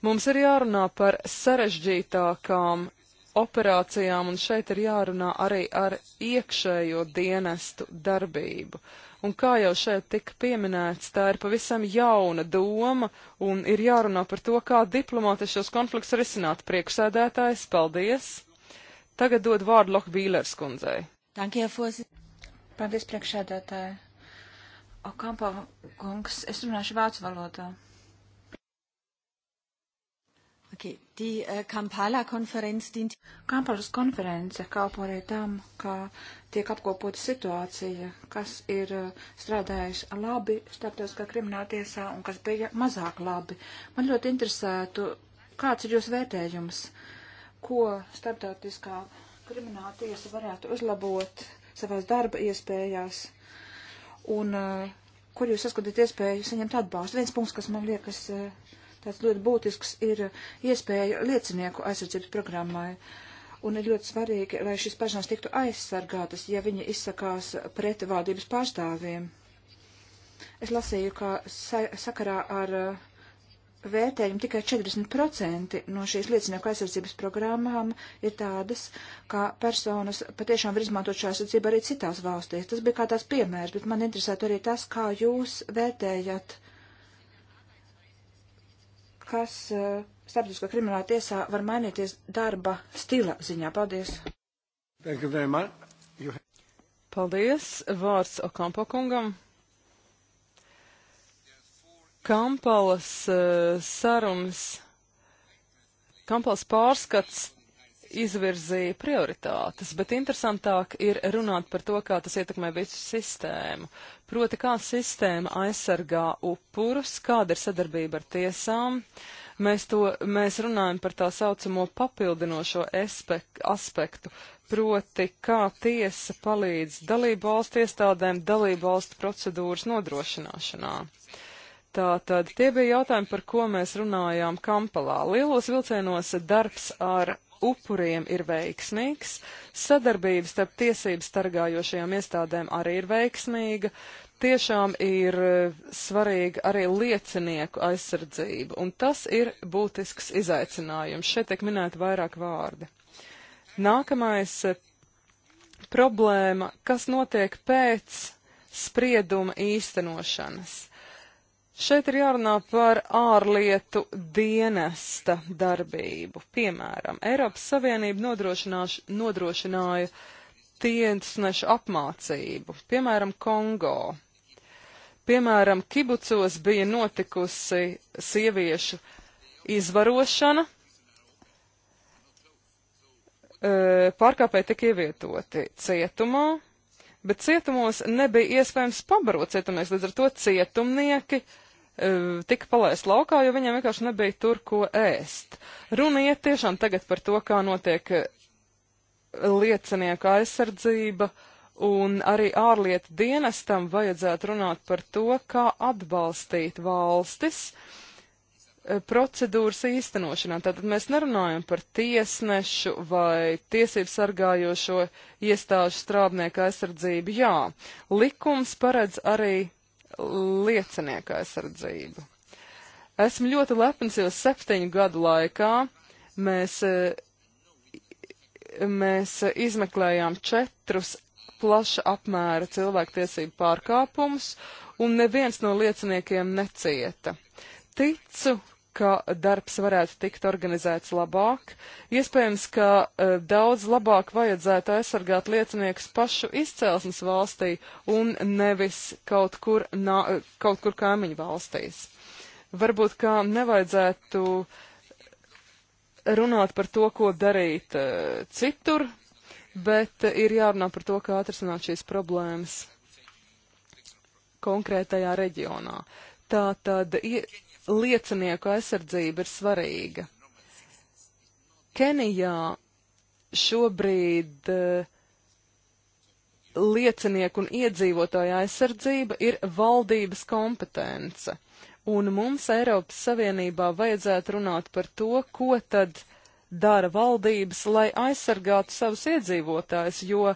Mums ir jārunā par sarežģītākām operācijām, un šeit ir jārunā arī ar iekšējo dienestu darbību. Un kā jau šeit tika pieminēts, tā ir pavisam jauna doma, un ir jārunā par to, kā diplomāti šos konflikts risināt. Priekšsēdētājs, paldies! Tagad dod vārdu Lokbīlers kundzei. Paldies, priekšsēdētāji! Okampa kungs, es runāšu vācu valodā. Die äh, Kampala-konferences dient. Kampalas konference kalpo arī tam, ka tiek apkopota situācija, kas ir uh, strādājusi labi starptautiskā krimināla tiesā un kas bija mazāk labi. Man ļoti interesētu, kāds ir jūs vērtējums, ko starptautiskā krimināla tiesa varētu uzlabot savās darba iespējās un uh, kur jūs saskatāt iespēju saņemt atbalstu. Viens punkts, kas man liekas. Uh, tāds ļoti būtisks ir iespēja liecinieku aizsardzības programmai. Un ir ļoti svarīgi, lai šīs personas tiktu aizsargātas, ja viņi izsakās pret valdības pārstāvjiem. Es lasīju, ka sa sakarā ar uh, vērtējumu tikai 40% no šīs liecinieku aizsardzības programmām ir tādas, ka personas patiešām var izmantot šo aizsardzību arī citās valstīs. Tas bija kā tās piemērs, bet man interesētu arī tas, kā jūs vērtējat uh, kas e, starptautiskā krimināla tiesā var mainīties darba stila ziņā. Paldies! Have... Paldies! Vārds Okampo kungam! Kampalas uh, sarunas, Kampalas pārskats izvirzīja prioritātes, bet interesantāk ir runāt par to, kā tas ietekmē visu sistēmu. Proti, kā sistēma aizsargā upurus, kāda ir sadarbība ar tiesām. Mēs, to, mēs runājam par tā saucamo papildinošo aspektu, proti, kā tiesa palīdz dalību valstu iestādēm dalību valstu procedūras nodrošināšanā. Tātad tie bija jautājumi, par ko mēs runājām Kampalā. Lielos vilcienos darbs ar upuriem ir veiksmīgs, sadarbības starp tiesības stargājošajām iestādēm arī ir veiksmīga, tiešām ir eh, svarīga arī liecinieku aizsardzība, un tas ir būtisks izaicinājums. Šeit tiek minēti vairāk vārdi. Nākamais eh, problēma, kas notiek pēc sprieduma īstenošanas. Šeit ir jārunā par ārlietu dienesta darbību. Piemēram, Eiropas Savienība nodrošināja tiesnešu apmācību, piemēram, Kongo. Piemēram, kibucos bija notikusi sieviešu izvarošana, e, pārkāpēji tika ievietoti cietumā, bet cietumos nebija iespējams pabarot cietumnieks, līdz ar to cietumnieki uh, E, tika palaist laukā, jo viņiem vienkārši nebija tur, ko ēst. Runa iet tiešām tagad par to, kā notiek e, liecinieku aizsardzība, un arī ārlietu dienestam vajadzētu runāt par to, kā atbalstīt valstis e, procedūras īstenošanā. Tātad mēs nerunājam par tiesnešu vai tiesību sargājošo iestāžu strādnieku aizsardzību. Jā, likums paredz arī liecinieku aizsardzību. Esmu ļoti lepns, jo septiņu gadu laikā mēs, eh, mēs izmeklējām četrus plaša apmēra cilvēktiesību pārkāpumus, un neviens no lieciniekiem necieta. Ticu, ka darbs varētu tikt organizēts labāk. Iespējams, ka uh, daudz labāk vajadzētu aizsargāt lieciniekus pašu izcelsmes valstī un nevis kaut kur, nā, kaut kur kaimiņu valstīs. Varbūt, kā nevajadzētu runāt par to, ko darīt uh, citur, bet ir jārunā par to, kā atrisināt šīs problēmas konkrētajā reģionā. Tā tad liecinieku aizsardzība ir svarīga. Kenijā šobrīd uh, liecinieku un iedzīvotāju aizsardzība ir valdības kompetence, un mums Eiropas Savienībā vajadzētu runāt par to, ko tad dara valdības, lai aizsargātu savus iedzīvotājus, jo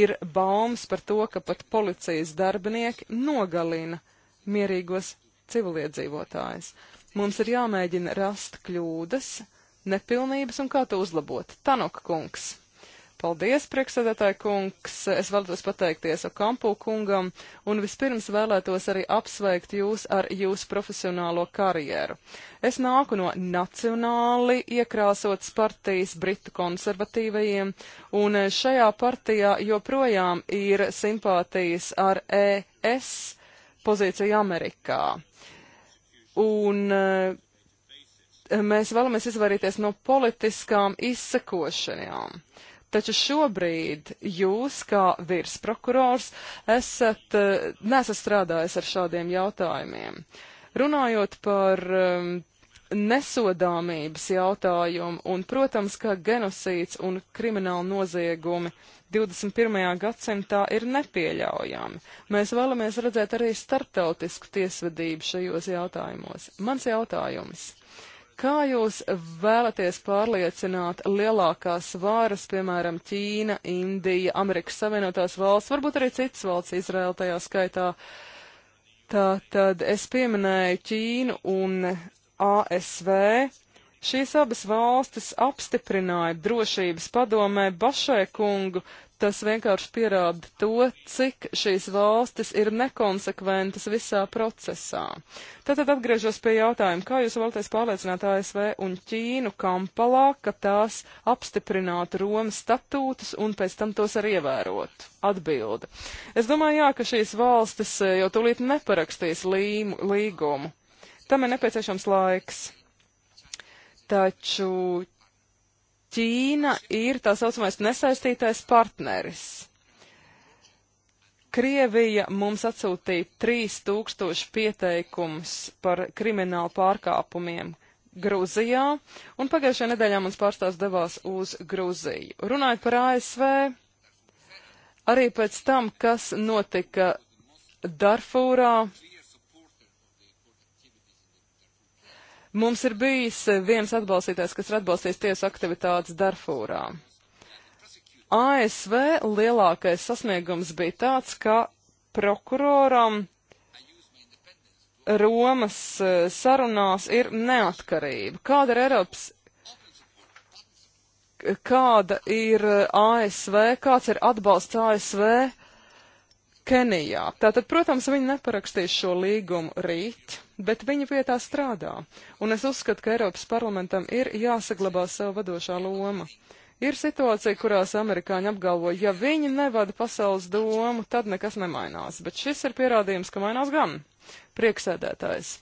ir baumas par to, ka pat policijas darbinieki nogalina mierīgos civiliedzīvotājs. Mums ir jāmēģina rast kļūdas, nepilnības un kā to uzlabot. Tanok kungs. Paldies, priekšsēdētāji kungs. Es vēlētos pateikties Okampu kungam un vispirms vēlētos arī apsveikt jūs ar jūsu profesionālo karjeru. Es nāku no nacionāli iekrāsotas partijas Britu konservatīvajiem un šajā partijā joprojām ir simpātijas ar ES pozīciju Amerikā. Un eh, mēs vēlamies izvairīties no politiskām izsekošanām. Taču šobrīd jūs, kā virsprokurors, esat, eh, nesat strādājis ar šādiem jautājumiem. Runājot par um, nesodāmības jautājumu un, protams, kā genocīds un krimināla noziegumi 21. gadsimtā ir nepieļaujami. Mēs vēlamies redzēt arī starptautisku tiesvedību šajos jautājumos. Mans jautājums. Kā jūs vēlaties pārliecināt lielākās vāras, piemēram, Ķīna, Indija, Amerikas Savienotās valsts, varbūt arī citas valsts, Izraela tajā skaitā? Tā tad es pieminēju Ķīnu un ASV, Šīs abas valstis apstiprināja drošības padomē Bašai kungu, tas vienkārši pierāda to, cik šīs valstis ir nekonsekventas visā procesā. Tātad atgriežos pie jautājuma, kā jūs vēlaties pārliecināt ASV un Ķīnu Kampalā, ka tās apstiprinātu Romas statūtus un pēc tam tos arī ievērotu? Atbilde. Es domāju, jā, ka šīs valstis eh, jau tūlīt neparakstīs līmu, līgumu. Tam ir nepieciešams laiks taču Ķīna ir tā saucamais nesaistītais partneris. Krievija mums atsūtīja 3000 pieteikums par kriminālu pārkāpumiem Gruzijā, un pagājušajā nedēļā mums pārstāvs devās uz Gruziju. Runājot par ASV, arī pēc tam, kas notika Darfūrā, Mums ir bijis eh, viens atbalstītājs, kas ir atbalstījis tiesu aktivitātes Darfūrā. ASV lielākais sasniegums bija tāds, ka prokuroram Romas eh, sarunās ir neatkarība. Kāda ir Eiropas kāda ir eh, ASV, kāds ir atbalsts ASV Kenijā. Tātad, protams, viņi neparakstīs šo līgumu rīt, bet viņa vietā strādā, un es uzskatu, ka Eiropas parlamentam ir jāsaglabā sev vadošā loma. Ir situācija, kurās amerikāņi apgalvo, ja viņi nevada pasaules domu, tad nekas nemainās, bet šis ir pierādījums, ka mainās gan. Prieksēdētājs.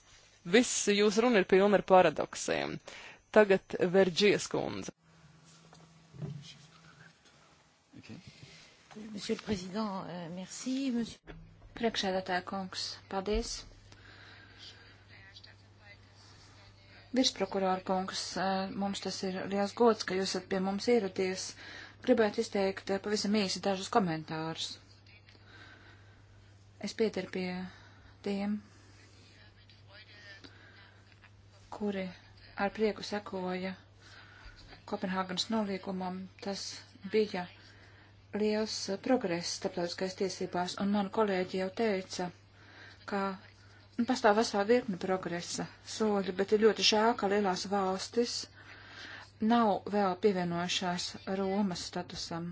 Viss jūs runa ir pilna ar paradoksiem. Tagad Verģies kundze. Monsieur le Président, euh, merci. Monsieur... Priekšēdētāja kungs, paldies. Virsprokurāra kungs, eh, mums tas ir liels gods, ka jūs esat pie mums ieradies. Gribētu izteikt eh, pavisam īsi dažus komentārus. Es piedaru pie tiem, kuri ar prieku sekoja Kopenhāganas nolīgumam. Tas bija liels eh, progress starptautiskais tiesībās, un man kolēģi jau teica, ka Nu, pastāv vesela virkne progresa soļi, bet ir ļoti žēl, ka lielās valstis nav vēl pievienojušās Romas statusam.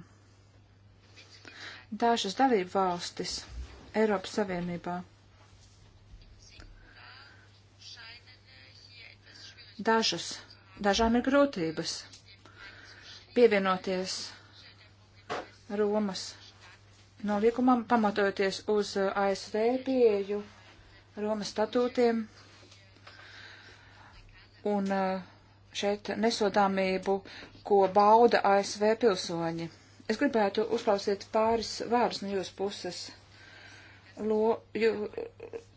Dažas dalību valstis Eiropas Savienībā. Dažas, dažām ir grūtības pievienoties Romas noliekumam, pamatojoties uz ASV pieeju. Romas statūtiem. Un eh, šeit nesodāmību, ko bauda ASV pilsoņi. Es gribētu uzklausīt pāris vārdus no jūsu puses. Lo, jū,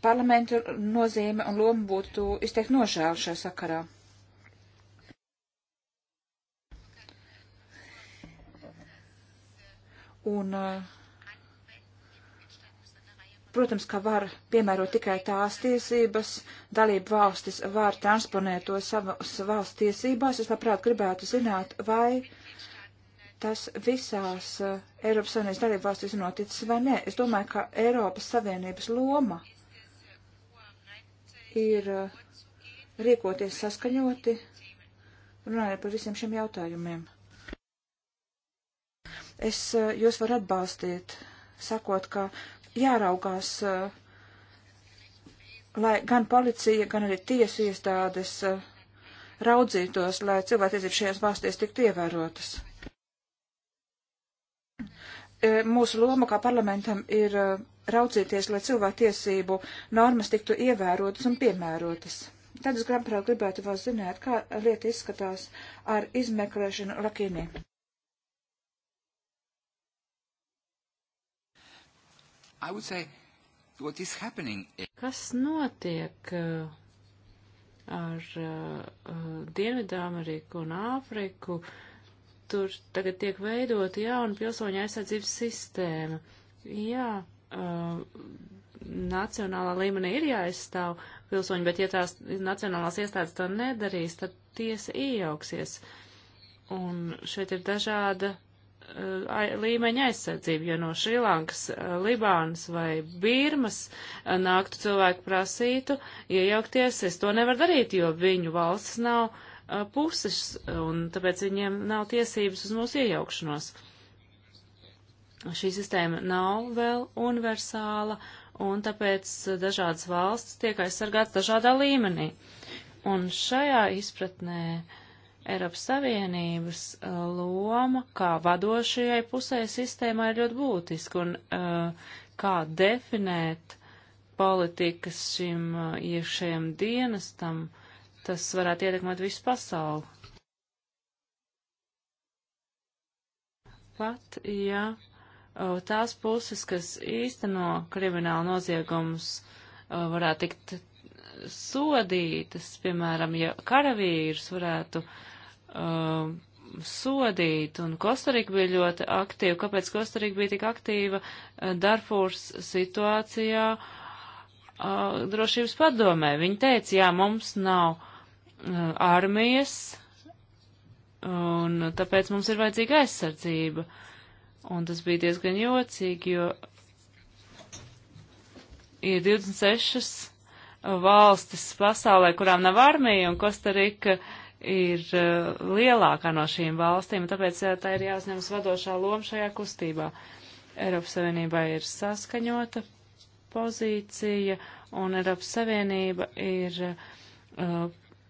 parlamentu nozīme un loma būtu izteikt nožēlu šajā sakarā. Un uh, Protams, ka var piemērot tikai tās tiesības, dalību valstis var transponēt to savas valsts tiesībās. Es labprāt gribētu zināt, vai tas visās eh, Eiropas Savienības dalību valstīs noticis vai nē. Es domāju, ka Eiropas Savienības loma ir eh, rīkoties saskaņoti, runājot par visiem šiem jautājumiem. Es eh, jūs varu atbalstīt, sakot, ka jāraugās, eh, lai gan policija, gan arī tiesu iestādes eh, raudzītos, lai cilvēktiesības šajās valstīs tiktu ievērotas. Eh, mūsu loma kā parlamentam ir raudzīties, lai cilvēktiesību normas tiktu ievērotas un piemērotas. Tad es gribētu vēl zināt, kā lieta izskatās ar izmeklēšanu Lakīnī. Say, Kas notiek uh, ar uh, uh, Dienvidāmeriku un Āfriku? Tur tagad tiek veidota jauna pilsoņa aizsardzības sistēma. Jā, nacionālā līmenī ir jāaizstāv pilsoņi, bet ja tās nacionālās iestādes to nedarīs, tad tiesa iejauksies. Un šeit ir dažāda līmeņa aizsardzību, jo no Šrilankas, Libānas vai Birmas nāktu cilvēku prasītu iejaukties. Es to nevaru darīt, jo viņu valsts nav puses, un tāpēc viņiem nav tiesības uz mūsu iejaukšanos. Šī sistēma nav vēl universāla, un tāpēc dažādas valsts tiek aizsargātas dažādā līmenī. Un šajā izpratnē uh, Eiropas Savienības uh, loma kā vadošajai pusē sistēmā ir ļoti būtiska un uh, kā definēt politikas šim uh, iekšējam dienestam, tas varētu ietekmēt visu pasauli. Pat, ja uh, tās puses, kas īsteno kriminālu noziegumus, uh, varētu tikt sodītas, piemēram, ja karavīrs varētu uh, uh, sodīt, un Kostarika bija ļoti aktīva. Kāpēc Kostarika bija tik aktīva uh, Darfūras situācijā uh, drošības padomē? Viņa teica, jā, mums nav uh, armijas, un tāpēc mums ir vajadzīga aizsardzība. Un tas bija diezgan jocīgi, jo ir 26 valstis pasaulē, kurām nav armija, un Kostarika uh, ir eh, lielākā no šīm valstīm, un tāpēc eh, tā ir jāuzņemas vadošā loma šajā kustībā. Eiropas Savienībā ir saskaņota pozīcija, un Eiropas Savienība ir eh,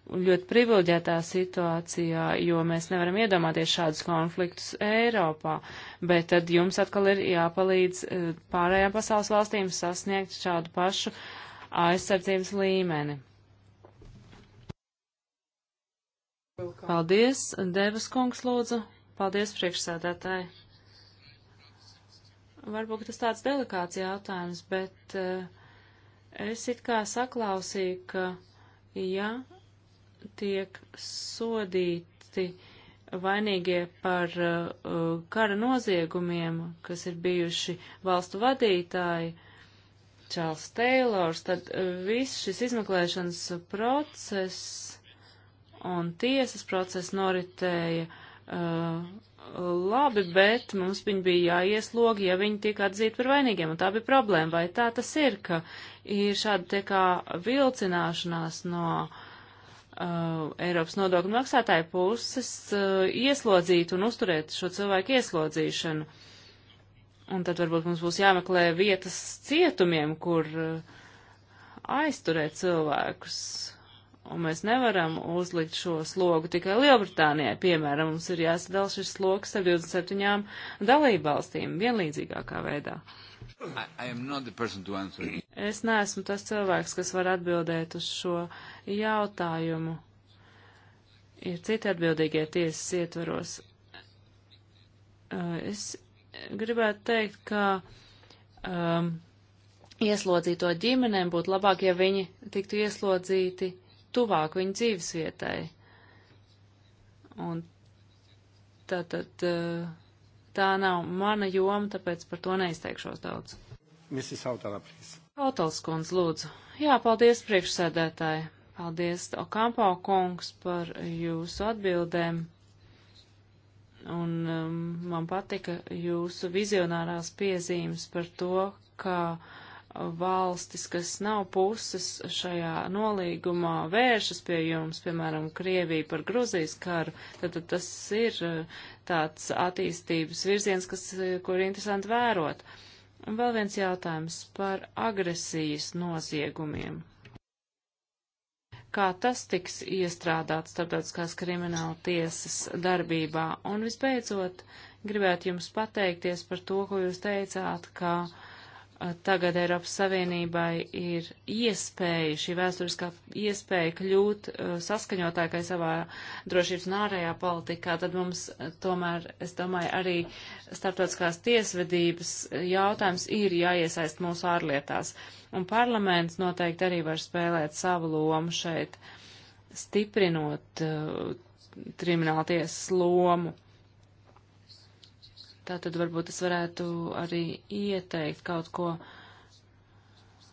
ļoti privileģētā situācijā, jo mēs nevaram iedomāties šādus konfliktus Eiropā, bet tad jums atkal ir jāpalīdz pārējām pasaules valstīm sasniegt šādu pašu aizsardzības līmeni. Paldies, Devas kungs lūdzu. Paldies priekšsēdētāji. Varbūt tas tāds delikāts jautājums, bet uh, es it kā saklausīju, ka ja tiek sodīti vainīgie par uh, kara noziegumiem, kas ir bijuši valstu vadītāji, Čāls Teilors, tad uh, viss šis izmeklēšanas process un tiesas process noritēja uh, labi, bet mums viņi bija jāieslog, ja viņi tika atzīti par vainīgiem, un tā bija problēma. Vai tā tas ir, ka ir šāda te kā vilcināšanās no uh, Eiropas nodokļu maksātāju puses uh, ieslodzīt un uzturēt šo cilvēku ieslodzīšanu? Un tad varbūt mums būs jāmeklē vietas cietumiem, kur uh, aizturēt cilvēkus Un mēs nevaram uzlikt šo slogu tikai Lielbritānijai. Piemēram, mums ir jāsadala šis sloks ar 27 dalībvalstīm vienlīdzīgākā veidā. I, I es neesmu tas cilvēks, kas var atbildēt uz šo jautājumu. Ir citi atbildīgie tiesas ietvaros. Uh, es gribētu teikt, ka um, ieslodzīto ģimenēm būtu labāk, ja viņi tiktu ieslodzīti tuvāk viņa dzīves vietai. Un tātad eh, tā nav mana joma, tāpēc par to neizteikšos daudz. Mrs. Hautala, please. Hautals kundz, lūdzu. Jā, paldies priekšsēdētāji. Paldies, Okampo kungs, par jūsu atbildēm. Un um, man patika jūsu vizionārās piezīmes par to, ka uh, valstis, kas nav puses šajā nolīgumā, vēršas pie jums, piemēram, Krievija par Gruzijas karu, tad, tad tas ir eh, tāds attīstības virziens, kas, eh, kur ir interesanti vērot. Un vēl viens jautājums par agresijas noziegumiem. Kā tas tiks iestrādāts starptautiskās krimināla tiesas darbībā? Un visbeidzot, gribētu jums pateikties par to, ko jūs teicāt, ka uh, tagad Eiropas Savienībai ir iespēja, šī vēsturiskā iespēja kļūt uh, saskaņotākai savā drošības un ārējā politikā, tad mums uh, tomēr, es domāju, arī starptautiskās tiesvedības uh, jautājums ir jāiesaist mūsu ārlietās. Un parlaments noteikti arī var spēlēt savu lomu šeit, stiprinot uh, krimināltiesas lomu. Tātad varbūt es varētu arī ieteikt kaut ko.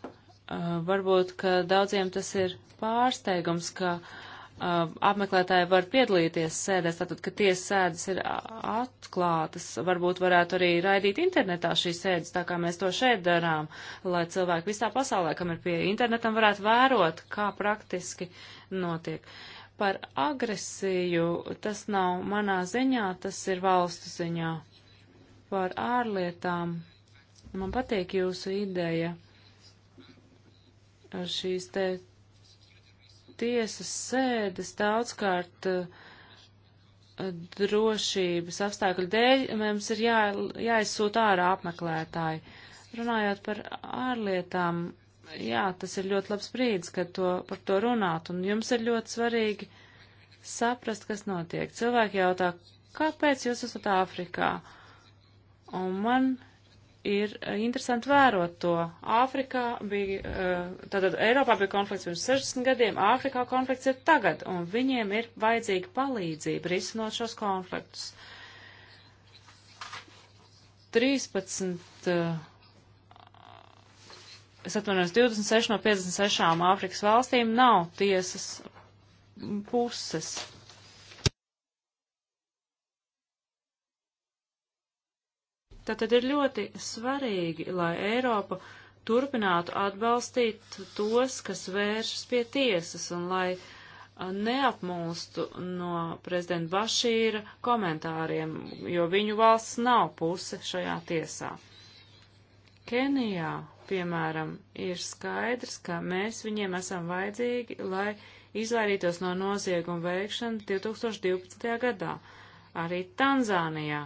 Uh, varbūt, ka daudziem tas ir pārsteigums, ka uh, apmeklētāji var piedalīties sēdēs, tātad, ka tiesas sēdes ir atklātas. Varbūt varētu arī raidīt internetā šīs sēdes, tā kā mēs to šeit darām, lai cilvēki visā pasaulē, kam ir pie internetam, varētu vērot, kā praktiski notiek. Par agresiju tas nav manā ziņā, tas ir valstu ziņā par ārlietām. Man patīk jūsu ideja šīs te tiesas sēdes daudzkārt eh, drošības apstākļu dēļ mums ir jā, jāizsūta ārā apmeklētāji. Runājot par ārlietām, jā, tas ir ļoti labs brīdis, kad to, par to runāt, un jums ir ļoti svarīgi saprast, kas notiek. Cilvēki jautā, kāpēc jūs esat Āfrikā? Uh, Un man ir eh, interesanti vērot to. Āfrikā bija, eh, tātad Eiropā bija konflikts pirms 60 gadiem, Āfrikā konflikts ir tagad, un viņiem ir vajadzīga palīdzība risinot šos konfliktus. 13, eh, es atvainojos, 26 no 56 Āfrikas valstīm nav tiesas puses. Tātad ir ļoti svarīgi, lai Eiropa turpinātu atbalstīt tos, kas vēršas pie tiesas un lai neapmulstu no prezidenta Bašīra komentāriem, jo viņu valsts nav puse šajā tiesā. Kenijā, piemēram, ir skaidrs, ka mēs viņiem esam vajadzīgi, lai izvairītos no nozieguma veikšana 2012. gadā. Arī Tanzānijā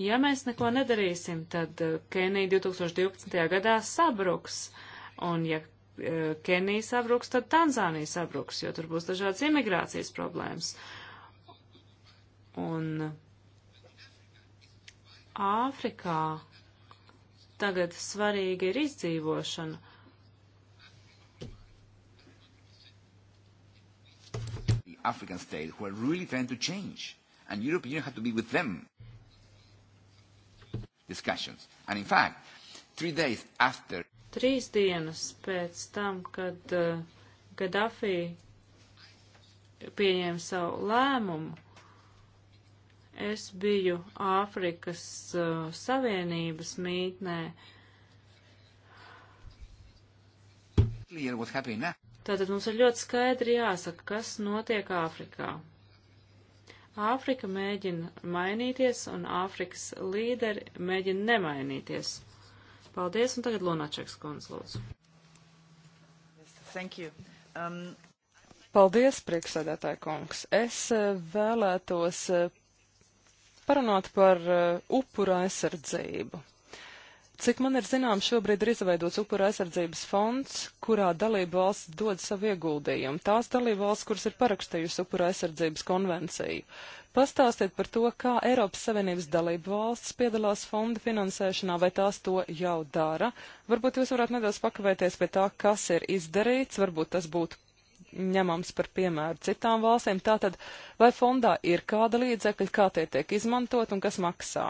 Ja mēs neko nedarīsim, tad eh, Kenija 2012. gadā sabruks, un ja eh, Kenija sabruks, tad Tanzānija sabruks, jo tur būs dažādas imigrācijas problēmas. Un Āfrikā tagad svarīgi ir izdzīvošana. African states who are really trying to change, and European Union had to be with them discussions. And in fact, three days after. Trīs dienas pēc tam, kad uh, Gaddafi pieņēma savu lēmumu, es biju Āfrikas uh, Savienības mītnē. Tātad mums ir ļoti skaidri jāsaka, kas notiek Āfrikā. Āfrika mēģina mainīties un Āfrikas līderi mēģina nemainīties. Paldies, un tagad Lunačeks kundz lūdzu. Thank you. Um... Paldies, priekšsēdētāja kungs. Es eh, vēlētos eh, parunāt par eh, upura aizsardzību. Cik man ir zināms, šobrīd ir izveidots upura aizsardzības fonds, kurā dalību valsts dod savu ieguldījumu. Tās dalību valsts, kuras ir parakstījusi upura aizsardzības konvenciju. Pastāstiet par to, kā Eiropas Savienības dalību valsts piedalās fonda finansēšanā, vai tās to jau dara. Varbūt jūs varētu nedaudz pakavēties pie tā, kas ir izdarīts, varbūt tas būtu ņemams par piemēru citām valstīm. Tātad, vai fondā ir kāda līdzekļa, kā tie tiek izmantot un kas maksā?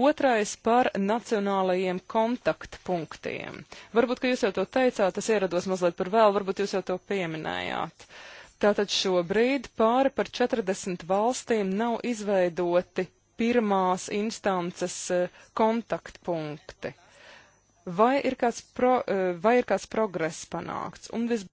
Otrais par nacionālajiem kontaktpunktiem. Varbūt, ka jūs jau to teicāt, es ierados mazliet par vēl, varbūt jūs jau to pieminējāt. Tātad šobrīd pāri par 40 valstīm nav izveidoti pirmās instances e, kontaktpunkti vai ir kāds, pro, e, vai ir kāds progress panākts. Un vis